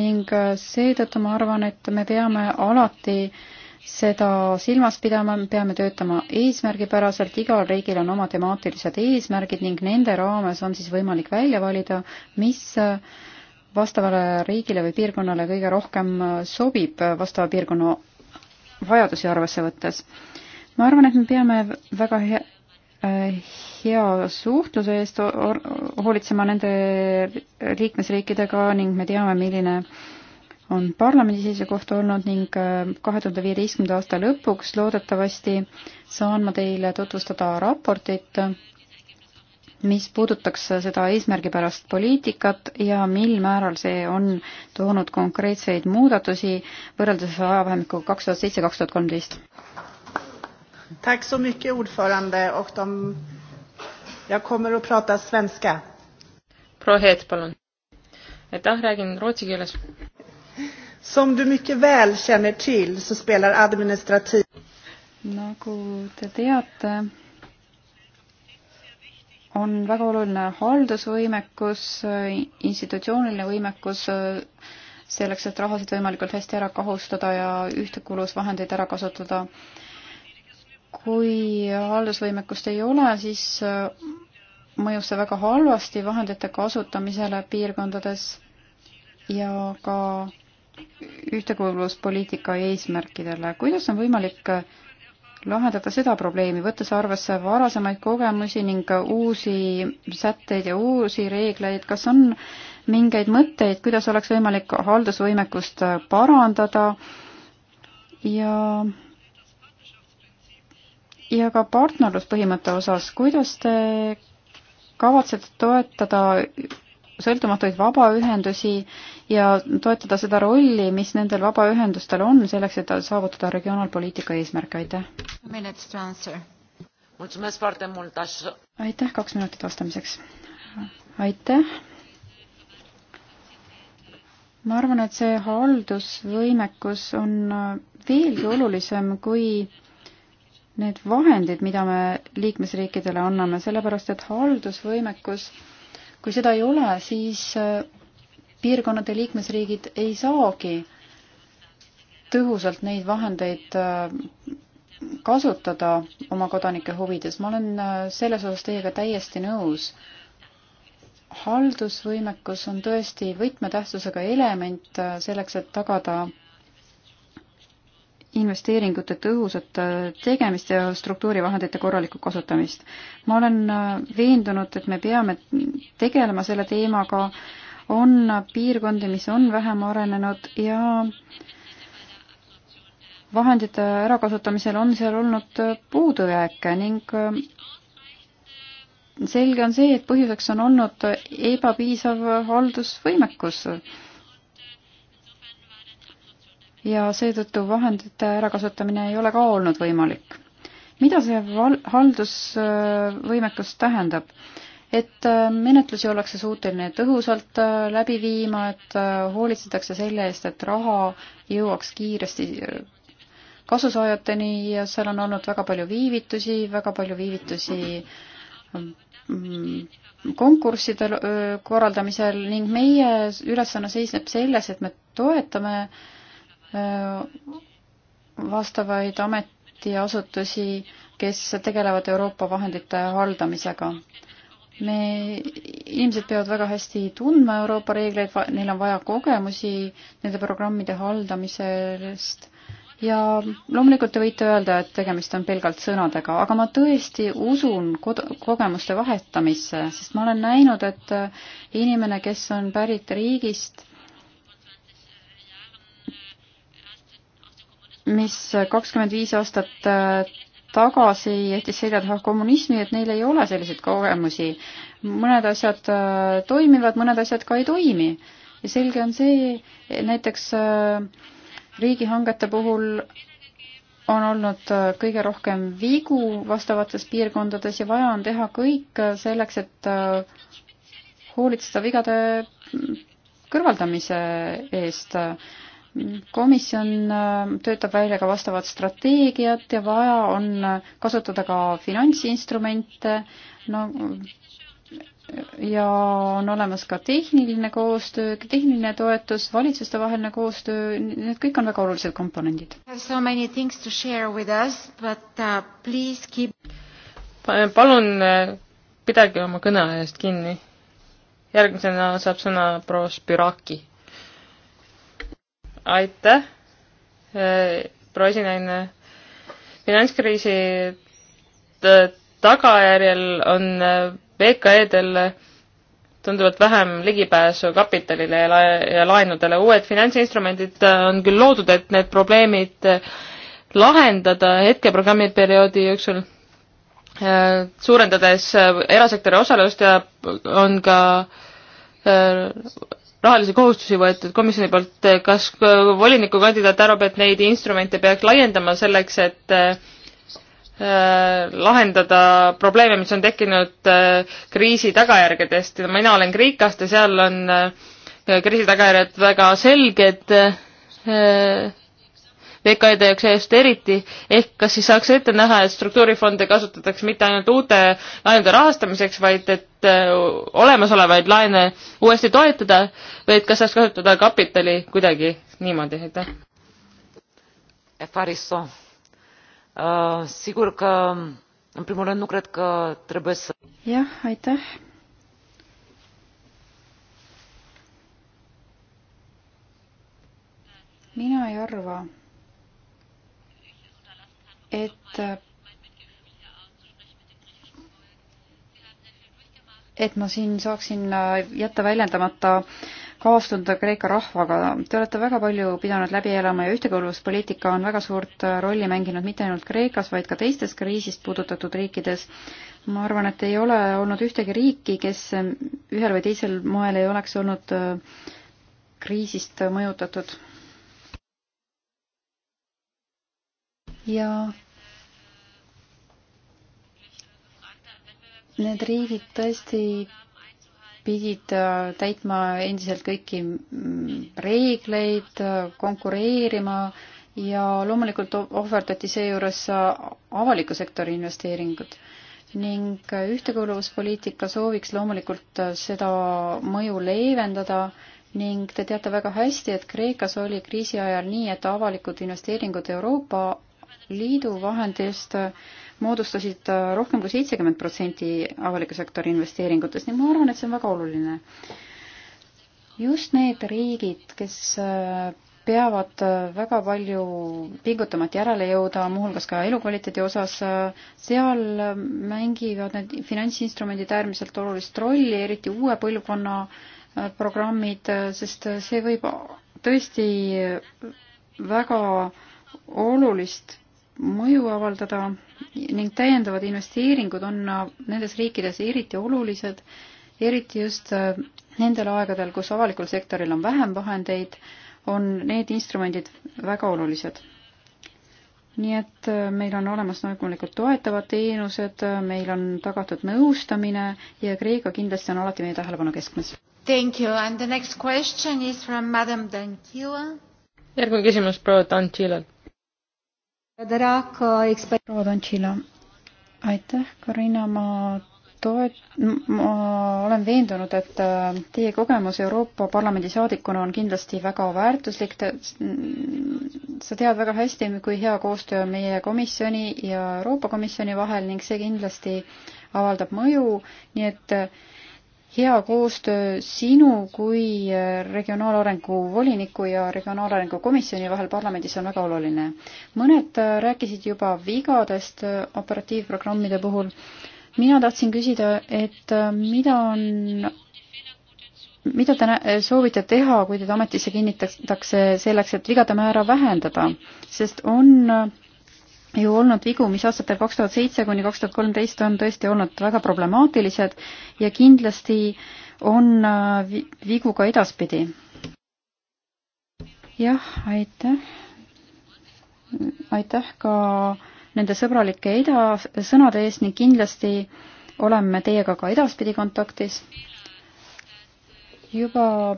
S3: ning seetõttu ma arvan, et me peame alati äh, seda silmas pidama, peame töötama eesmärgipäraselt, igal riigil on oma temaatilised eesmärgid ning nende raames on siis võimalik välja valida, mis vastavale riigile või piirkonnale kõige rohkem sobib vastava piirkonna vajadusi arvesse võttes. ma arvan, et me peame väga hea, äh, hea suhtluse eest hoolitsema nende liikmesriikidega ning me teame, milline äh, on parlamendi seisukoht olnud ning äh, kahe tuhande viieteistkümnenda aasta lõpuks loodetavasti saan ma teile tutvustada raportit, mis puudutaks seda eesmärgipärast poliitikat ja mil määral see on toonud konkreetseid muudatusi võrreldes ajavahemikuga kaks tuhat seitse, kaks tuhat kolmteist.
S5: Tack så mycket ordförande och de... Jag kommer att prata svenska. proua Heet, palun. aitäh, räägin rootsi keeles
S3: Som du mycket väl känner till så spelar administrativ... Nagu te teate, on väga oluline haldusvõimekus, institutsiooniline võimekus selleks, et rahasid võimalikult hästi ära kahustada ja ühtekulusvahendeid ära kasutada. Kui haldusvõimekust ei ole, siis mõjus see väga halvasti vahendite kasutamisele piirkondades ja ka ühtekuuluvuspoliitika eesmärkidele. kuidas on võimalik lahendada seda probleemi, võttes arvesse varasemaid kogemusi ning uusi sätteid ja uusi reegleid, kas on mingeid mõtteid, kuidas oleks võimalik haldusvõimekust parandada ja ja ka partnerluspõhimõtte osas, kuidas te kavatsete toetada sõltumatuid vabaühendusi ja toetada seda rolli, mis nendel vabaühendustel on selleks, et saavutada regionaalpoliitika eesmärke, aitäh. aitäh, kaks minutit vastamiseks. aitäh. ma arvan, et see haldusvõimekus on veelgi olulisem kui need vahendid, mida me liikmesriikidele anname, sellepärast et haldusvõimekus kui seda ei ole, siis äh, piirkonnad ja liikmesriigid ei saagi tõhusalt neid vahendeid äh, kasutada oma kodanike huvides. ma olen äh, selles osas teiega täiesti nõus. haldusvõimekus on tõesti võtmetähtsusega element selleks, et tagada investeeringute tõhusat äh, tegemist ja struktuurivahendite korralikku kasutamist. ma olen äh, veendunud, et me peame tegelema selle teemaga, on piirkondi, mis on vähem arenenud ja vahendite ärakasutamisel on seal olnud äh, puudujääke ning selge on see, et põhjuseks on olnud ebapiisav haldusvõimekus ja seetõttu vahendite ärakasutamine ei ole ka olnud võimalik. mida see val-, haldusvõimekus tähendab? et äh, menetlusi ollakse suuteline tõhusalt äh, läbi viima, et äh, hoolitsetakse selle eest, et raha jõuaks kiiresti kasusaajateni ja seal on olnud väga palju viivitusi, väga palju viivitusi mm, konkursside korraldamisel ning meie ülesanne seisneb selles, et me toetame äh, Äh, vastavaid ametiasutusi, kes tegelevad Euroopa vahendite haldamisega. me, inimesed peavad väga hästi tundma Euroopa reegleid, neil on vaja kogemusi nende programmide haldamisest ja loomulikult te võite öelda, et tegemist on pelgalt sõnadega, aga ma tõesti usun kod-, kogemuste vahetamisse, sest ma olen näinud, et inimene, kes on pärit riigist, mis kakskümmend viis aastat äh, tagasi jättis selja taha kommunismi, et neil ei ole selliseid kogemusi. mõned asjad äh, toimivad, mõned asjad ka ei toimi. ja selge on see, näiteks äh, riigihangete puhul on olnud kõige rohkem vigu vastavates piirkondades ja vaja on teha kõik selleks, et hoolitseda vigade kõrvaldamise eest komisjon äh, töötab välja ka vastavat strateegiat ja vaja on äh, kasutada ka finantsinstrumente, no ja on olemas ka tehniline koostöö, tehniline toetus, valitsustevaheline koostöö, need kõik on väga olulised komponendid.
S1: Uh,
S5: keep... palun äh, pidage oma kõne eest kinni. järgmisena saab sõna proua Spiraki aitäh, äh, proua esinaine. finantskriisi tagajärjel on äh, VKE-del äh, tunduvalt vähem ligipääsu kapitalile ja, la ja laenudele. uued finantsinstrumendid on küll loodud, et need probleemid lahendada hetkeprogrammi perioodi jooksul, suurendades erasektori osalust ja on ka rahalisi kohustusi võetud komisjoni poolt, kas volinikukandidaat arvab, et neid instrumente peaks laiendama selleks, et äh, lahendada probleeme, mis on tekkinud äh, kriisi tagajärgedest. mina olen Kreekast ja seal on äh, kriisi tagajärjed väga selged. VKE-de jaoks just eriti, ehk kas siis saaks ette näha, et struktuurifonde kasutatakse mitte ainult uute laenude rahastamiseks, vaid et äh, olemasolevaid laene uuesti toetada või et kas saaks kasutada kapitali kuidagi niimoodi, aitäh?
S4: Fariso, äh, sigur ka, în primul rând, nu cred că trebuie să... Jah, aitäh.
S3: mina ei arva, et et ma siin saaksin jätta väljendamata kaastunda Kreeka rahvaga. Te olete väga palju pidanud läbi elama ja ühtekuuluvuspoliitika on väga suurt rolli mänginud mitte ainult Kreekas, vaid ka teistes kriisist puudutatud riikides. ma arvan, et ei ole olnud ühtegi riiki, kes ühel või teisel moel ei oleks olnud kriisist mõjutatud ja need riigid tõesti pidid äh, täitma endiselt kõiki mm, reegleid, äh, konkureerima ja loomulikult ohverdati seejuures äh, avaliku sektori investeeringud ning ühtekuuluvuspoliitika sooviks loomulikult seda mõju leevendada ning te teate väga hästi, et Kreekas oli kriisi ajal nii, et avalikud investeeringud Euroopa Liidu vahendist moodustasid rohkem kui seitsekümmend protsenti avaliku sektori investeeringutest, nii ma arvan, et see on väga oluline. just need riigid, kes äh, peavad äh, väga palju pingutama, et järele jõuda, muuhulgas ka elukvaliteedi osas, äh, seal mängivad need finantsinstrumendid äärmiselt olulist rolli, eriti uue põlvkonna programmid, sest see võib tõesti väga olulist mõju avaldada ning täiendavad investeeringud on nendes riikides eriti olulised, eriti just äh, nendel aegadel, kus avalikul sektoril on vähem vahendeid, on need instrumendid väga olulised. nii et äh, meil on olemas loomulikult toetavad teenused, äh, meil on tagatud nõustamine ja
S5: Kreeka kindlasti on alati meie tähelepanu keskmes.
S1: Thank you and the next question is from madam Dankila.
S5: järgmine küsimus proua Dankilalt
S3: proua Tontšila, aitäh, Karina, ma toet-, ma olen veendunud, et äh, teie kogemus Euroopa Parlamendi saadikuna on kindlasti väga väärtuslik. sa tead väga hästi, kui hea koostöö on meie komisjoni ja Euroopa Komisjoni vahel ning see kindlasti avaldab mõju, nii et äh, hea koostöö sinu kui äh, regionaalarengu voliniku ja regionaalarengu komisjoni vahel parlamendis on väga oluline. mõned äh, rääkisid juba vigadest äh, operatiivprogrammide puhul. mina tahtsin küsida, et mida on mida te soovite teha, kui teid ametisse kinnitakse selleks, et vigade määra vähendada, sest on ju olnud vigu, mis aastatel kaks tuhat seitse kuni kaks tuhat kolmteist on tõesti olnud väga problemaatilised ja kindlasti on äh, vigu ka edaspidi. jah, aitäh. aitäh ka nende sõbralike ida-, sõnade eest ning kindlasti oleme teiega ka edaspidi kontaktis. juba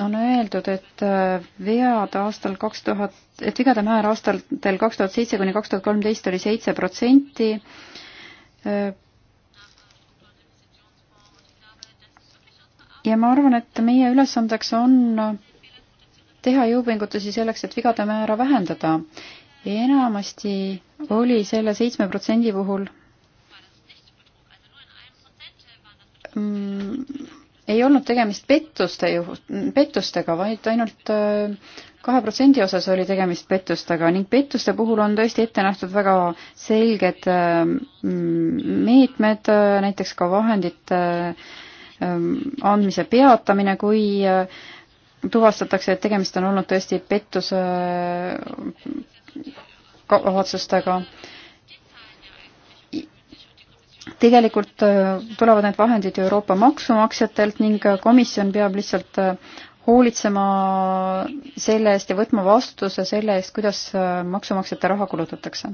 S3: on öeldud, et äh, vead aastal kaks tuhat, et vigade määr aastatel kaks tuhat seitse kuni kaks tuhat kolmteist oli seitse protsenti. Äh, ja ma arvan, et meie ülesandeks on teha jõupingutusi selleks, et vigade määra vähendada. enamasti oli selle seitsme protsendi puhul mm, ei olnud tegemist pettuste juhu-, pettustega, vaid ainult äh, kahe protsendi osas oli tegemist pettustega ning pettuste puhul on tõesti ette nähtud väga selged äh, meetmed, äh, näiteks ka vahendite andmise peatamine, kui tuvastatakse, et tegemist on olnud tõesti pettuse kavatsustega ka tegelikult äh, tulevad need vahendid ju Euroopa maksumaksjatelt ning äh, komisjon peab lihtsalt äh, hoolitsema selle eest ja võtma vastutuse selle eest, kuidas maksumaksjate raha kulutatakse.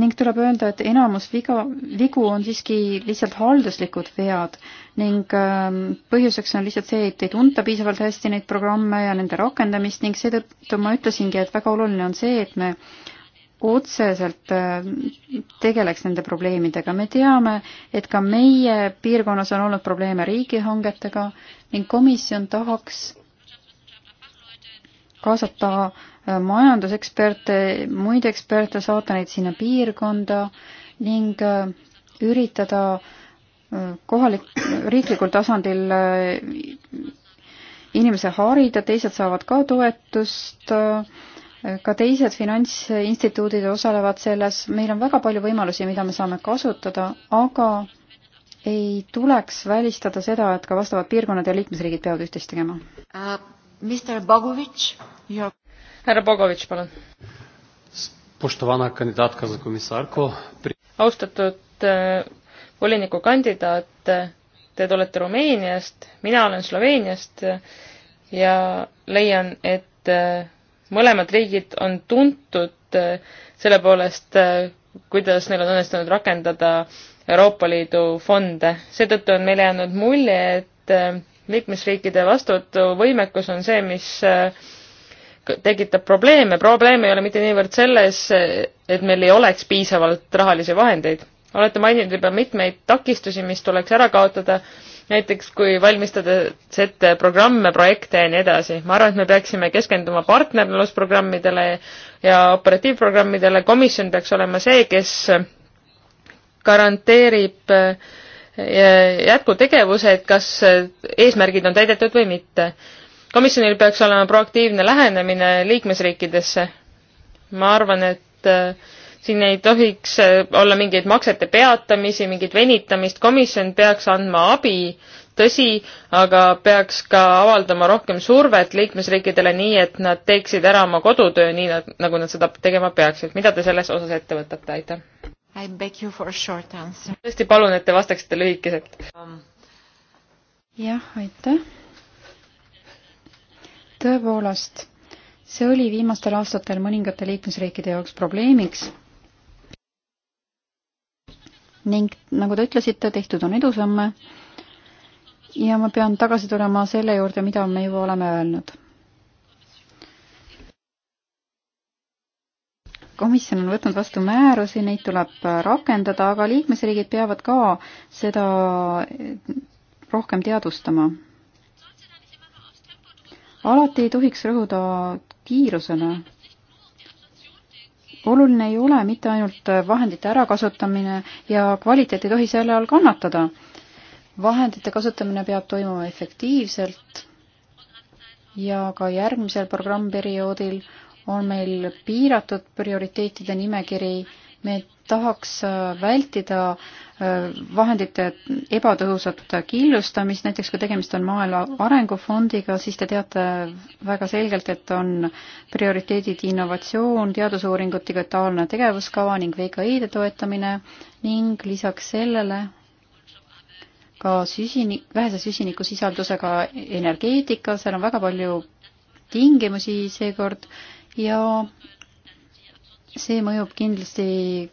S3: ning tuleb öelda, et enamus viga, vigu on siiski lihtsalt halduslikud vead ning ähm, põhjuseks on lihtsalt see, et ei tunta piisavalt hästi neid programme ja nende rakendamist ning seetõttu ma ütlesingi, et väga oluline on see, et me äh, otseselt äh, tegeleks nende probleemidega. me teame, et ka meie piirkonnas on olnud probleeme riigihangetega ning komisjon tahaks kaasata äh, majanduseksperte, muid eksperte, saata neid sinna piirkonda ning äh, üritada kohalik, riiklikul tasandil inimese harida, teised saavad ka toetust äh, ka teised finantsinstituudid osalevad selles, meil on väga palju võimalusi, mida me saame kasutada, aga ei tuleks välistada seda, et ka vastavad piirkonnad ja liikmesriigid peavad üht-teist
S5: tegema uh,. Mr Bogovic ja.... härra Bogovic, palun. austatud äh, volinikukandidaat, äh, te olete Rumeeniast, mina olen Sloveeniast äh, ja leian, et äh, mõlemad riigid on tuntud äh, selle poolest, äh, kuidas neil on õnnestunud rakendada Euroopa Liidu fonde. seetõttu on meile jäänud mulje, et äh, liikmesriikide vastuvõtuvõimekus on see, mis tekitab probleeme. probleem ei ole mitte niivõrd selles, et meil ei oleks piisavalt rahalisi vahendeid. olete maininud juba mitmeid takistusi, mis tuleks ära kaotada näiteks kui valmistades ette programme, projekte ja nii edasi. ma arvan, et me peaksime keskenduma partnerlusprogrammidele ja operatiivprogrammidele, komisjon peaks olema see, kes garanteerib eh, jätkutegevuse, et kas eesmärgid on täidetud või mitte. komisjonil peaks olema proaktiivne lähenemine liikmesriikidesse. ma arvan, et eh, siin ei tohiks äh, olla mingeid maksete peatamisi, mingit venitamist, komisjon peaks andma abi, tõsi, aga peaks ka avaldama rohkem survet liikmesriikidele, nii et nad teeksid ära oma kodutöö, nii nad, nagu nad seda tegema peaksid. mida te selles osas ette võtate, aitäh?
S1: I beg you for a short answer. tõesti
S5: palun, et te vastaksite lühikeselt um..
S1: jah, aitäh.
S3: tõepoolest, see oli viimastel aastatel mõningate liikmesriikide jaoks probleemiks ning nagu te ütlesite, tehtud on edusamme ja ma pean tagasi tulema selle juurde, mida me juba oleme öelnud. komisjon on võtnud vastu määrusi, neid tuleb rakendada, aga liikmesriigid peavad ka seda rohkem teadvustama. alati ei tohiks rõhuda kiirusele oluline ei ole mitte ainult vahendite ärakasutamine ja kvaliteet ei tohi selle all kannatada. vahendite kasutamine peab toimuma efektiivselt ja ka järgmisel programmperioodil on meil piiratud prioriteetide nimekiri, me tahaks vältida äh, vahendite ebatõhusat killustamist, näiteks kui tegemist on Maaelu Arengufondiga, siis te teate väga selgelt, et on prioriteedid innovatsioon, teadusuuringud, digitaalne tegevuskava ning VKI-de toetamine ning lisaks sellele ka süsini-, vähese süsinikusisaldusega energeetika, seal on väga palju tingimusi seekord ja see mõjub kindlasti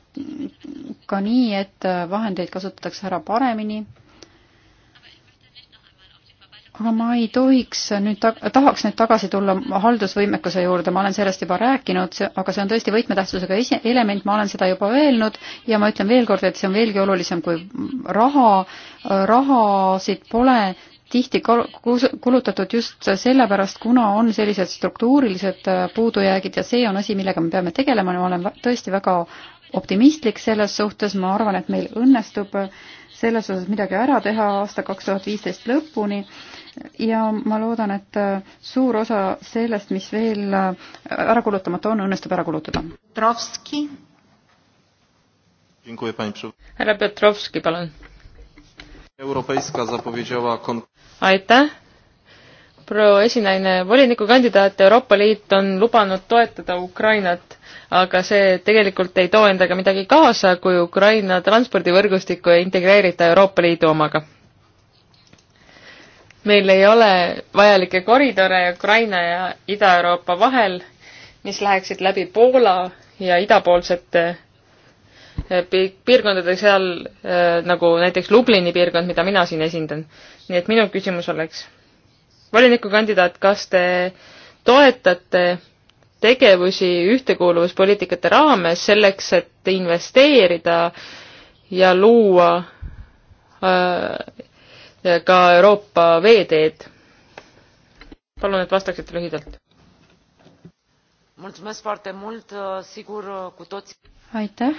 S3: ka nii, et vahendeid kasutatakse ära paremini. aga ma ei tohiks nüüd ta-, tahaks nüüd tagasi tulla haldusvõimekuse juurde, ma olen sellest juba rääkinud, aga see on tõesti võtmetähtsusega esi-, element, ma olen seda juba öelnud ja ma ütlen veel kord, et see on veelgi olulisem kui raha, rahasid pole tihti kulutatud just sellepärast, kuna on sellised struktuurilised äh, puudujäägid ja see on asi, millega me peame tegelema ja ma olen tõesti väga optimistlik selles suhtes, ma arvan, et meil õnnestub selles osas midagi ära teha aasta kaks tuhat viisteist lõpuni ja ma loodan, et äh, suur osa sellest, mis veel äh, ära kulutamata on, õnnestub ära kulutada.
S5: Petrovski. härra Petrovski, palun aitäh! proua esinaine, volinikukandidaat Euroopa Liit on lubanud toetada Ukrainat, aga see tegelikult ei too endaga midagi kaasa, kui Ukraina transpordivõrgustikku ei integreerita Euroopa Liidu omaga. meil ei ole vajalikke koridore Ukraina ja Ida-Euroopa vahel, mis läheksid läbi Poola ja idapoolsete piirkondade seal äh, nagu näiteks Lublini piirkond, mida mina siin esindan. nii et minu küsimus oleks, volinikukandidaat, kas te toetate tegevusi ühtekuuluvuspoliitikate raames selleks, et investeerida ja luua äh, ka Euroopa veeteed? palun, et vastaksite lühidalt.
S3: aitäh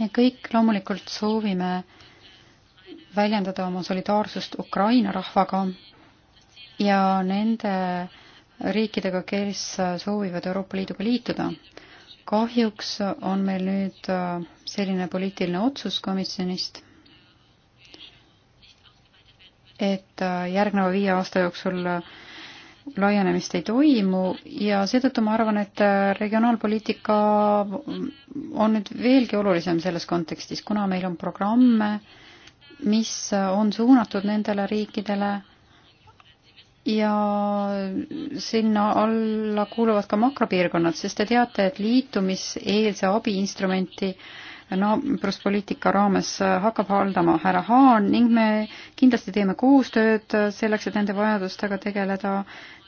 S3: me kõik loomulikult soovime väljendada oma solidaarsust Ukraina rahvaga ja nende riikidega, kes soovivad Euroopa Liiduga liituda. kahjuks on meil nüüd äh, selline poliitiline otsus komisjonist, et äh, järgneva viie aasta jooksul äh, laienemist ei toimu ja seetõttu ma arvan, et regionaalpoliitika on nüüd veelgi olulisem selles kontekstis, kuna meil on programme, mis on suunatud nendele riikidele ja sinna alla kuuluvad ka makropiirkonnad, sest te teate, et liitumiseelse abiinstrumenti äh, naabruspoliitika raames hakkab haldama härra Haan ning me kindlasti teeme koostööd selleks, et nende vajadustega tegeleda,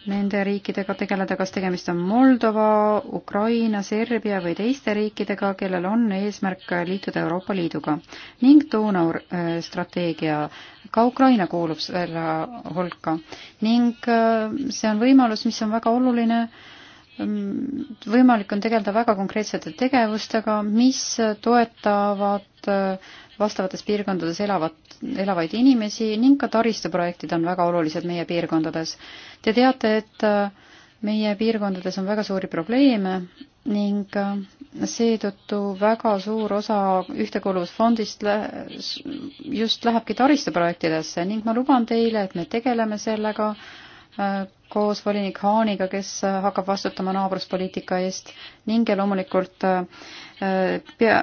S3: nende riikidega tegeleda, kas tegemist on Moldova, Ukraina, Serbia või teiste riikidega, kellel on eesmärk liituda Euroopa Liiduga ning Donau äh, strateegia ka Ukraina kuulub selle hulka ning äh, see on võimalus, mis on väga oluline äh, Ehm, võimalik on tegeleda väga konkreetsete tegevustega, mis toetavad eh, vastavates piirkondades elavat, elavaid inimesi ning ka taristuprojektid on väga olulised meie piirkondades. Te teate, et eh, meie piirkondades on väga suuri probleeme ning eh, seetõttu väga suur osa ühtekuuluvusfondist just lähebki taristuprojektidesse ning ma luban teile, et me tegeleme sellega koos volinik Haaniga, kes hakkab vastutama naabruspoliitika eest ning ja loomulikult äh, pea,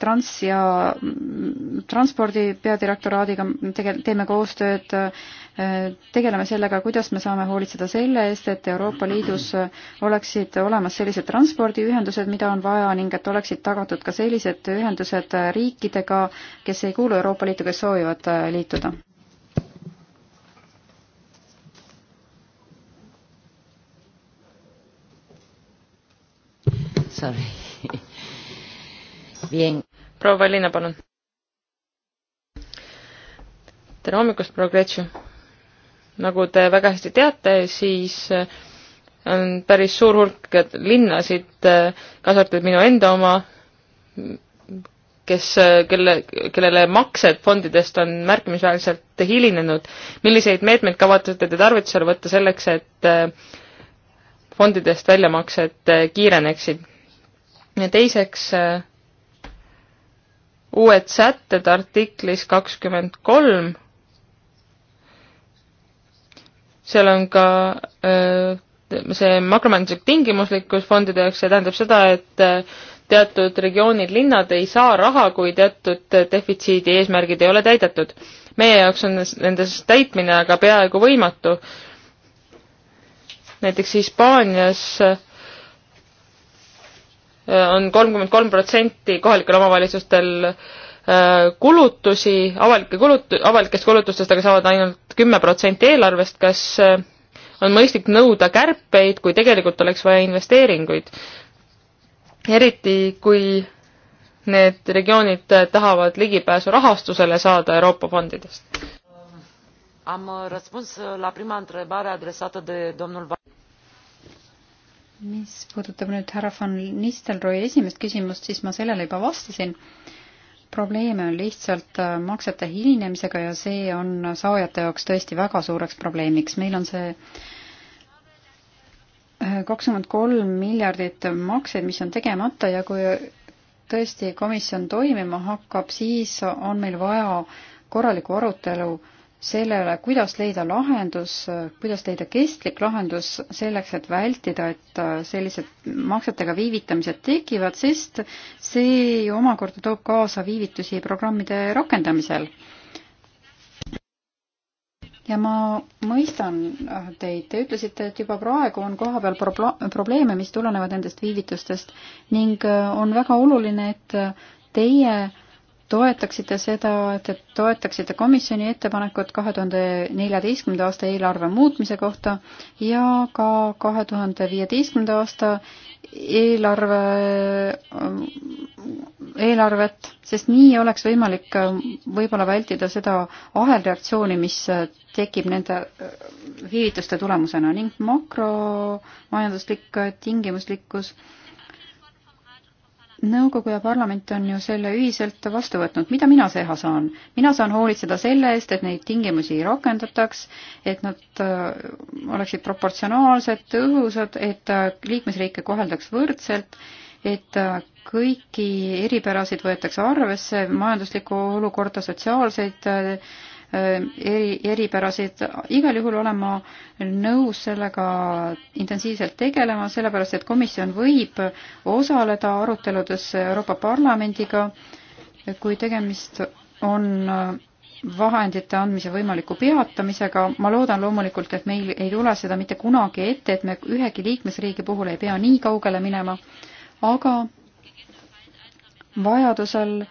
S3: trans- ja mm, transpordi peadirektoraadiga tegel-, teeme koostööd, äh, tegeleme sellega, kuidas me saame hoolitseda selle eest, et Euroopa Liidus oleksid olemas sellised transpordiühendused, mida on vaja ning et oleksid tagatud ka sellised ühendused riikidega, kes ei kuulu Euroopa Liitu, kes soovivad äh, liituda
S5: sorry. Bien. proua Valina, palun. tere hommikust, proua Gretšu. nagu te väga hästi teate, siis on äh, päris suur hulk linnasid, äh, kaasa arvatud minu enda oma, kes, äh, kelle, kellele maksed fondidest on märkimisväärselt hilinenud. milliseid meetmeid kavatsete te tarvitusele võtta selleks, et fondidest väljamaksed kiireneksid? ja teiseks äh, uued sätted artiklis kakskümmend kolm. seal on ka öö, äh, see makromajanduslik tingimuslikkus fondide jaoks, see tähendab seda, et äh, teatud regioonid, linnad ei saa raha, kui teatud defitsiidi eesmärgid ei ole täidetud. meie jaoks on nendes täitmine aga peaaegu võimatu. näiteks Hispaanias äh, on kolmkümmend kolm protsenti kohalikel omavalitsustel äh, kulutusi, avalike kulut-, avalikest kulutustest aga saavad ainult kümme protsenti eelarvest, kas äh, on mõistlik nõuda kärpeid, kui tegelikult oleks vaja investeeringuid? eriti, kui need regioonid tahavad ligipääsu rahastusele saada Euroopa fondidest.
S4: am uh, răspuns uh, la prima întrebare adresată de domnul
S3: mis puudutab nüüd härra von Nistelrooy esimest küsimust, siis ma sellele juba vastasin. probleeme on lihtsalt äh, maksete hilinemisega ja see on saajate jaoks tõesti väga suureks probleemiks. meil on see äh, kakskümmend kolm miljardit makseid, mis on tegemata ja kui tõesti komisjon toimima hakkab, siis on meil vaja korralikku arutelu äh, sellele, kuidas leida lahendus, kuidas leida kestlik lahendus selleks, et vältida, et äh, sellised maksetega viivitamised tekivad, sest see ju omakorda toob kaasa viivitusi programmide rakendamisel. ja ma mõistan äh, teid, te ütlesite, et juba praegu on kohapeal probleeme, mis tulenevad nendest viivitustest ning äh, on väga oluline, et teie toetaksite seda, et te toetaksite komisjoni ettepanekut kahe tuhande neljateistkümnenda aasta eelarve muutmise kohta ja ka kahe tuhande viieteistkümnenda aasta eelarve, eelarvet, sest nii oleks võimalik võib-olla vältida seda ahelreaktsiooni, mis tekib nende viivituste tulemusena ning makromajanduslik tingimuslikkus äh, nõukogu ja parlament on ju selle ühiselt vastu võtnud, mida mina teha saan? mina saan hoolitseda selle eest, et neid tingimusi rakendataks, et nad äh, oleksid proportsionaalsed, tõhusad, et äh, liikmesriike koheldaks võrdselt, et äh, kõiki eripärasid võetakse arvesse, majanduslikku olukorda, sotsiaalseid eri, eripärasid. igal juhul olen ma nõus sellega intensiivselt tegelema, sellepärast et komisjon võib osaleda aruteludes Euroopa Parlamendiga, kui tegemist on vahendite andmise võimaliku peatamisega. ma loodan loomulikult, et meil ei tule seda mitte kunagi ette, et me ühegi liikmesriigi puhul ei pea nii kaugele minema, aga vajadusel äh,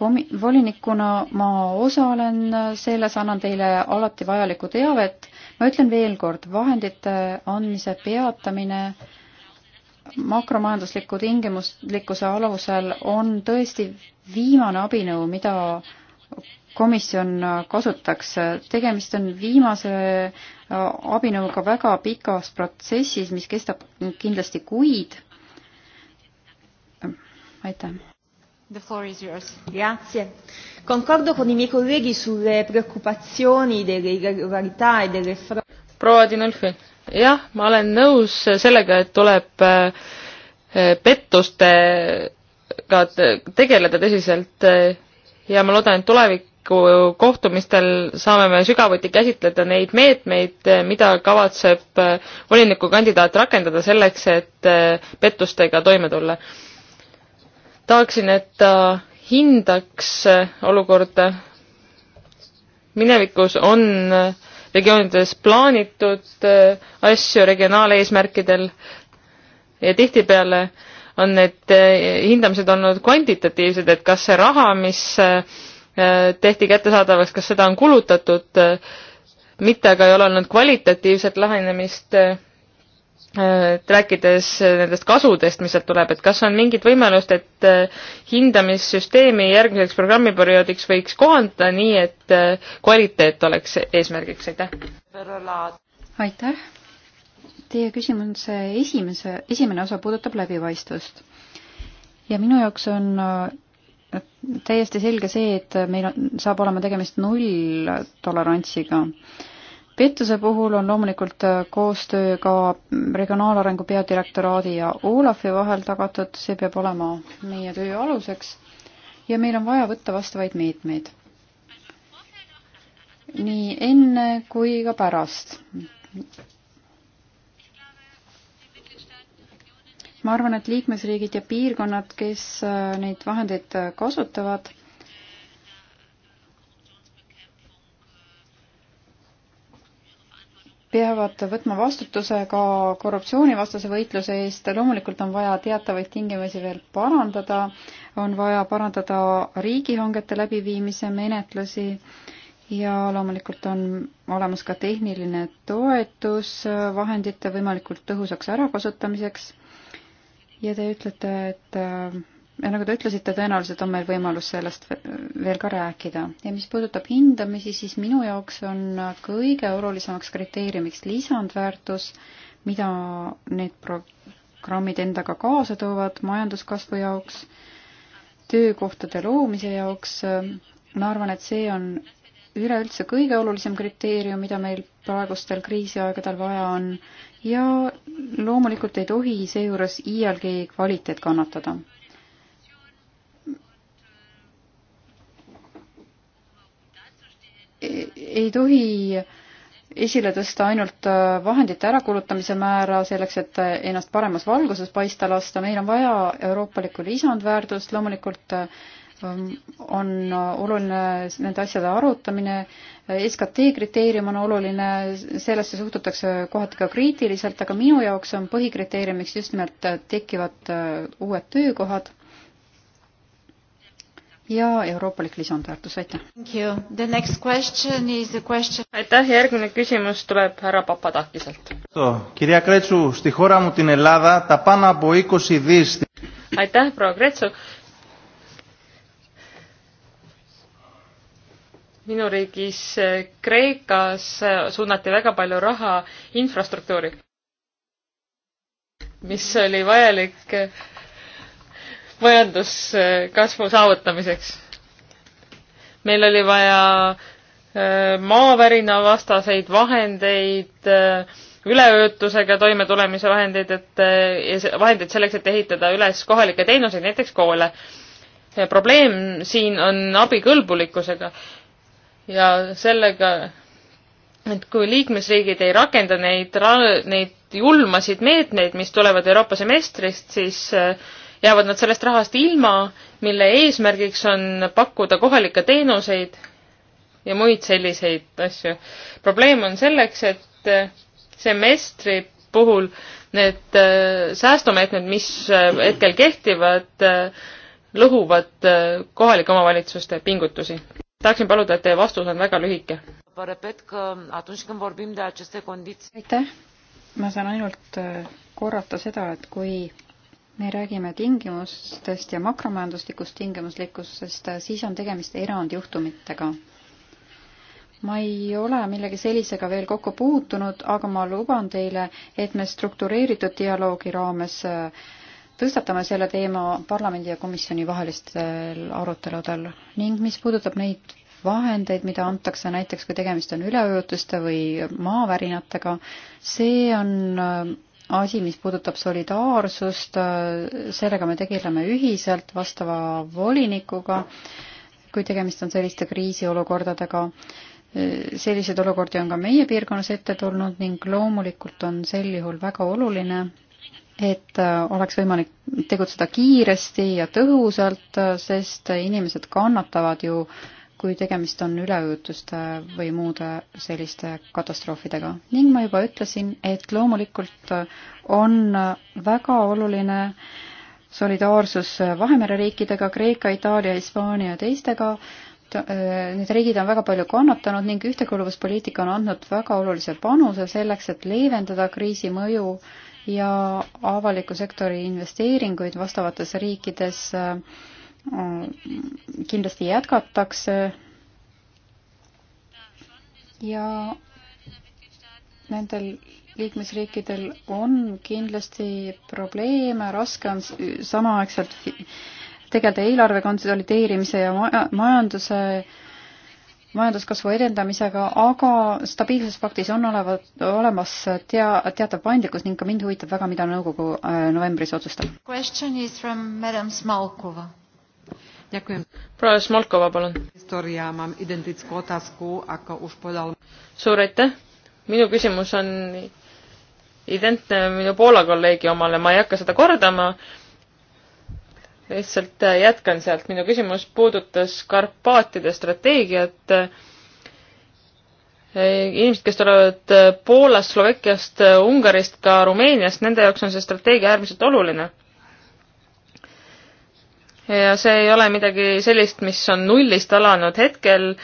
S3: komi-, volinikuna ma osalen selles, annan teile alati vajalikku teavet. ma ütlen veel kord, vahendite andmise peatamine makromajandusliku tingimuslikkuse alusel on tõesti viimane abinõu, mida komisjon kasutaks. tegemist on viimase äh, abinõuga väga pikas protsessis, mis kestab kindlasti kuid. aitäh
S1: The floor is yours.
S5: Grazie. Concordo con i miei colleghi sulle preoccupazioni delle irregolarità e delle frodi. proua Dinolfi, jah, ma olen nõus sellega, et tuleb eh, pettustega tegeleda tõsiselt eh, ja ma loodan, et tuleviku kohtumistel saame me sügavuti käsitleda neid meetmeid, eh, mida kavatseb volinikukandidaat rakendada selleks, et pettustega toime tulla tahaksin, et ta hindaks äh, olukorda. minevikus on äh, regioonides plaanitud äh, asju regionaaleesmärkidel ja tihtipeale on need hindamised olnud kvantitatiivsed, et kas see raha, mis tehti kättesaadavaks, kas seda on kulutatud, mitte aga ei ole olnud kvalitatiivset lähenemist et rääkides nendest kasudest, mis sealt tuleb, et kas on mingit võimalust, et äh, hindamissüsteemi järgmiseks programmiperioodiks võiks kohandada nii, et äh, kvaliteet oleks eesmärgiks, aitäh!
S3: aitäh! Teie küsimuse äh, esimese, esimene osa puudutab läbipaistvust. ja minu jaoks on täiesti selge see, et meil on, saab olema tegemist nulltolerantsiga pettuse puhul on loomulikult äh, koostöö ka Regionaalarengu peadirektoraadi ja Olafi vahel tagatud, see peab olema meie töö aluseks ja meil on vaja võtta vastavaid meetmeid. nii enne kui ka pärast. ma arvan, et liikmesriigid ja piirkonnad, kes äh, neid vahendeid kasutavad peavad võtma vastutuse ka korruptsioonivastase võitluse eest. loomulikult on vaja teatavaid tingimusi veel parandada, on vaja parandada riigihangete läbiviimise menetlusi ja loomulikult on olemas ka tehniline toetus vahendite võimalikult tõhusaks ärakasutamiseks. ja te ütlete, et äh, ja nagu te ütlesite, tõenäoliselt on meil võimalus sellest veel ka rääkida. ja mis puudutab hindamisi, siis minu jaoks on kõige olulisemaks kriteeriumiks lisandväärtus, mida need programmid endaga kaasa toovad majanduskasvu jaoks, töökohtade loomise jaoks. ma arvan, et see on üleüldse kõige olulisem kriteerium, mida meil praegustel kriisiaegadel vaja on ja loomulikult ei tohi seejuures iialgi kvaliteet kannatada ei tohi esile tõsta ainult äh, vahendite ärakulutamise määra selleks, et äh, ennast paremas valguses paista lasta, meil on vaja euroopalikku lisandväärtust, loomulikult äh, um, on oluline nende asjade arutamine, SKT kriteerium on oluline, sellesse suhtutakse kohati ka kriitiliselt, aga minu jaoks on põhikriteeriumiks just nimelt tekivad uued töökohad ja euroopalik lisandväärtus, aitäh!
S5: aitäh, järgmine küsimus tuleb härra Papadakiselt. aitäh, proua Kretsu! minu riigis eh, Kreekas eh, suunati väga palju raha infrastruktuuri, mis oli vajalik eh, majanduskasvu saavutamiseks. meil oli vaja äh, maavärina vastaseid vahendeid, äh, üleujutusega toimetulemise vahendeid, et äh, vahendeid selleks, et ehitada üles kohalikke teenuseid, näiteks koole. probleem siin on abikõlbulikkusega ja sellega, et kui liikmesriigid ei rakenda neid, neid julmasid meetmeid, mis tulevad Euroopa semestrist, siis äh, jäävad nad sellest rahast ilma, mille eesmärgiks on pakkuda kohalikke teenuseid ja muid selliseid asju. probleem on selleks, et äh, semestri puhul need äh, säästumeetmed, mis äh, hetkel kehtivad, lõhuvad kohalike omavalitsuste pingutusi. tahaksin paluda, et teie vastus on väga lühike.
S4: aitäh,
S3: ma saan ainult korrata seda, et kui me räägime tingimustest ja makromajanduslikust tingimuslikkusest, siis on tegemist erandjuhtumitega. ma ei ole millegi sellisega veel kokku puutunud, aga ma luban teile, et me struktureeritud dialoogi raames tõstatame selle teema parlamendi ja komisjoni vahelistel aruteludel ning mis puudutab neid vahendeid, mida antakse näiteks, kui tegemist on üleujutuste või maavärinatega, see on asi, mis puudutab solidaarsust, sellega me tegeleme ühiselt vastava volinikuga, kui tegemist on selliste kriisiolukordadega. selliseid olukordi on ka meie piirkonnas ette tulnud ning loomulikult on sel juhul väga oluline, et oleks võimalik tegutseda kiiresti ja tõhusalt, sest inimesed kannatavad ju äh, kui tegemist on üleujutuste või muude selliste katastroofidega. ning ma juba ütlesin, et loomulikult on väga oluline solidaarsus Vahemere riikidega, Kreeka, Itaalia, Hispaania ja teistega, äh, need riigid on väga palju kannatanud ning ühtekuuluvuspoliitika on andnud väga olulise panuse selleks, et leevendada kriisi mõju ja avaliku sektori investeeringuid vastavates riikides äh, Äh, kindlasti jätkatakse ja nendel liikmesriikidel on kindlasti probleeme, raske on samaaegselt tegeleda eelarve konsolideerimise ja majanduse majanduskasvu edendamisega, aga stabiilses paktis on olevat, olemas tea, teatav paindlikkus ning ka mind huvitab väga, mida nõukogu äh, novembris otsustab.
S1: Question is from madam Smalkova
S5: proua Smolkova, palun. suur aitäh. minu küsimus on identne minu Poola kolleegi omale, ma ei hakka seda kordama. lihtsalt jätkan sealt, minu küsimus puudutas Karpaatide strateegiat. inimesed, kes tulevad Poolast, Slovakkiast, Ungarist, ka Rumeeniast, nende jaoks on see strateegia äärmiselt oluline ja see ei ole midagi sellist, mis on nullist alanud hetkel,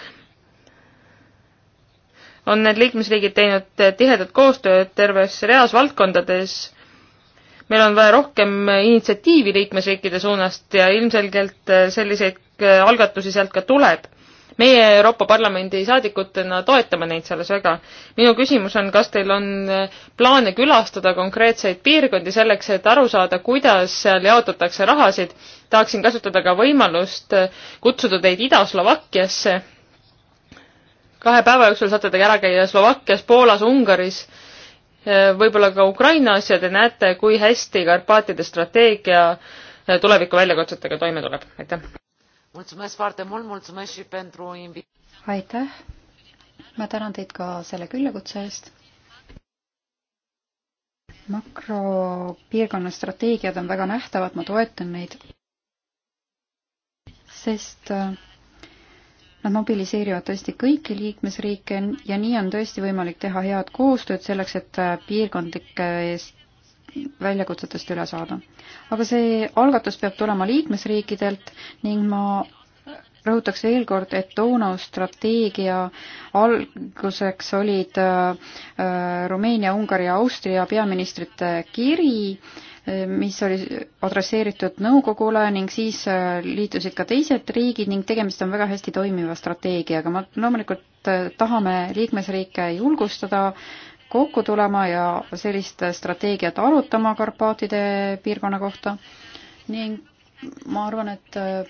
S5: on need liikmesriigid teinud tihedat koostööd terves reas valdkondades. meil on vaja rohkem initsiatiivi liikmesriikide suunast ja ilmselgelt selliseid algatusi sealt ka tuleb meie Euroopa Parlamendi saadikutena toetame neid selles väga. minu küsimus on, kas teil on äh, plaane külastada konkreetseid piirkondi selleks, et aru saada, kuidas seal jaotatakse rahasid. tahaksin kasutada ka võimalust äh, kutsuda teid Ida-Slovakkiasse. kahe päeva jooksul saate te ära käia Slovakkias, Poolas, Ungaris äh, võib-olla ka Ukraina asja, te näete, kui hästi Karpaatide strateegia tuleviku väljakutsetega toime tuleb, aitäh!
S4: mulțumesc foarte mult, mulțumesc și pentru invitație.
S5: aitäh, ma tänan teid ka
S3: selle küllakutse eest. makropiirkonna strateegiad on väga nähtavad, ma toetan neid, sest äh, Nad mobiliseerivad tõesti kõiki liikmesriike ja nii on tõesti võimalik teha head koostööd selleks, et äh, piirkondlike väljakutsetest üle saada. aga see algatus peab tulema liikmesriikidelt ning ma rõhutaks veel kord, et toona strateegia alguseks olid äh, Rumeenia, Ungari ja Austria peaministrite kiri, äh, mis oli adresseeritud nõukogule ning siis äh, liitusid ka teised riigid ning tegemist on väga hästi toimiva strateegiaga. ma loomulikult tahame liikmesriike julgustada kokku tulema ja sellist strateegiat arutama Karpaatide piirkonna kohta ning ma arvan, et äh,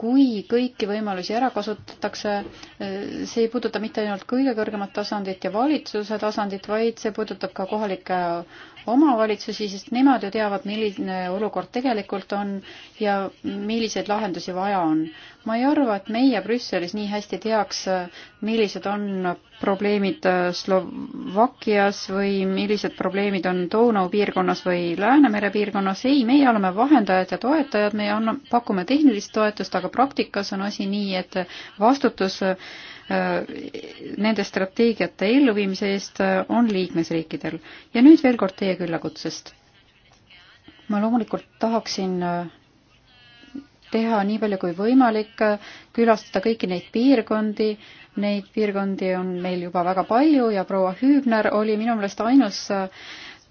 S3: kui kõiki võimalusi ära kasutatakse, äh, see ei puuduta mitte ainult kõige kõrgemat tasandit ja valitsuse tasandit, vaid see puudutab ka kohalikke omavalitsusi, sest nemad ju teavad, milline olukord tegelikult on ja milliseid lahendusi vaja on. ma ei arva, et meie Brüsselis nii hästi teaks, millised on probleemid äh, Slovakkias või millised probleemid on Donau piirkonnas või Läänemere piirkonnas. ei, meie oleme vahendajad ja toetajad, me anname, pakume tehnilist toetust, aga praktikas on asi nii, et vastutus Äh, nende strateegiate elluviimise eest äh, on liikmesriikidel. ja nüüd veel kord teie küllakutsest. ma loomulikult tahaksin äh, teha nii palju kui võimalik, külastada kõiki neid piirkondi, neid piirkondi on meil juba väga palju ja proua Hüübner oli minu meelest ainus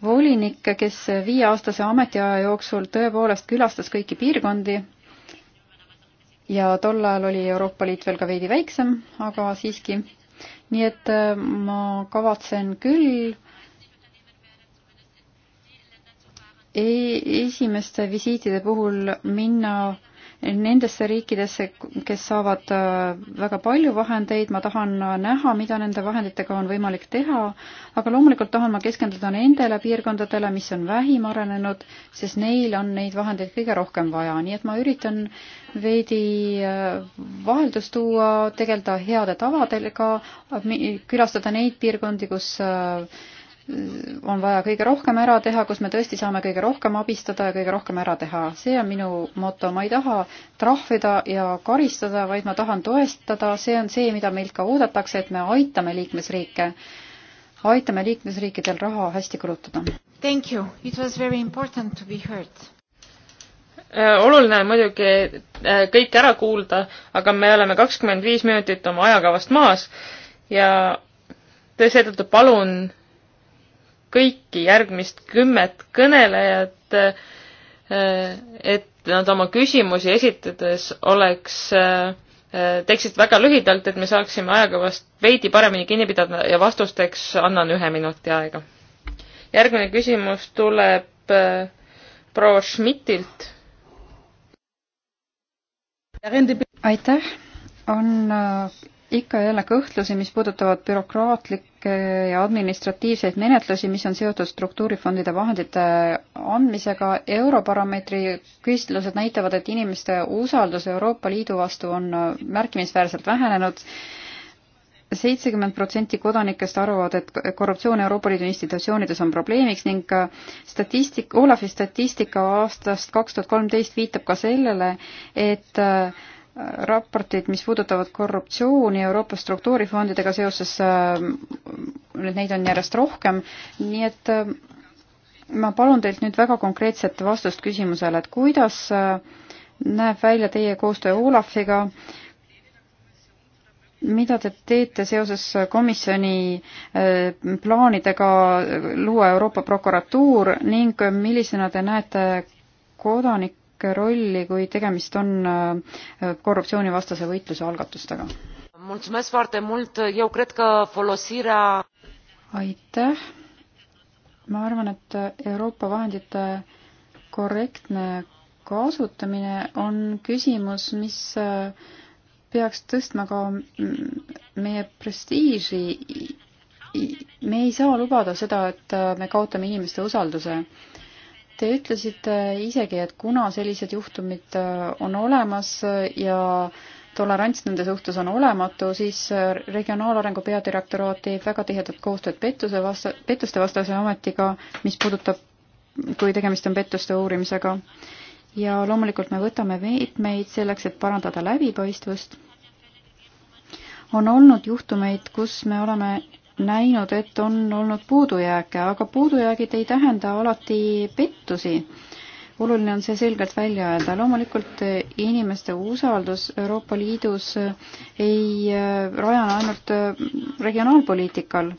S3: volinik, kes viieaastase ametiaja jooksul tõepoolest külastas kõiki piirkondi ja tol ajal oli Euroopa Liit veel ka veidi väiksem, aga siiski. nii et äh, ma kavatsen küll e-, esimeste visiitide puhul minna nendesse riikidesse, kes saavad äh, väga palju vahendeid, ma tahan näha, mida nende vahenditega on võimalik teha, aga loomulikult tahan ma keskenduda nendele piirkondadele, mis on vähim arenenud, sest neil on neid vahendeid kõige rohkem vaja, nii et ma üritan veidi äh, vaheldust tuua, tegeleda heade tavadega, külastada neid piirkondi, kus äh, on vaja kõige rohkem ära teha, kus me tõesti saame kõige rohkem abistada ja kõige rohkem ära teha. see on minu moto, ma ei taha trahvida ja karistada, vaid ma tahan toestada, see on see, mida meilt ka oodatakse, et me aitame liikmesriike, aitame liikmesriikidel raha hästi kulutada.
S1: Thank you, it was very important to be heard
S5: äh, oluline on muidugi äh, kõik ära kuulda, aga me oleme kakskümmend viis minutit oma ajakavast maas ja seetõttu palun kõiki järgmist kümmet kõnelejat, eh, et nad oma küsimusi esitades oleks eh, teeksid väga lühidalt, et me saaksime ajakavast veidi paremini kinni pidada ja vastusteks annan ühe minuti aega. järgmine küsimus tuleb eh, proua Schmidtilt.
S3: aitäh, on ikka ja jälle kõhtlusi, mis puudutavad bürokraatlik, ja administratiivseid menetlusi, mis on seotud struktuurifondide vahendite andmisega. Europarameetri küsitlused näitavad, et inimeste usaldus Euroopa Liidu vastu on märkimisväärselt vähenenud. seitsekümmend protsenti kodanikest arvavad, et korruptsioon Euroopa Liidu institutsioonides on probleemiks ning statistik, Olavi statistika aastast kaks tuhat kolmteist viitab ka sellele, et äh, raportid, mis puudutavad korruptsiooni Euroopa struktuurifondidega seoses, äh, neid on järjest rohkem, nii et äh, ma palun teilt nüüd väga konkreetset vastust küsimusele, et kuidas äh, näeb välja teie koostöö Olafiga, mida te teete seoses komisjoni plaanidega luua Euroopa prokuratuur ning millisena te näete kodanik, rolli, kui tegemist on äh, korruptsioonivastase võitluse algatustega. aitäh, ma arvan, et Euroopa vahendite korrektne kasutamine on küsimus, mis äh, peaks tõstma ka mm, meie prestiiži. me ei saa lubada seda, et äh, me kaotame inimeste usalduse Te ütlesite isegi, et kuna sellised juhtumid äh, on olemas ja tolerants nende suhtes on olematu, siis äh, Regionaalarengu peadirektoraat teeb väga tihedat koostööd pettuse vasta-, pettuste vastase ametiga, mis puudutab, kui tegemist on pettuste uurimisega. ja loomulikult me võtame meetmeid selleks, et parandada läbipaistvust. on olnud juhtumeid, kus me oleme näinud, et on olnud puudujääke, aga puudujäägid ei tähenda alati pettusi. oluline on see selgelt välja öelda. loomulikult inimeste usaldus Euroopa Liidus ei äh, rajane ainult äh, regionaalpoliitikal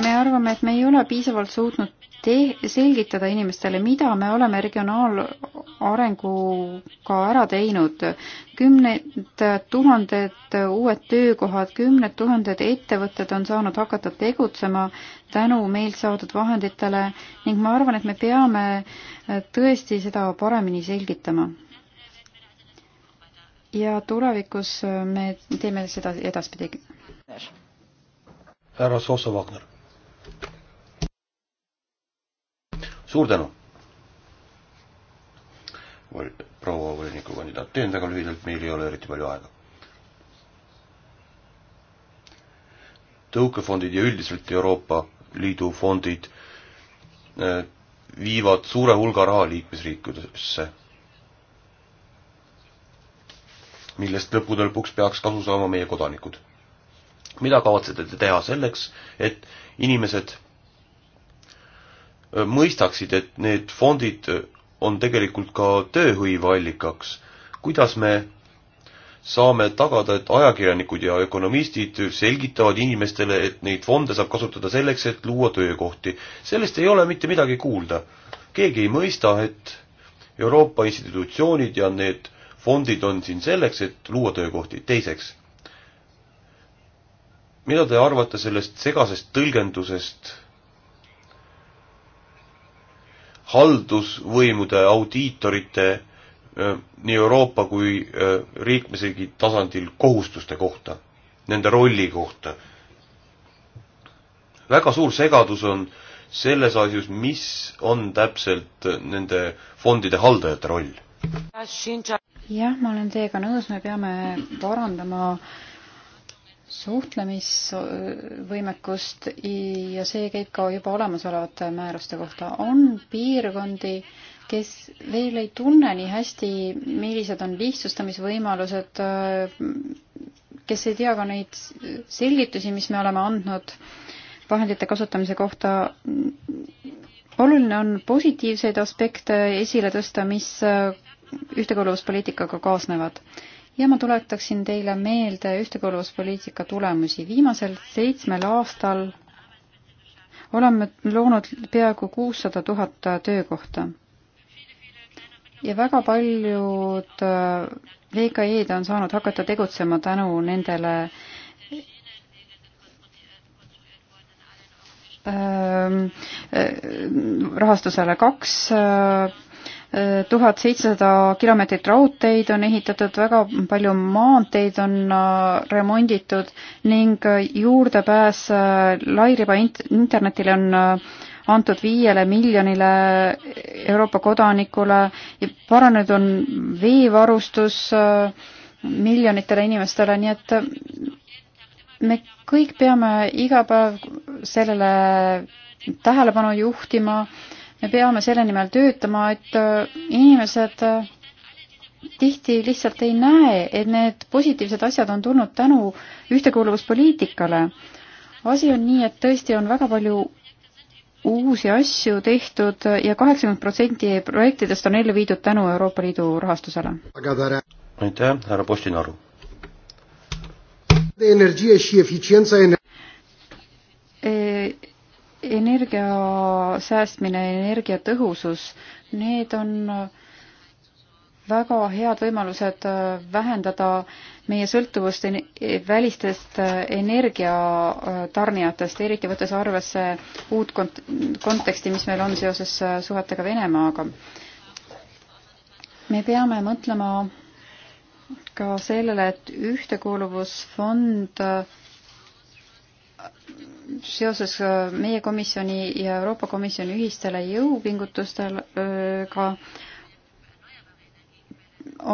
S3: me arvame, et me ei ole piisavalt suutnud te-, selgitada inimestele, mida me oleme regionaalarenguga ära teinud. kümned tuhanded uued töökohad, kümned tuhanded ettevõtted on saanud hakata tegutsema tänu meilt saadud vahenditele ning ma arvan, et me peame tõesti seda paremini selgitama. ja tulevikus me teeme seda edaspidi.
S2: härra Sosa-Wagner suur tänu! proua volinikukandidaat, teen väga lühidalt, meil ei ole eriti palju aega. tõukefondid ja üldiselt Euroopa Liidu fondid äh, viivad suure hulga raha liikmesriikidesse, millest lõppude lõpuks peaks kasu saama meie kodanikud mida kavatsete te teha selleks, et inimesed äh, mõistaksid, et need fondid äh, on tegelikult ka tööhõive allikaks. kuidas me saame tagada, et ajakirjanikud ja ökonomistid selgitavad inimestele, et neid fonde saab kasutada selleks, et luua töökohti. sellest ei ole mitte midagi kuulda. keegi ei mõista, et Euroopa institutsioonid ja need fondid on siin selleks, et luua töökohti. teiseks mida te arvate sellest segasest tõlgendusest haldusvõimude audiitorite nii Euroopa kui liikmesriigi tasandil kohustuste kohta, nende rolli kohta? väga suur segadus on selles asjus, mis on täpselt nende fondide haldajate roll?
S3: jah, ma olen teiega nõus, me peame parandama äh, suhtlemisvõimekust ja see käib ka juba olemasolevate määruste kohta. on piirkondi, kes veel ei tunne nii hästi, millised on lihtsustamisvõimalused, kes ei tea ka neid selgitusi, mis me oleme andnud vahendite kasutamise kohta. oluline on positiivseid aspekte esile tõsta, mis ühtekuuluvuspoliitikaga kaasnevad ja ma tuletaksin teile meelde ühtekuuluvuspoliitika tulemusi. viimasel seitsmel aastal oleme loonud peaaegu kuussada tuhat töökohta. ja väga paljud äh, VKE-d on saanud hakata tegutsema tänu nendele ähm, äh, rahastusele kaks äh, tuhat seitsesada kilomeetrit raudteid on ehitatud, väga palju maanteid on äh, remonditud ning äh, juurdepääs äh, lairiba internetile on antud viiele miljonile Euroopa kodanikule ja paranenud on veevarustus miljonitele inimestele, nii et me kõik peame iga päev sellele tähelepanu juhtima äh, me peame selle nimel töötama, et äh, inimesed äh, tihti lihtsalt ei näe, et need positiivsed asjad on tulnud tänu ühtekuuluvuspoliitikale. asi on nii, et tõesti on väga palju uusi asju tehtud ja kaheksakümmend protsenti projektidest on ellu viidud tänu Euroopa Liidu rahastusele.
S2: aitäh, härra Postinaru!
S3: energia säästmine, energiatõhusus, need on väga head võimalused vähendada meie sõltuvust välistest energiatarnijatest, eriti võttes arvesse uut kont-, konteksti, mis meil on seoses suhetega Venemaaga. me peame mõtlema ka sellele, et ühtekuuluvusfond seoses äh, meie komisjoni ja Euroopa Komisjoni ühistele jõupingutustega äh,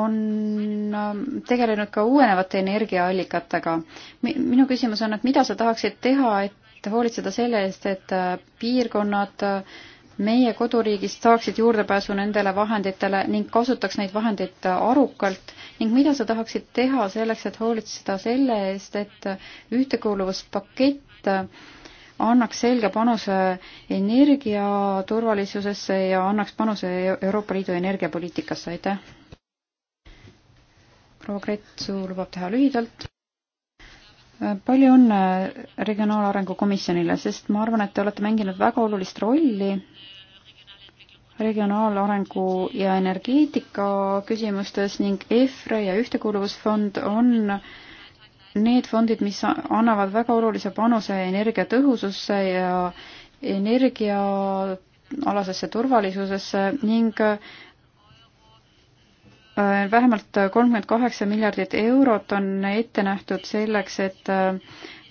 S3: on äh, tegelenud ka uuenevate energiaallikatega. minu küsimus on, et mida sa tahaksid teha, et hoolitseda selle eest, et piirkonnad äh, meie koduriigist saaksid juurdepääsu nendele vahenditele ning kasutaks neid vahendeid arukalt ning mida sa tahaksid teha selleks, et hoolitseda selle eest, et ühtekuuluvuspakett annaks selge panuse energiaturvalisusesse ja annaks panuse Euroopa Liidu energiapoliitikasse, aitäh! proua Kretsu lubab teha lühidalt palju õnne Regionaalarengu Komisjonile, sest ma arvan, et te olete mänginud väga olulist rolli regionaalarengu ja energeetika küsimustes ning EFRE ja Ühtekuuluvusfond on need fondid, mis annavad väga olulise panuse energiatõhususse ja energiaalasesse turvalisusesse ning äh, vähemalt kolmkümmend kaheksa miljardit eurot on ette nähtud selleks, et äh,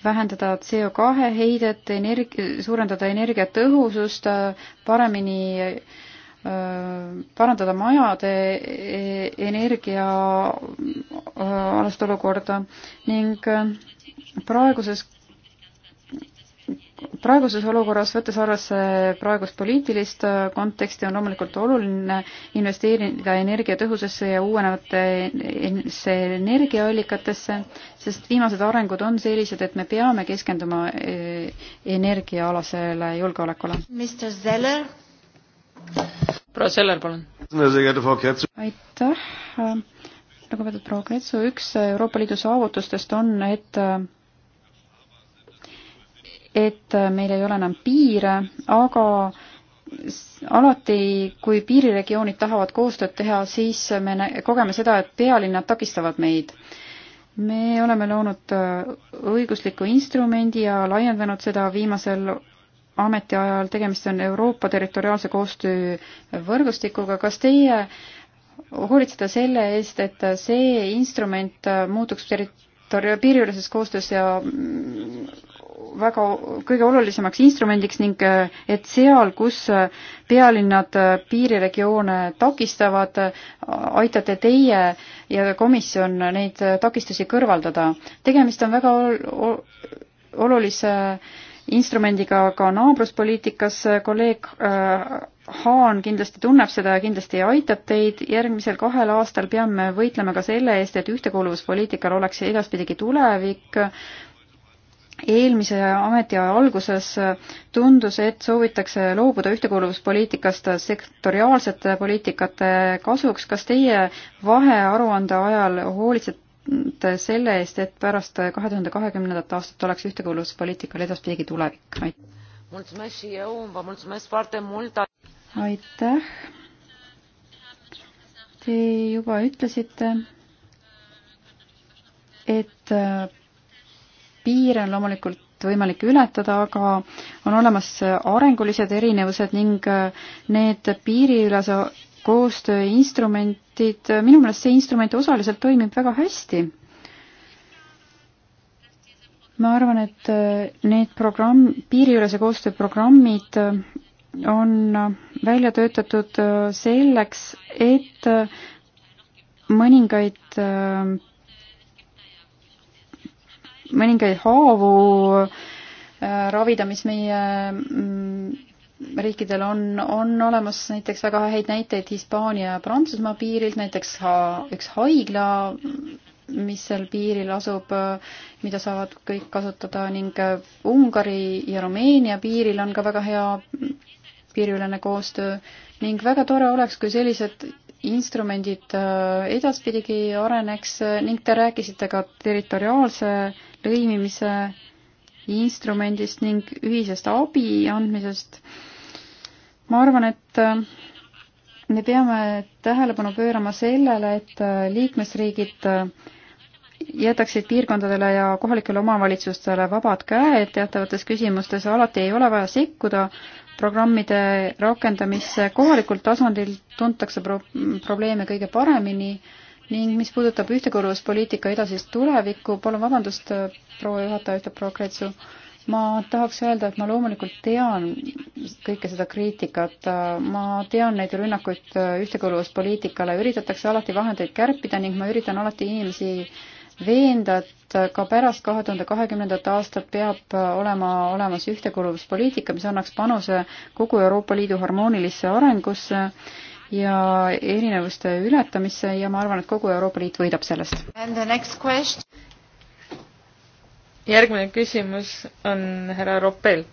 S3: vähendada CO2 heidet, energi-, suurendada energiatõhusust, äh, paremini Äh, parandada majade e-, energia äh, alast olukorda ning äh, praeguses praeguses olukorras, võttes arvesse praegust poliitilist konteksti, on loomulikult oluline investeerida energiatõhusasse ja uuenevatesse energiaallikatesse, sest viimased arengud on sellised, et me peame keskenduma energiaalasele julgeolekule
S5: proua Seller, palun.
S3: aitäh, lugupeetud proua Kretsu, üks Euroopa Liidu saavutustest on, et et meil ei ole enam piire, aga alati, kui piiriregioonid tahavad koostööd teha, siis me kogeme seda, et pealinnad takistavad meid. me oleme loonud õigusliku instrumendi ja laiendanud seda viimasel ametiajal, tegemist on Euroopa territoriaalse koostöö võrgustikuga, kas teie hoolitseda selle eest, et see instrument muutuks territori-, piiriüleses koostöös ja mm, väga kõige olulisemaks instrumendiks ning et seal, kus pealinnad piiriregioone takistavad, aitate teie ja komisjon neid takistusi kõrvaldada. tegemist on väga olulise instrumendiga ka naabruspoliitikas. kolleeg äh, Haan kindlasti tunneb seda ja kindlasti aitab teid. järgmisel kahel aastal peame võitlema ka selle eest, et ühtekuuluvuspoliitikal oleks edaspidigi tulevik eelmise ametiaja alguses tundus, et soovitakse loobuda ühtekuuluvuspoliitikast sektoriaalsete poliitikate kasuks. kas teie vahearuande ajal hoolitsete selle eest, et pärast kahe tuhande kahekümnendat aastat oleks ühtekuuluvuspoliitikal edaspidigi tulevik. aitäh. Te juba ütlesite, et piire on loomulikult võimalik ületada, aga on olemas arengulised erinevused ning need piiriülese koostööinstrumentid, minu meelest see instrument osaliselt toimib väga hästi. ma arvan, et äh, need programm, piiriülese koostöö programmid äh, on äh, välja töötatud selleks, et mõningaid, mõningaid haavu ravida, mis meie mm, riikidel on, on olemas näiteks väga häid näiteid Hispaania ja Prantsusmaa piirilt, näiteks ha, üks haigla, mis seal piiril asub, mida saavad kõik kasutada ning äh, Ungari ja Rumeenia piiril on ka väga hea piiriülene koostöö ning väga tore oleks, kui sellised instrumendid äh, edaspidigi areneks ning te rääkisite ka territoriaalse lõimimise instrumendist ning ühisest abi andmisest. ma arvan, et äh, me peame tähelepanu pöörama sellele, et äh, liikmesriigid äh, jätaksid piirkondadele ja kohalikele omavalitsustele vabad käed teatavates küsimustes, alati ei ole vaja sekkuda programmide rakendamisse, kohalikul tasandil tuntakse pro probleeme kõige paremini ning mis puudutab ühtekorralduspoliitika edasist tulevikku, palun vabandust, proua juhataja ütleb proua Kreetsu, ma tahaks öelda, et ma loomulikult tean kõike seda kriitikat, ma tean neid rünnakuid ühtekorralduspoliitikale, üritatakse alati vahendeid kärpida ning ma üritan alati inimesi veenda, et ka pärast kahe tuhande kahekümnendat aastat peab olema olemas ühtekuuluvuspoliitika, mis annaks panuse kogu Euroopa Liidu harmoonilisse arengusse ja erinevuste ületamisse ja ma arvan, et kogu Euroopa Liit võidab sellest.
S5: järgmine küsimus on härra Ropelt.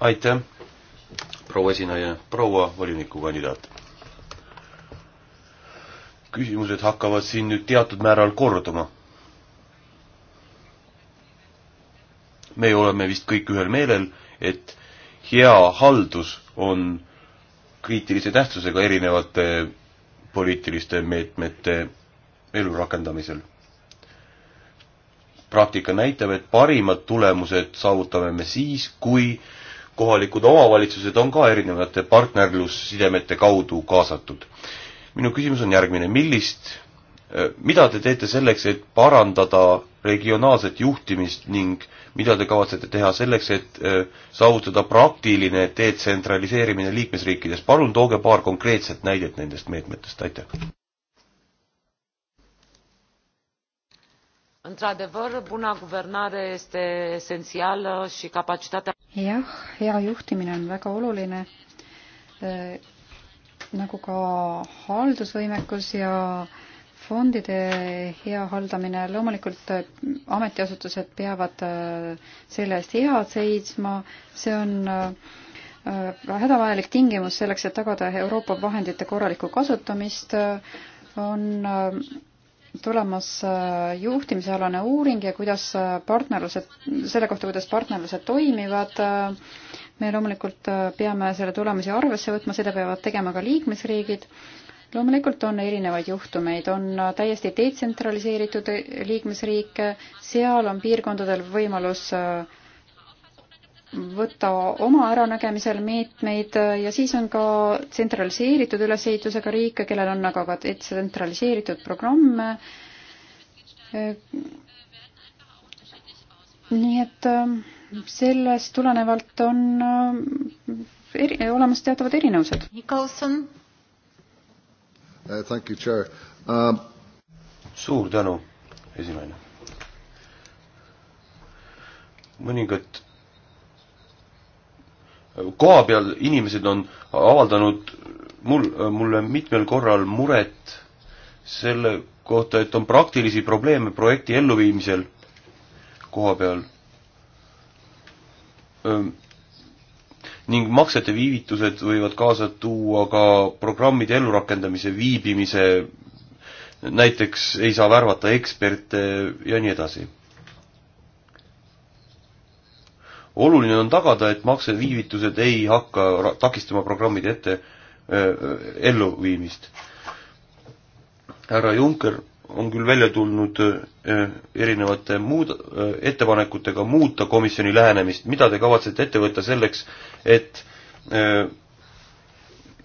S2: aitäh, proua esineja, proua volinikukandidaat küsimused hakkavad siin nüüd teatud määral korduma. me oleme vist kõik ühel meelel, et hea haldus on kriitilise tähtsusega erinevate poliitiliste meetmete elurakendamisel. praktika näitab, et parimad tulemused saavutame me siis, kui kohalikud omavalitsused on ka erinevate partnerlussidemete kaudu kaasatud. minu küsimus on järgmine, millist, äh, mida te teete selleks, et parandada regionaalset juhtimist ning äh, mida te kavatsete teha selleks, et äh, saavutada praktiline detsentraliseerimine liikmesriikides? palun tooge paar konkreetset näidet nendest meetmetest, aitäh.
S4: într-adevăr, buna guvernare este esențială și capacitatea...
S3: Jah, hea juhtimine on väga oluline, äh, nagu ka haldusvõimekus ja äh, fondide hea haldamine, loomulikult äh, ametiasutused peavad äh, selle eest head seisma, see on äh, hädavajalik tingimus selleks, et tagada Euroopa vahendite korralikku kasutamist, on tulemas juhtimisalane uuring ja kuidas partnerlused, selle kohta, kuidas partnerlused toimivad, me loomulikult peame selle tulemusi arvesse võtma, seda peavad tegema ka liikmesriigid loomulikult on erinevaid juhtumeid, on täiesti detsentraliseeritud liikmesriike, seal on piirkondadel võimalus äh, võtta oma äranägemisel meetmeid äh, ja siis on ka tsentraliseeritud ülesehitusega riike, kellel on aga ka tsentraliseeritud programme. Äh, nii et sellest tulenevalt on eri, olemas teatavad erinevused.
S1: Nikolson
S2: Uh, thank you, Chair um.... suur tänu, esinaine. mõningad äh, koha peal inimesed on avaldanud mul, äh, mulle mitmel korral muret selle kohta, et on praktilisi probleeme projekti elluviimisel koha peal äh, ning maksete viivitused võivad kaasa tuua ka programmide ellurakendamise viibimise, näiteks ei saa värvata eksperte ja nii edasi. oluline on tagada, et makseviivitused ei hakka takistama programmide ette äh, elluviimist. härra Juncker on küll välja tulnud äh, erinevate muud, äh, ettepanekutega muuta komisjoni lähenemist, mida te kavatsete ette võtta selleks, et äh,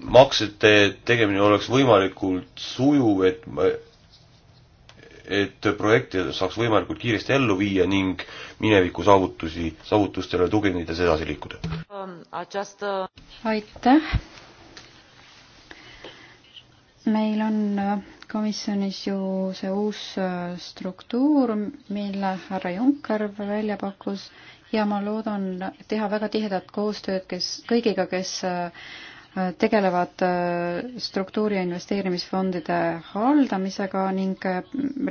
S2: maksete tegemine oleks võimalikult sujuv, et et projekte saaks võimalikult kiiresti ellu viia ning mineviku saavutusi, saavutustele tuginedes edasi liikuda?
S4: Um, uh, aitäh!
S3: meil on komisjonis ju see uus äh, struktuur, mille härra Juncker välja pakkus ja ma loodan teha väga tihedat koostööd, kes, kõigiga, kes äh, tegelevad äh, struktuuri ja investeerimisfondide haldamisega ning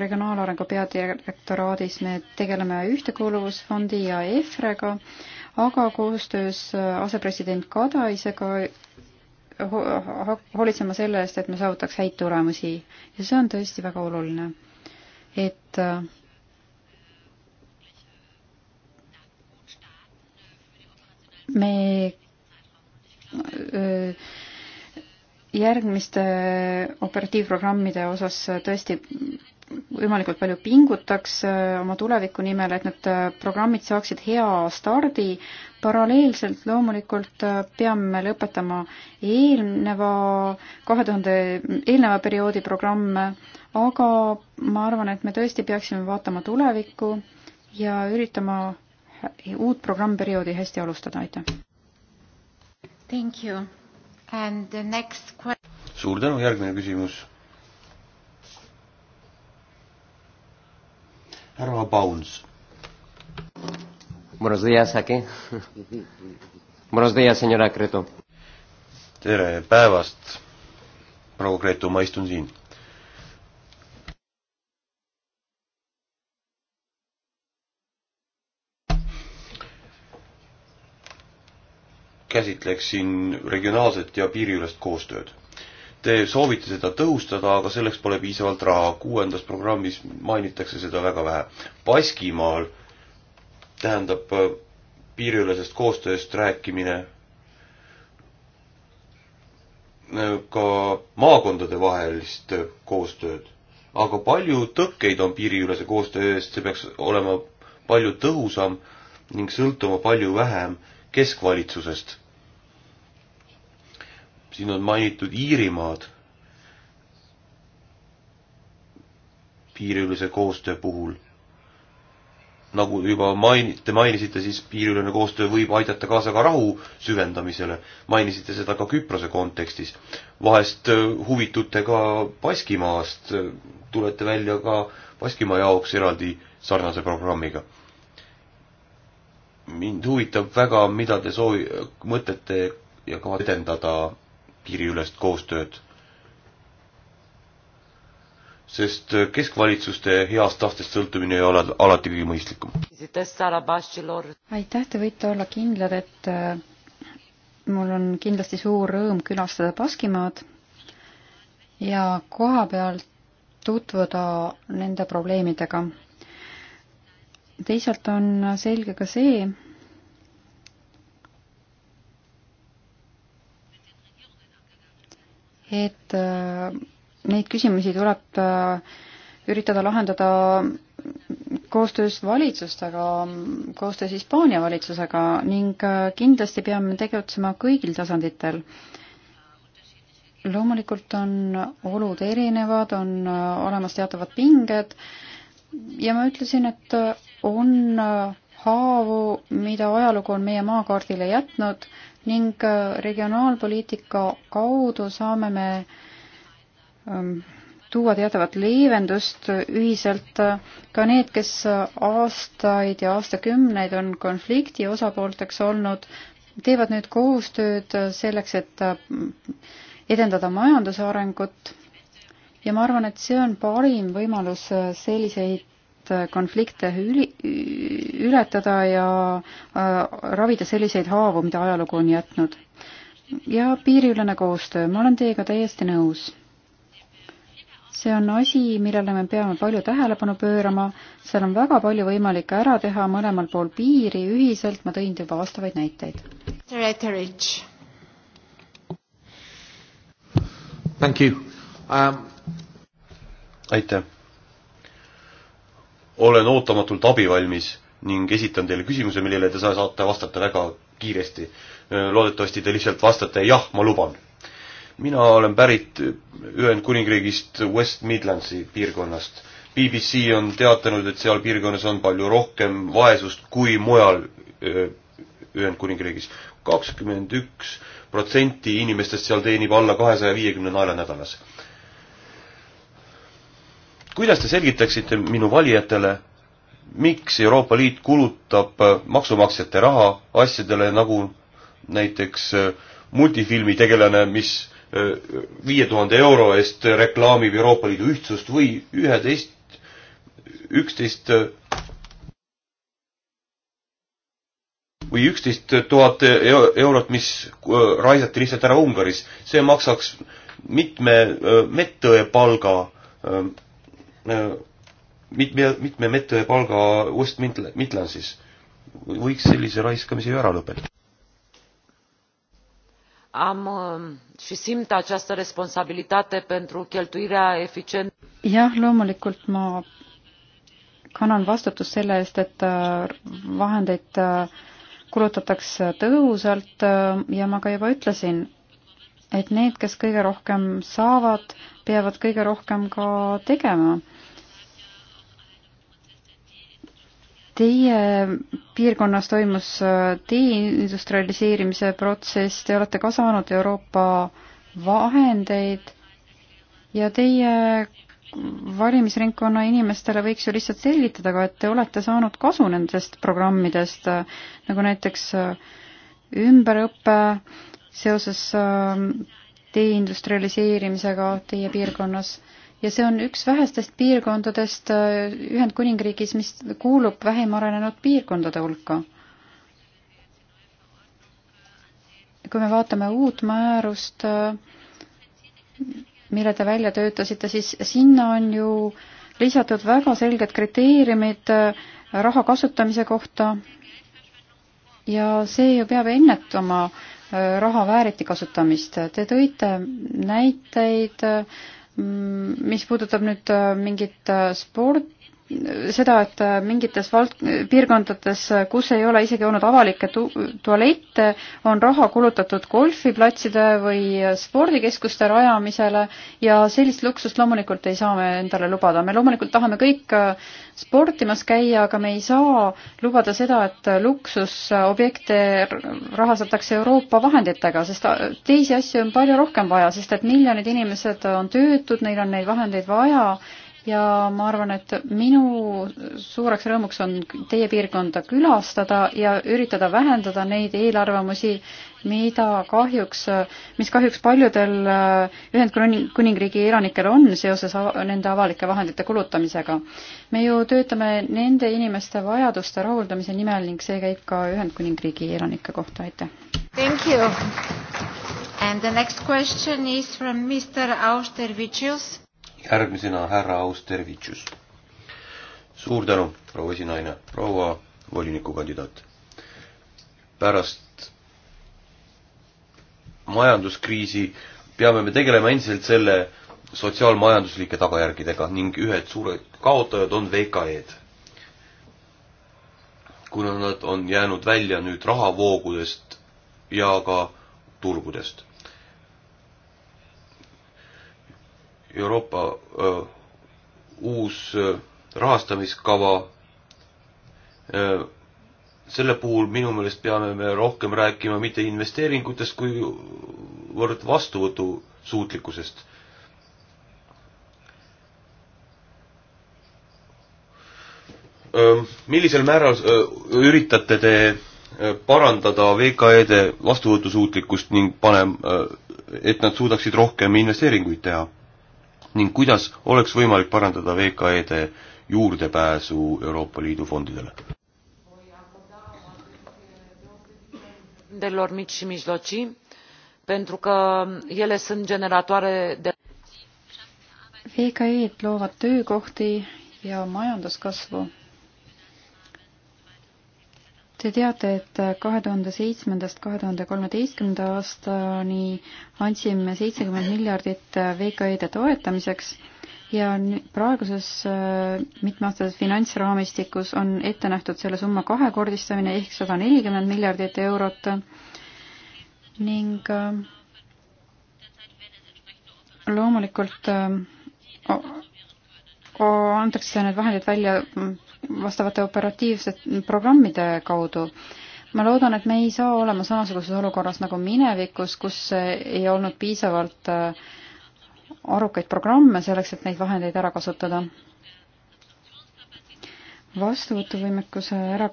S3: regionaalarengu peadirektoraadis me tegeleme ühtekuuluvusfondi ja EFRE-ga, aga koostöös asepresident Kadaisega hoolitsema selle eest, et me saavutaks häid tulemusi ja see on tõesti väga oluline, et äh, me äh, järgmiste operatiivprogrammide osas tõesti võimalikult palju pingutaks äh, oma tuleviku nimel, et need äh, programmid saaksid hea stardi. paralleelselt loomulikult äh, peame lõpetama eelneva, kahe tuhande eelneva perioodi programme, aga ma arvan, et me tõesti peaksime vaatama tulevikku ja üritama uut programmperioodi hästi alustada, aitäh!
S1: Thank you and the next question.
S2: suur tänu, järgmine küsimus härra Pauns. Buenos dias, Aki. Buenos dias, senora Gretu. tere päevast, proua Gretu, ma istun siin käsitleksin regionaalset ja piiriülest koostööd. Te soovite seda tõhustada, aga selleks pole piisavalt raha. kuuendas programmis mainitakse seda väga vähe. Baskimaal tähendab äh, piiriülesest koostööst rääkimine äh, ka maakondade vahelist äh, koostööd. aga palju tõkkeid on piiriülese koostöö eest, see peaks olema palju tõhusam ning sõltuma palju vähem keskvalitsusest siin on mainitud Iirimaad piiriülese koostöö puhul. nagu juba main-, te mainisite, siis piiriülene koostöö võib aidata kaasa ka rahu süvendamisele. mainisite seda ka Küprose kontekstis. vahest äh, huvitute ka Baskimaast, tulete välja ka Baskimaa jaoks eraldi sarnase programmiga. mind huvitab väga, mida te soovi-, mõtlete ja kavatsete edendada piiriülest koostööd. sest keskvalitsuste heast tahtest sõltumine ei ole alati kõige mõistlikum.
S4: aitäh,
S3: te võite olla kindlad, et äh, mul on kindlasti suur rõõm külastada Baskimaad ja koha pealt tutvuda nende probleemidega. teisalt on selge ka see, et äh, neid küsimusi tuleb äh, üritada lahendada koostöös valitsustega, koostöös Hispaania valitsusega ning äh, kindlasti peame tegutsema kõigil tasanditel. loomulikult on olud erinevad, on olemas teatavad pinged ja ma ütlesin, et on haavu, mida ajalugu on meie maakaardile jätnud ning äh, regionaalpoliitika kaudu saame me ähm, tuua teatavat leevendust ühiselt ka need, kes aastaid ja aastakümneid on konflikti osapoolteks olnud, teevad nüüd koostööd selleks, et äh, edendada majanduse arengut ja ma arvan, et see on parim võimalus äh, selliseid et konflikte üli, ületada ja äh, ravida selliseid haavu, mida ajalugu on jätnud. ja piiriülene koostöö, ma olen teiega täiesti nõus. see on asi, millele me peame palju tähelepanu pöörama, seal on väga palju võimalik ära teha mõlemal pool piiri ühiselt, ma tõin juba vastavaid näiteid.
S2: Thank you. Um... aitäh olen ootamatult abivalmis ning esitan teile küsimuse, millele te saate vastata väga kiiresti. loodetavasti te lihtsalt vastate jah, ma luban. mina olen pärit Ühendkuningriigist West Midlandsi piirkonnast. BBC on teatanud, et seal piirkonnas on palju rohkem vaesust kui mujal Ühendkuningriigis. kakskümmend üks protsenti inimestest seal teenib alla kahesaja viiekümne naela nädalas kuidas te selgitaksite minu valijatele, miks Euroopa Liit kulutab äh, maksumaksjate raha asjadele nagu näiteks äh, multifilmi tegelane, mis äh, viie tuhande euro eest reklaamib Euroopa Liidu ühtsust või üheteist, üksteist või üksteist tuhat e-, eurot, mis raisati lihtsalt ära Ungaris, see maksaks mitme medõe palga Äh, mitme, mitme medõe palga West Midlandsis. võiks sellise raiskamise ju ära lõpetada.
S4: Am ähm, și simt această responsabilitate pentru cheltuirea eficientă.
S3: Jah, loomulikult ma kannan vastutust selle eest, et äh, vahendeid äh, kulutatakse tõhusalt ja ma ka juba ütlesin, et need, kes kõige rohkem saavad, peavad kõige rohkem ka tegema. Teie piirkonnas toimus äh, deindustrialiseerimise protsess, te olete ka saanud Euroopa vahendeid ja teie valimisringkonna inimestele võiks ju lihtsalt selgitada ka, et te olete saanud kasu nendest programmidest, äh, nagu näiteks äh, ümberõpe, seoses ähm, deindustrialiseerimisega teie piirkonnas ja see on üks vähestest piirkondadest äh, Ühendkuningriigis, mis kuulub vähem arenenud piirkondade hulka. kui me vaatame uut määrust, äh, mille te välja töötasite, siis sinna on ju lisatud väga selged kriteeriumid äh, raha kasutamise kohta ja see ju peab ennetama äh, raha vääriti kasutamist. Te tõite näiteid, mm, mis puudutab nüüd äh, mingit äh, sport, seda, et mingites vald-, piirkondades, kus ei ole isegi olnud avalikke tu-, tualette, on raha kulutatud golfiplatside või spordikeskuste rajamisele ja sellist luksust loomulikult ei saa me endale lubada. me loomulikult tahame kõik sportimas käia, aga me ei saa lubada seda, et luksusobjekte rahastatakse Euroopa vahenditega, sest teisi asju on palju rohkem vaja, sest et miljonid inimesed on töötud, neil on neid vahendeid vaja ja ma arvan, et minu suureks rõõmuks on teie piirkonda külastada ja üritada vähendada neid eelarvamusi, mida kahjuks, mis kahjuks paljudel äh, Ühendkuningriigi elanikel on seoses nende avalike vahendite kulutamisega. me ju töötame nende inimeste vajaduste rahuldamise nimel ning see käib ka Ühendkuningriigi elanike kohta, aitäh!
S1: Thank you! And the next question is from Mr Austervicius
S2: järgmisena härra Austervitšus. suur tänu, proua esinaine, proua volinikukandidaat. pärast majanduskriisi peame me tegelema endiselt selle sotsiaalmajanduslike tagajärgedega ning ühed suured kaotajad on VKE-d. kuna nad on jäänud välja nüüd rahavoogudest ja ka turgudest Euroopa öö, uus öö, rahastamiskava, selle puhul minu meelest peame me rohkem rääkima mitte investeeringutest, kuivõrd vastuvõtu suutlikkusest. millisel määral üritate te parandada VKE-de vastuvõtusuutlikkust ning panem, et nad suudaksid rohkem investeeringuid teha? ning kuidas oleks võimalik parandada VKE-de juurdepääsu Euroopa Liidu fondidele?
S3: VKE-d loovad töökohti ja majanduskasvu Te teate, et kahe tuhande seitsmendast kahe tuhande kolmeteistkümnenda aastani andsime seitsekümmend miljardit VKE-de toetamiseks ja praeguses äh, mitmeaastases finantsraamistikus on ette nähtud selle summa kahekordistamine ehk sada nelikümmend miljardit eurot ning äh, loomulikult äh, antakse need vahendid välja mm, vastavate operatiivsete programmide kaudu. ma loodan, et me ei saa olema samasuguses olukorras nagu minevikus, kus ei olnud piisavalt äh, arukaid programme selleks, et neid vahendeid ära kasutada. vastuvõtuvõimekuse ära,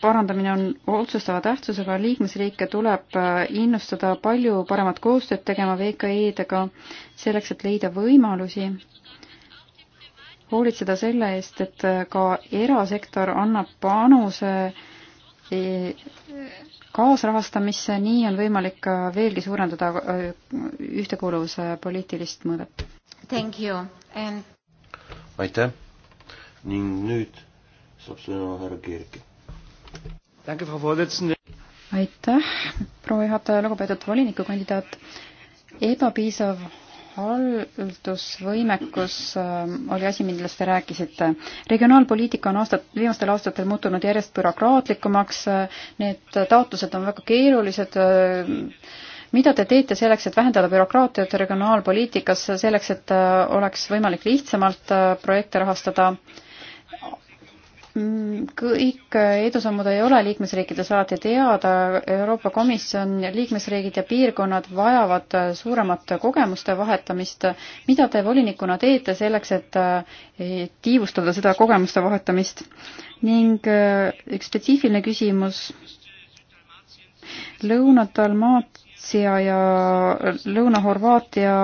S3: parandamine on otsustava tähtsusega, liikmesriike tuleb äh, innustada palju paremat koostööd tegema VKE-dega selleks, et leida võimalusi hoolitseda selle eest, et ka erasektor annab panuse e, kaasrahastamisse, nii on võimalik veelgi suurendada e, ühtekuuluvuse poliitilist mõõdet.
S1: Thank you and
S2: aitäh ning nüüd saab sõna härra Kirki.
S3: aitäh, proua juhataja, lugupeetud volinikukandidaat. ebapiisav haldusvõimekus äh, oli asi, millest te rääkisite. regionaalpoliitika on aastat, viimastel aastatel muutunud järjest bürokraatlikumaks, äh, need taotlused on väga keerulised, äh, mida te teete selleks, et vähendada bürokraatiat regionaalpoliitikas, selleks, et oleks võimalik lihtsamalt projekte rahastada? kõik edusammud ei ole liikmesriikides alati teada, Euroopa Komisjon, liikmesriigid ja piirkonnad vajavad suuremat kogemuste vahetamist. mida te volinikuna teete selleks, et eh, tiivustada seda kogemuste vahetamist? ning eh, üks spetsiifiline küsimus. Lõuna-Dalmaatia ja Lõuna-Horvaatia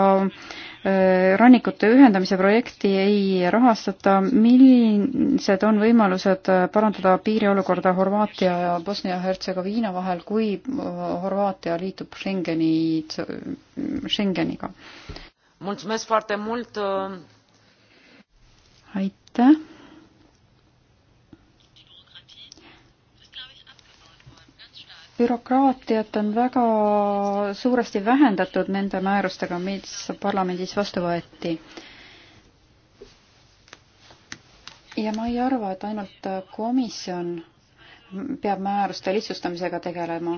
S3: Äh, rannikute ühendamise projekti ei rahastata. millised on võimalused äh, parandada piiriolukorda Horvaatia ja Bosnia-Hertsegoviina vahel, kui äh, Horvaatia liitub Schengeni, Schengeniga?
S4: Uh.
S3: aitäh bürokraatiat on väga suuresti vähendatud nende määrustega, mis parlamendis vastu võeti. ja ma ei arva, et ainult komisjon peab määruste lihtsustamisega tegelema.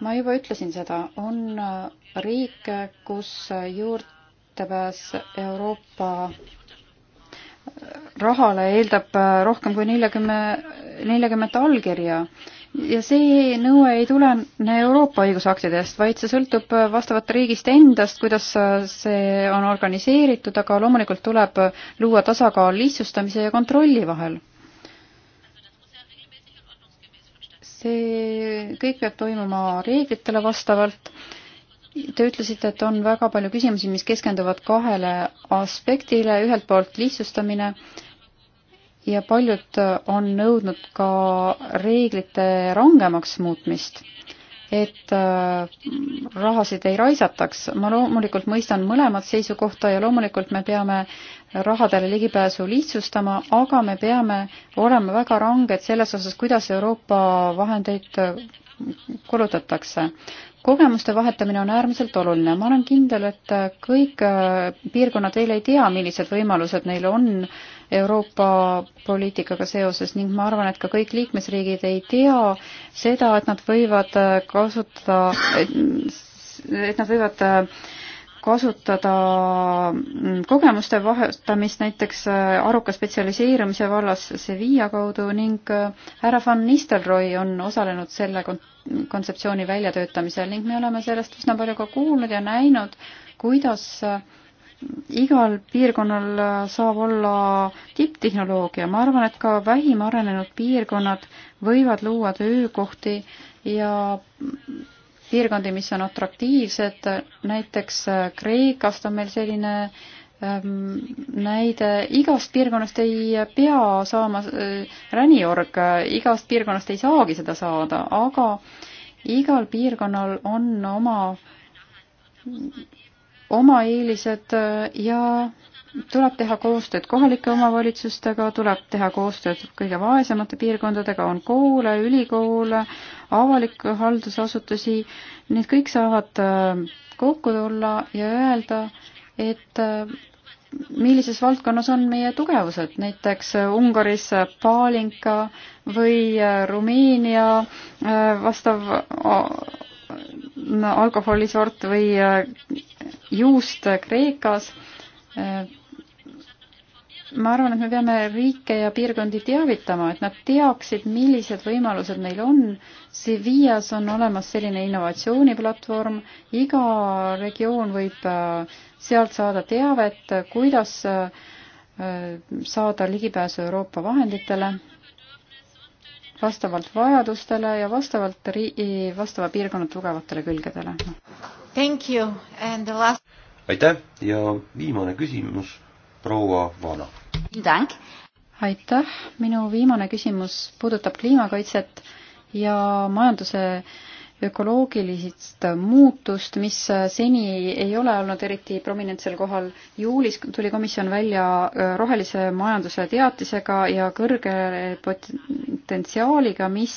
S3: ma juba ütlesin seda, on riike, kus juurdepääs Euroopa rahale eeldab rohkem kui neljakümne, neljakümmet allkirja ja see nõue ei tulene Euroopa õigusaktidest, vaid see sõltub vastavalt riigist endast, kuidas see on organiseeritud, aga loomulikult tuleb luua tasakaal lihtsustamise ja kontrolli vahel. see kõik peab toimuma reeglitele vastavalt. Te ütlesite, et on väga palju küsimusi, mis keskenduvad kahele aspektile, ühelt poolt lihtsustamine äh, ja paljud on nõudnud ka reeglite rangemaks muutmist, et äh, rahasid ei raisataks. ma loomulikult mõistan mõlemat seisukohta ja loomulikult me peame rahadele ligipääsu lihtsustama, aga me peame olema väga ranged selles osas, kuidas Euroopa vahendeid äh, kulutatakse. kogemuste vahetamine on äärmiselt oluline. ma olen kindel, et kõik äh, piirkonnad veel ei tea, millised võimalused neil on äh, Euroopa poliitikaga seoses ning ma arvan, et ka kõik liikmesriigid ei tea seda, et nad võivad äh, kasutada, et nad võivad äh, kasutada mm, kogemuste vahetamist näiteks äh, aruka spetsialiseerumise vallas Sevilla kaudu ning härra Van Nistelrooy on osalenud selle kontseptsiooni väljatöötamisel ning me oleme sellest üsna palju ka kuulnud ja näinud, kuidas äh, igal piirkonnal saab olla tipptehnoloogia, ma arvan, et ka vähim arenenud piirkonnad võivad luua töökohti ja piirkondi, mis on atraktiivsed, näiteks Kreekast on meil selline ähm, näide, igast piirkonnast ei pea saama äh, räniorg, igast piirkonnast ei saagi seda saada, aga igal piirkonnal on oma oma eelised äh, ja tuleb teha koostööd kohalike omavalitsustega, tuleb teha koostööd kõige vaesemate piirkondadega, on koole, ülikoole, avalikke haldusasutusi, need kõik saavad äh, kokku tulla ja öelda, et äh, millises valdkonnas on meie tugevused, näiteks Ungaris Palinka või Rumeenia vastav alkoholisort või äh, juust Kreekas. ma arvan, et me peame riike ja piirkondi teavitama, et nad teaksid, millised võimalused meil on. Sevillas on olemas selline innovatsiooniplatvorm, iga regioon võib äh, sealt saada teavet, kuidas äh, saada ligipääsu Euroopa vahenditele vastavalt vajadustele ja vastavalt riigi, vastava piirkonna tugevatele külgedele.
S1: Last...
S2: aitäh ja viimane küsimus, proua Vana.
S3: aitäh, minu viimane küsimus puudutab kliimakaitset ja majanduse äh, ökoloogilist muutust, mis seni ei ole olnud eriti prominentsel kohal. juulis tuli komisjon välja äh, rohelise majanduse teatisega ja kõrge potentsiaaliga, mis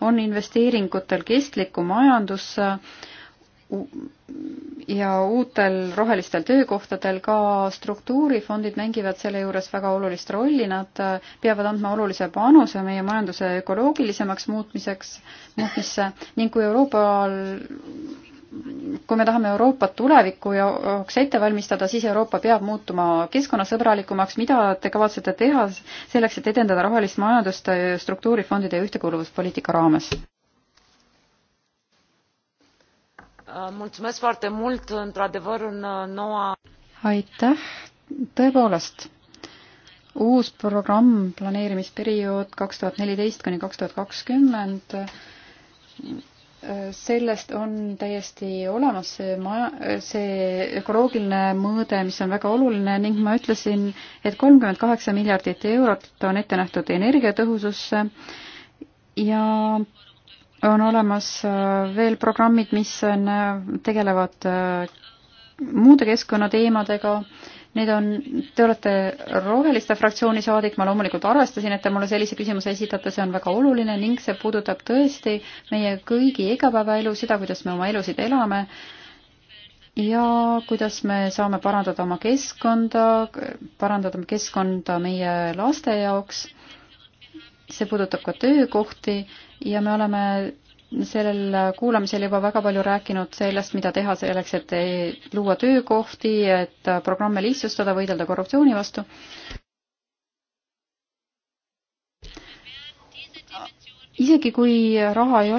S3: on investeeringutel kestlikku majandusse ja uutel rohelistel töökohtadel ka struktuurifondid mängivad selle juures väga olulist rolli, nad äh, peavad andma olulise panuse meie majanduse ökoloogilisemaks muutmiseks, muutmisse ning kui Euroopal kui me tahame Euroopat tuleviku jaoks ette valmistada, siis Euroopa peab muutuma keskkonnasõbralikumaks. mida te kavatsete teha selleks, et edendada rohelist majandust äh, struktuurifondide ja ühtekuuluvuspoliitika raames?
S4: Äh, mulțumesc foarte mult, într-adevăr, în uh, noua...
S3: Aitäh! Tõepoolest, uus programm, planeerimisperiood kaks tuhat neliteist kuni kaks tuhat kakskümmend, sellest on täiesti olemas see maja, see ökoloogiline mõõde, mis on väga oluline ning ma ütlesin, et kolmkümmend kaheksa miljardit eurot on ette nähtud energiatõhususse ja on olemas äh, veel programmid, mis on, äh, tegelevad äh, muude keskkonnateemadega. Need on, te olete Roheliste fraktsiooni saadik, ma loomulikult arvestasin, et te mulle sellise küsimuse esitate, see on väga oluline ning see puudutab tõesti meie kõigi igapäevaelu, seda, kuidas me oma elusid elame ja kuidas me saame parandada oma keskkonda, parandada keskkonda meie laste jaoks. see puudutab ka töökohti ja me oleme sellel kuulamisel juba väga palju rääkinud sellest, mida teha selleks, et luua töökohti, et programme lihtsustada, võidelda korruptsiooni vastu. isegi kui raha ei ole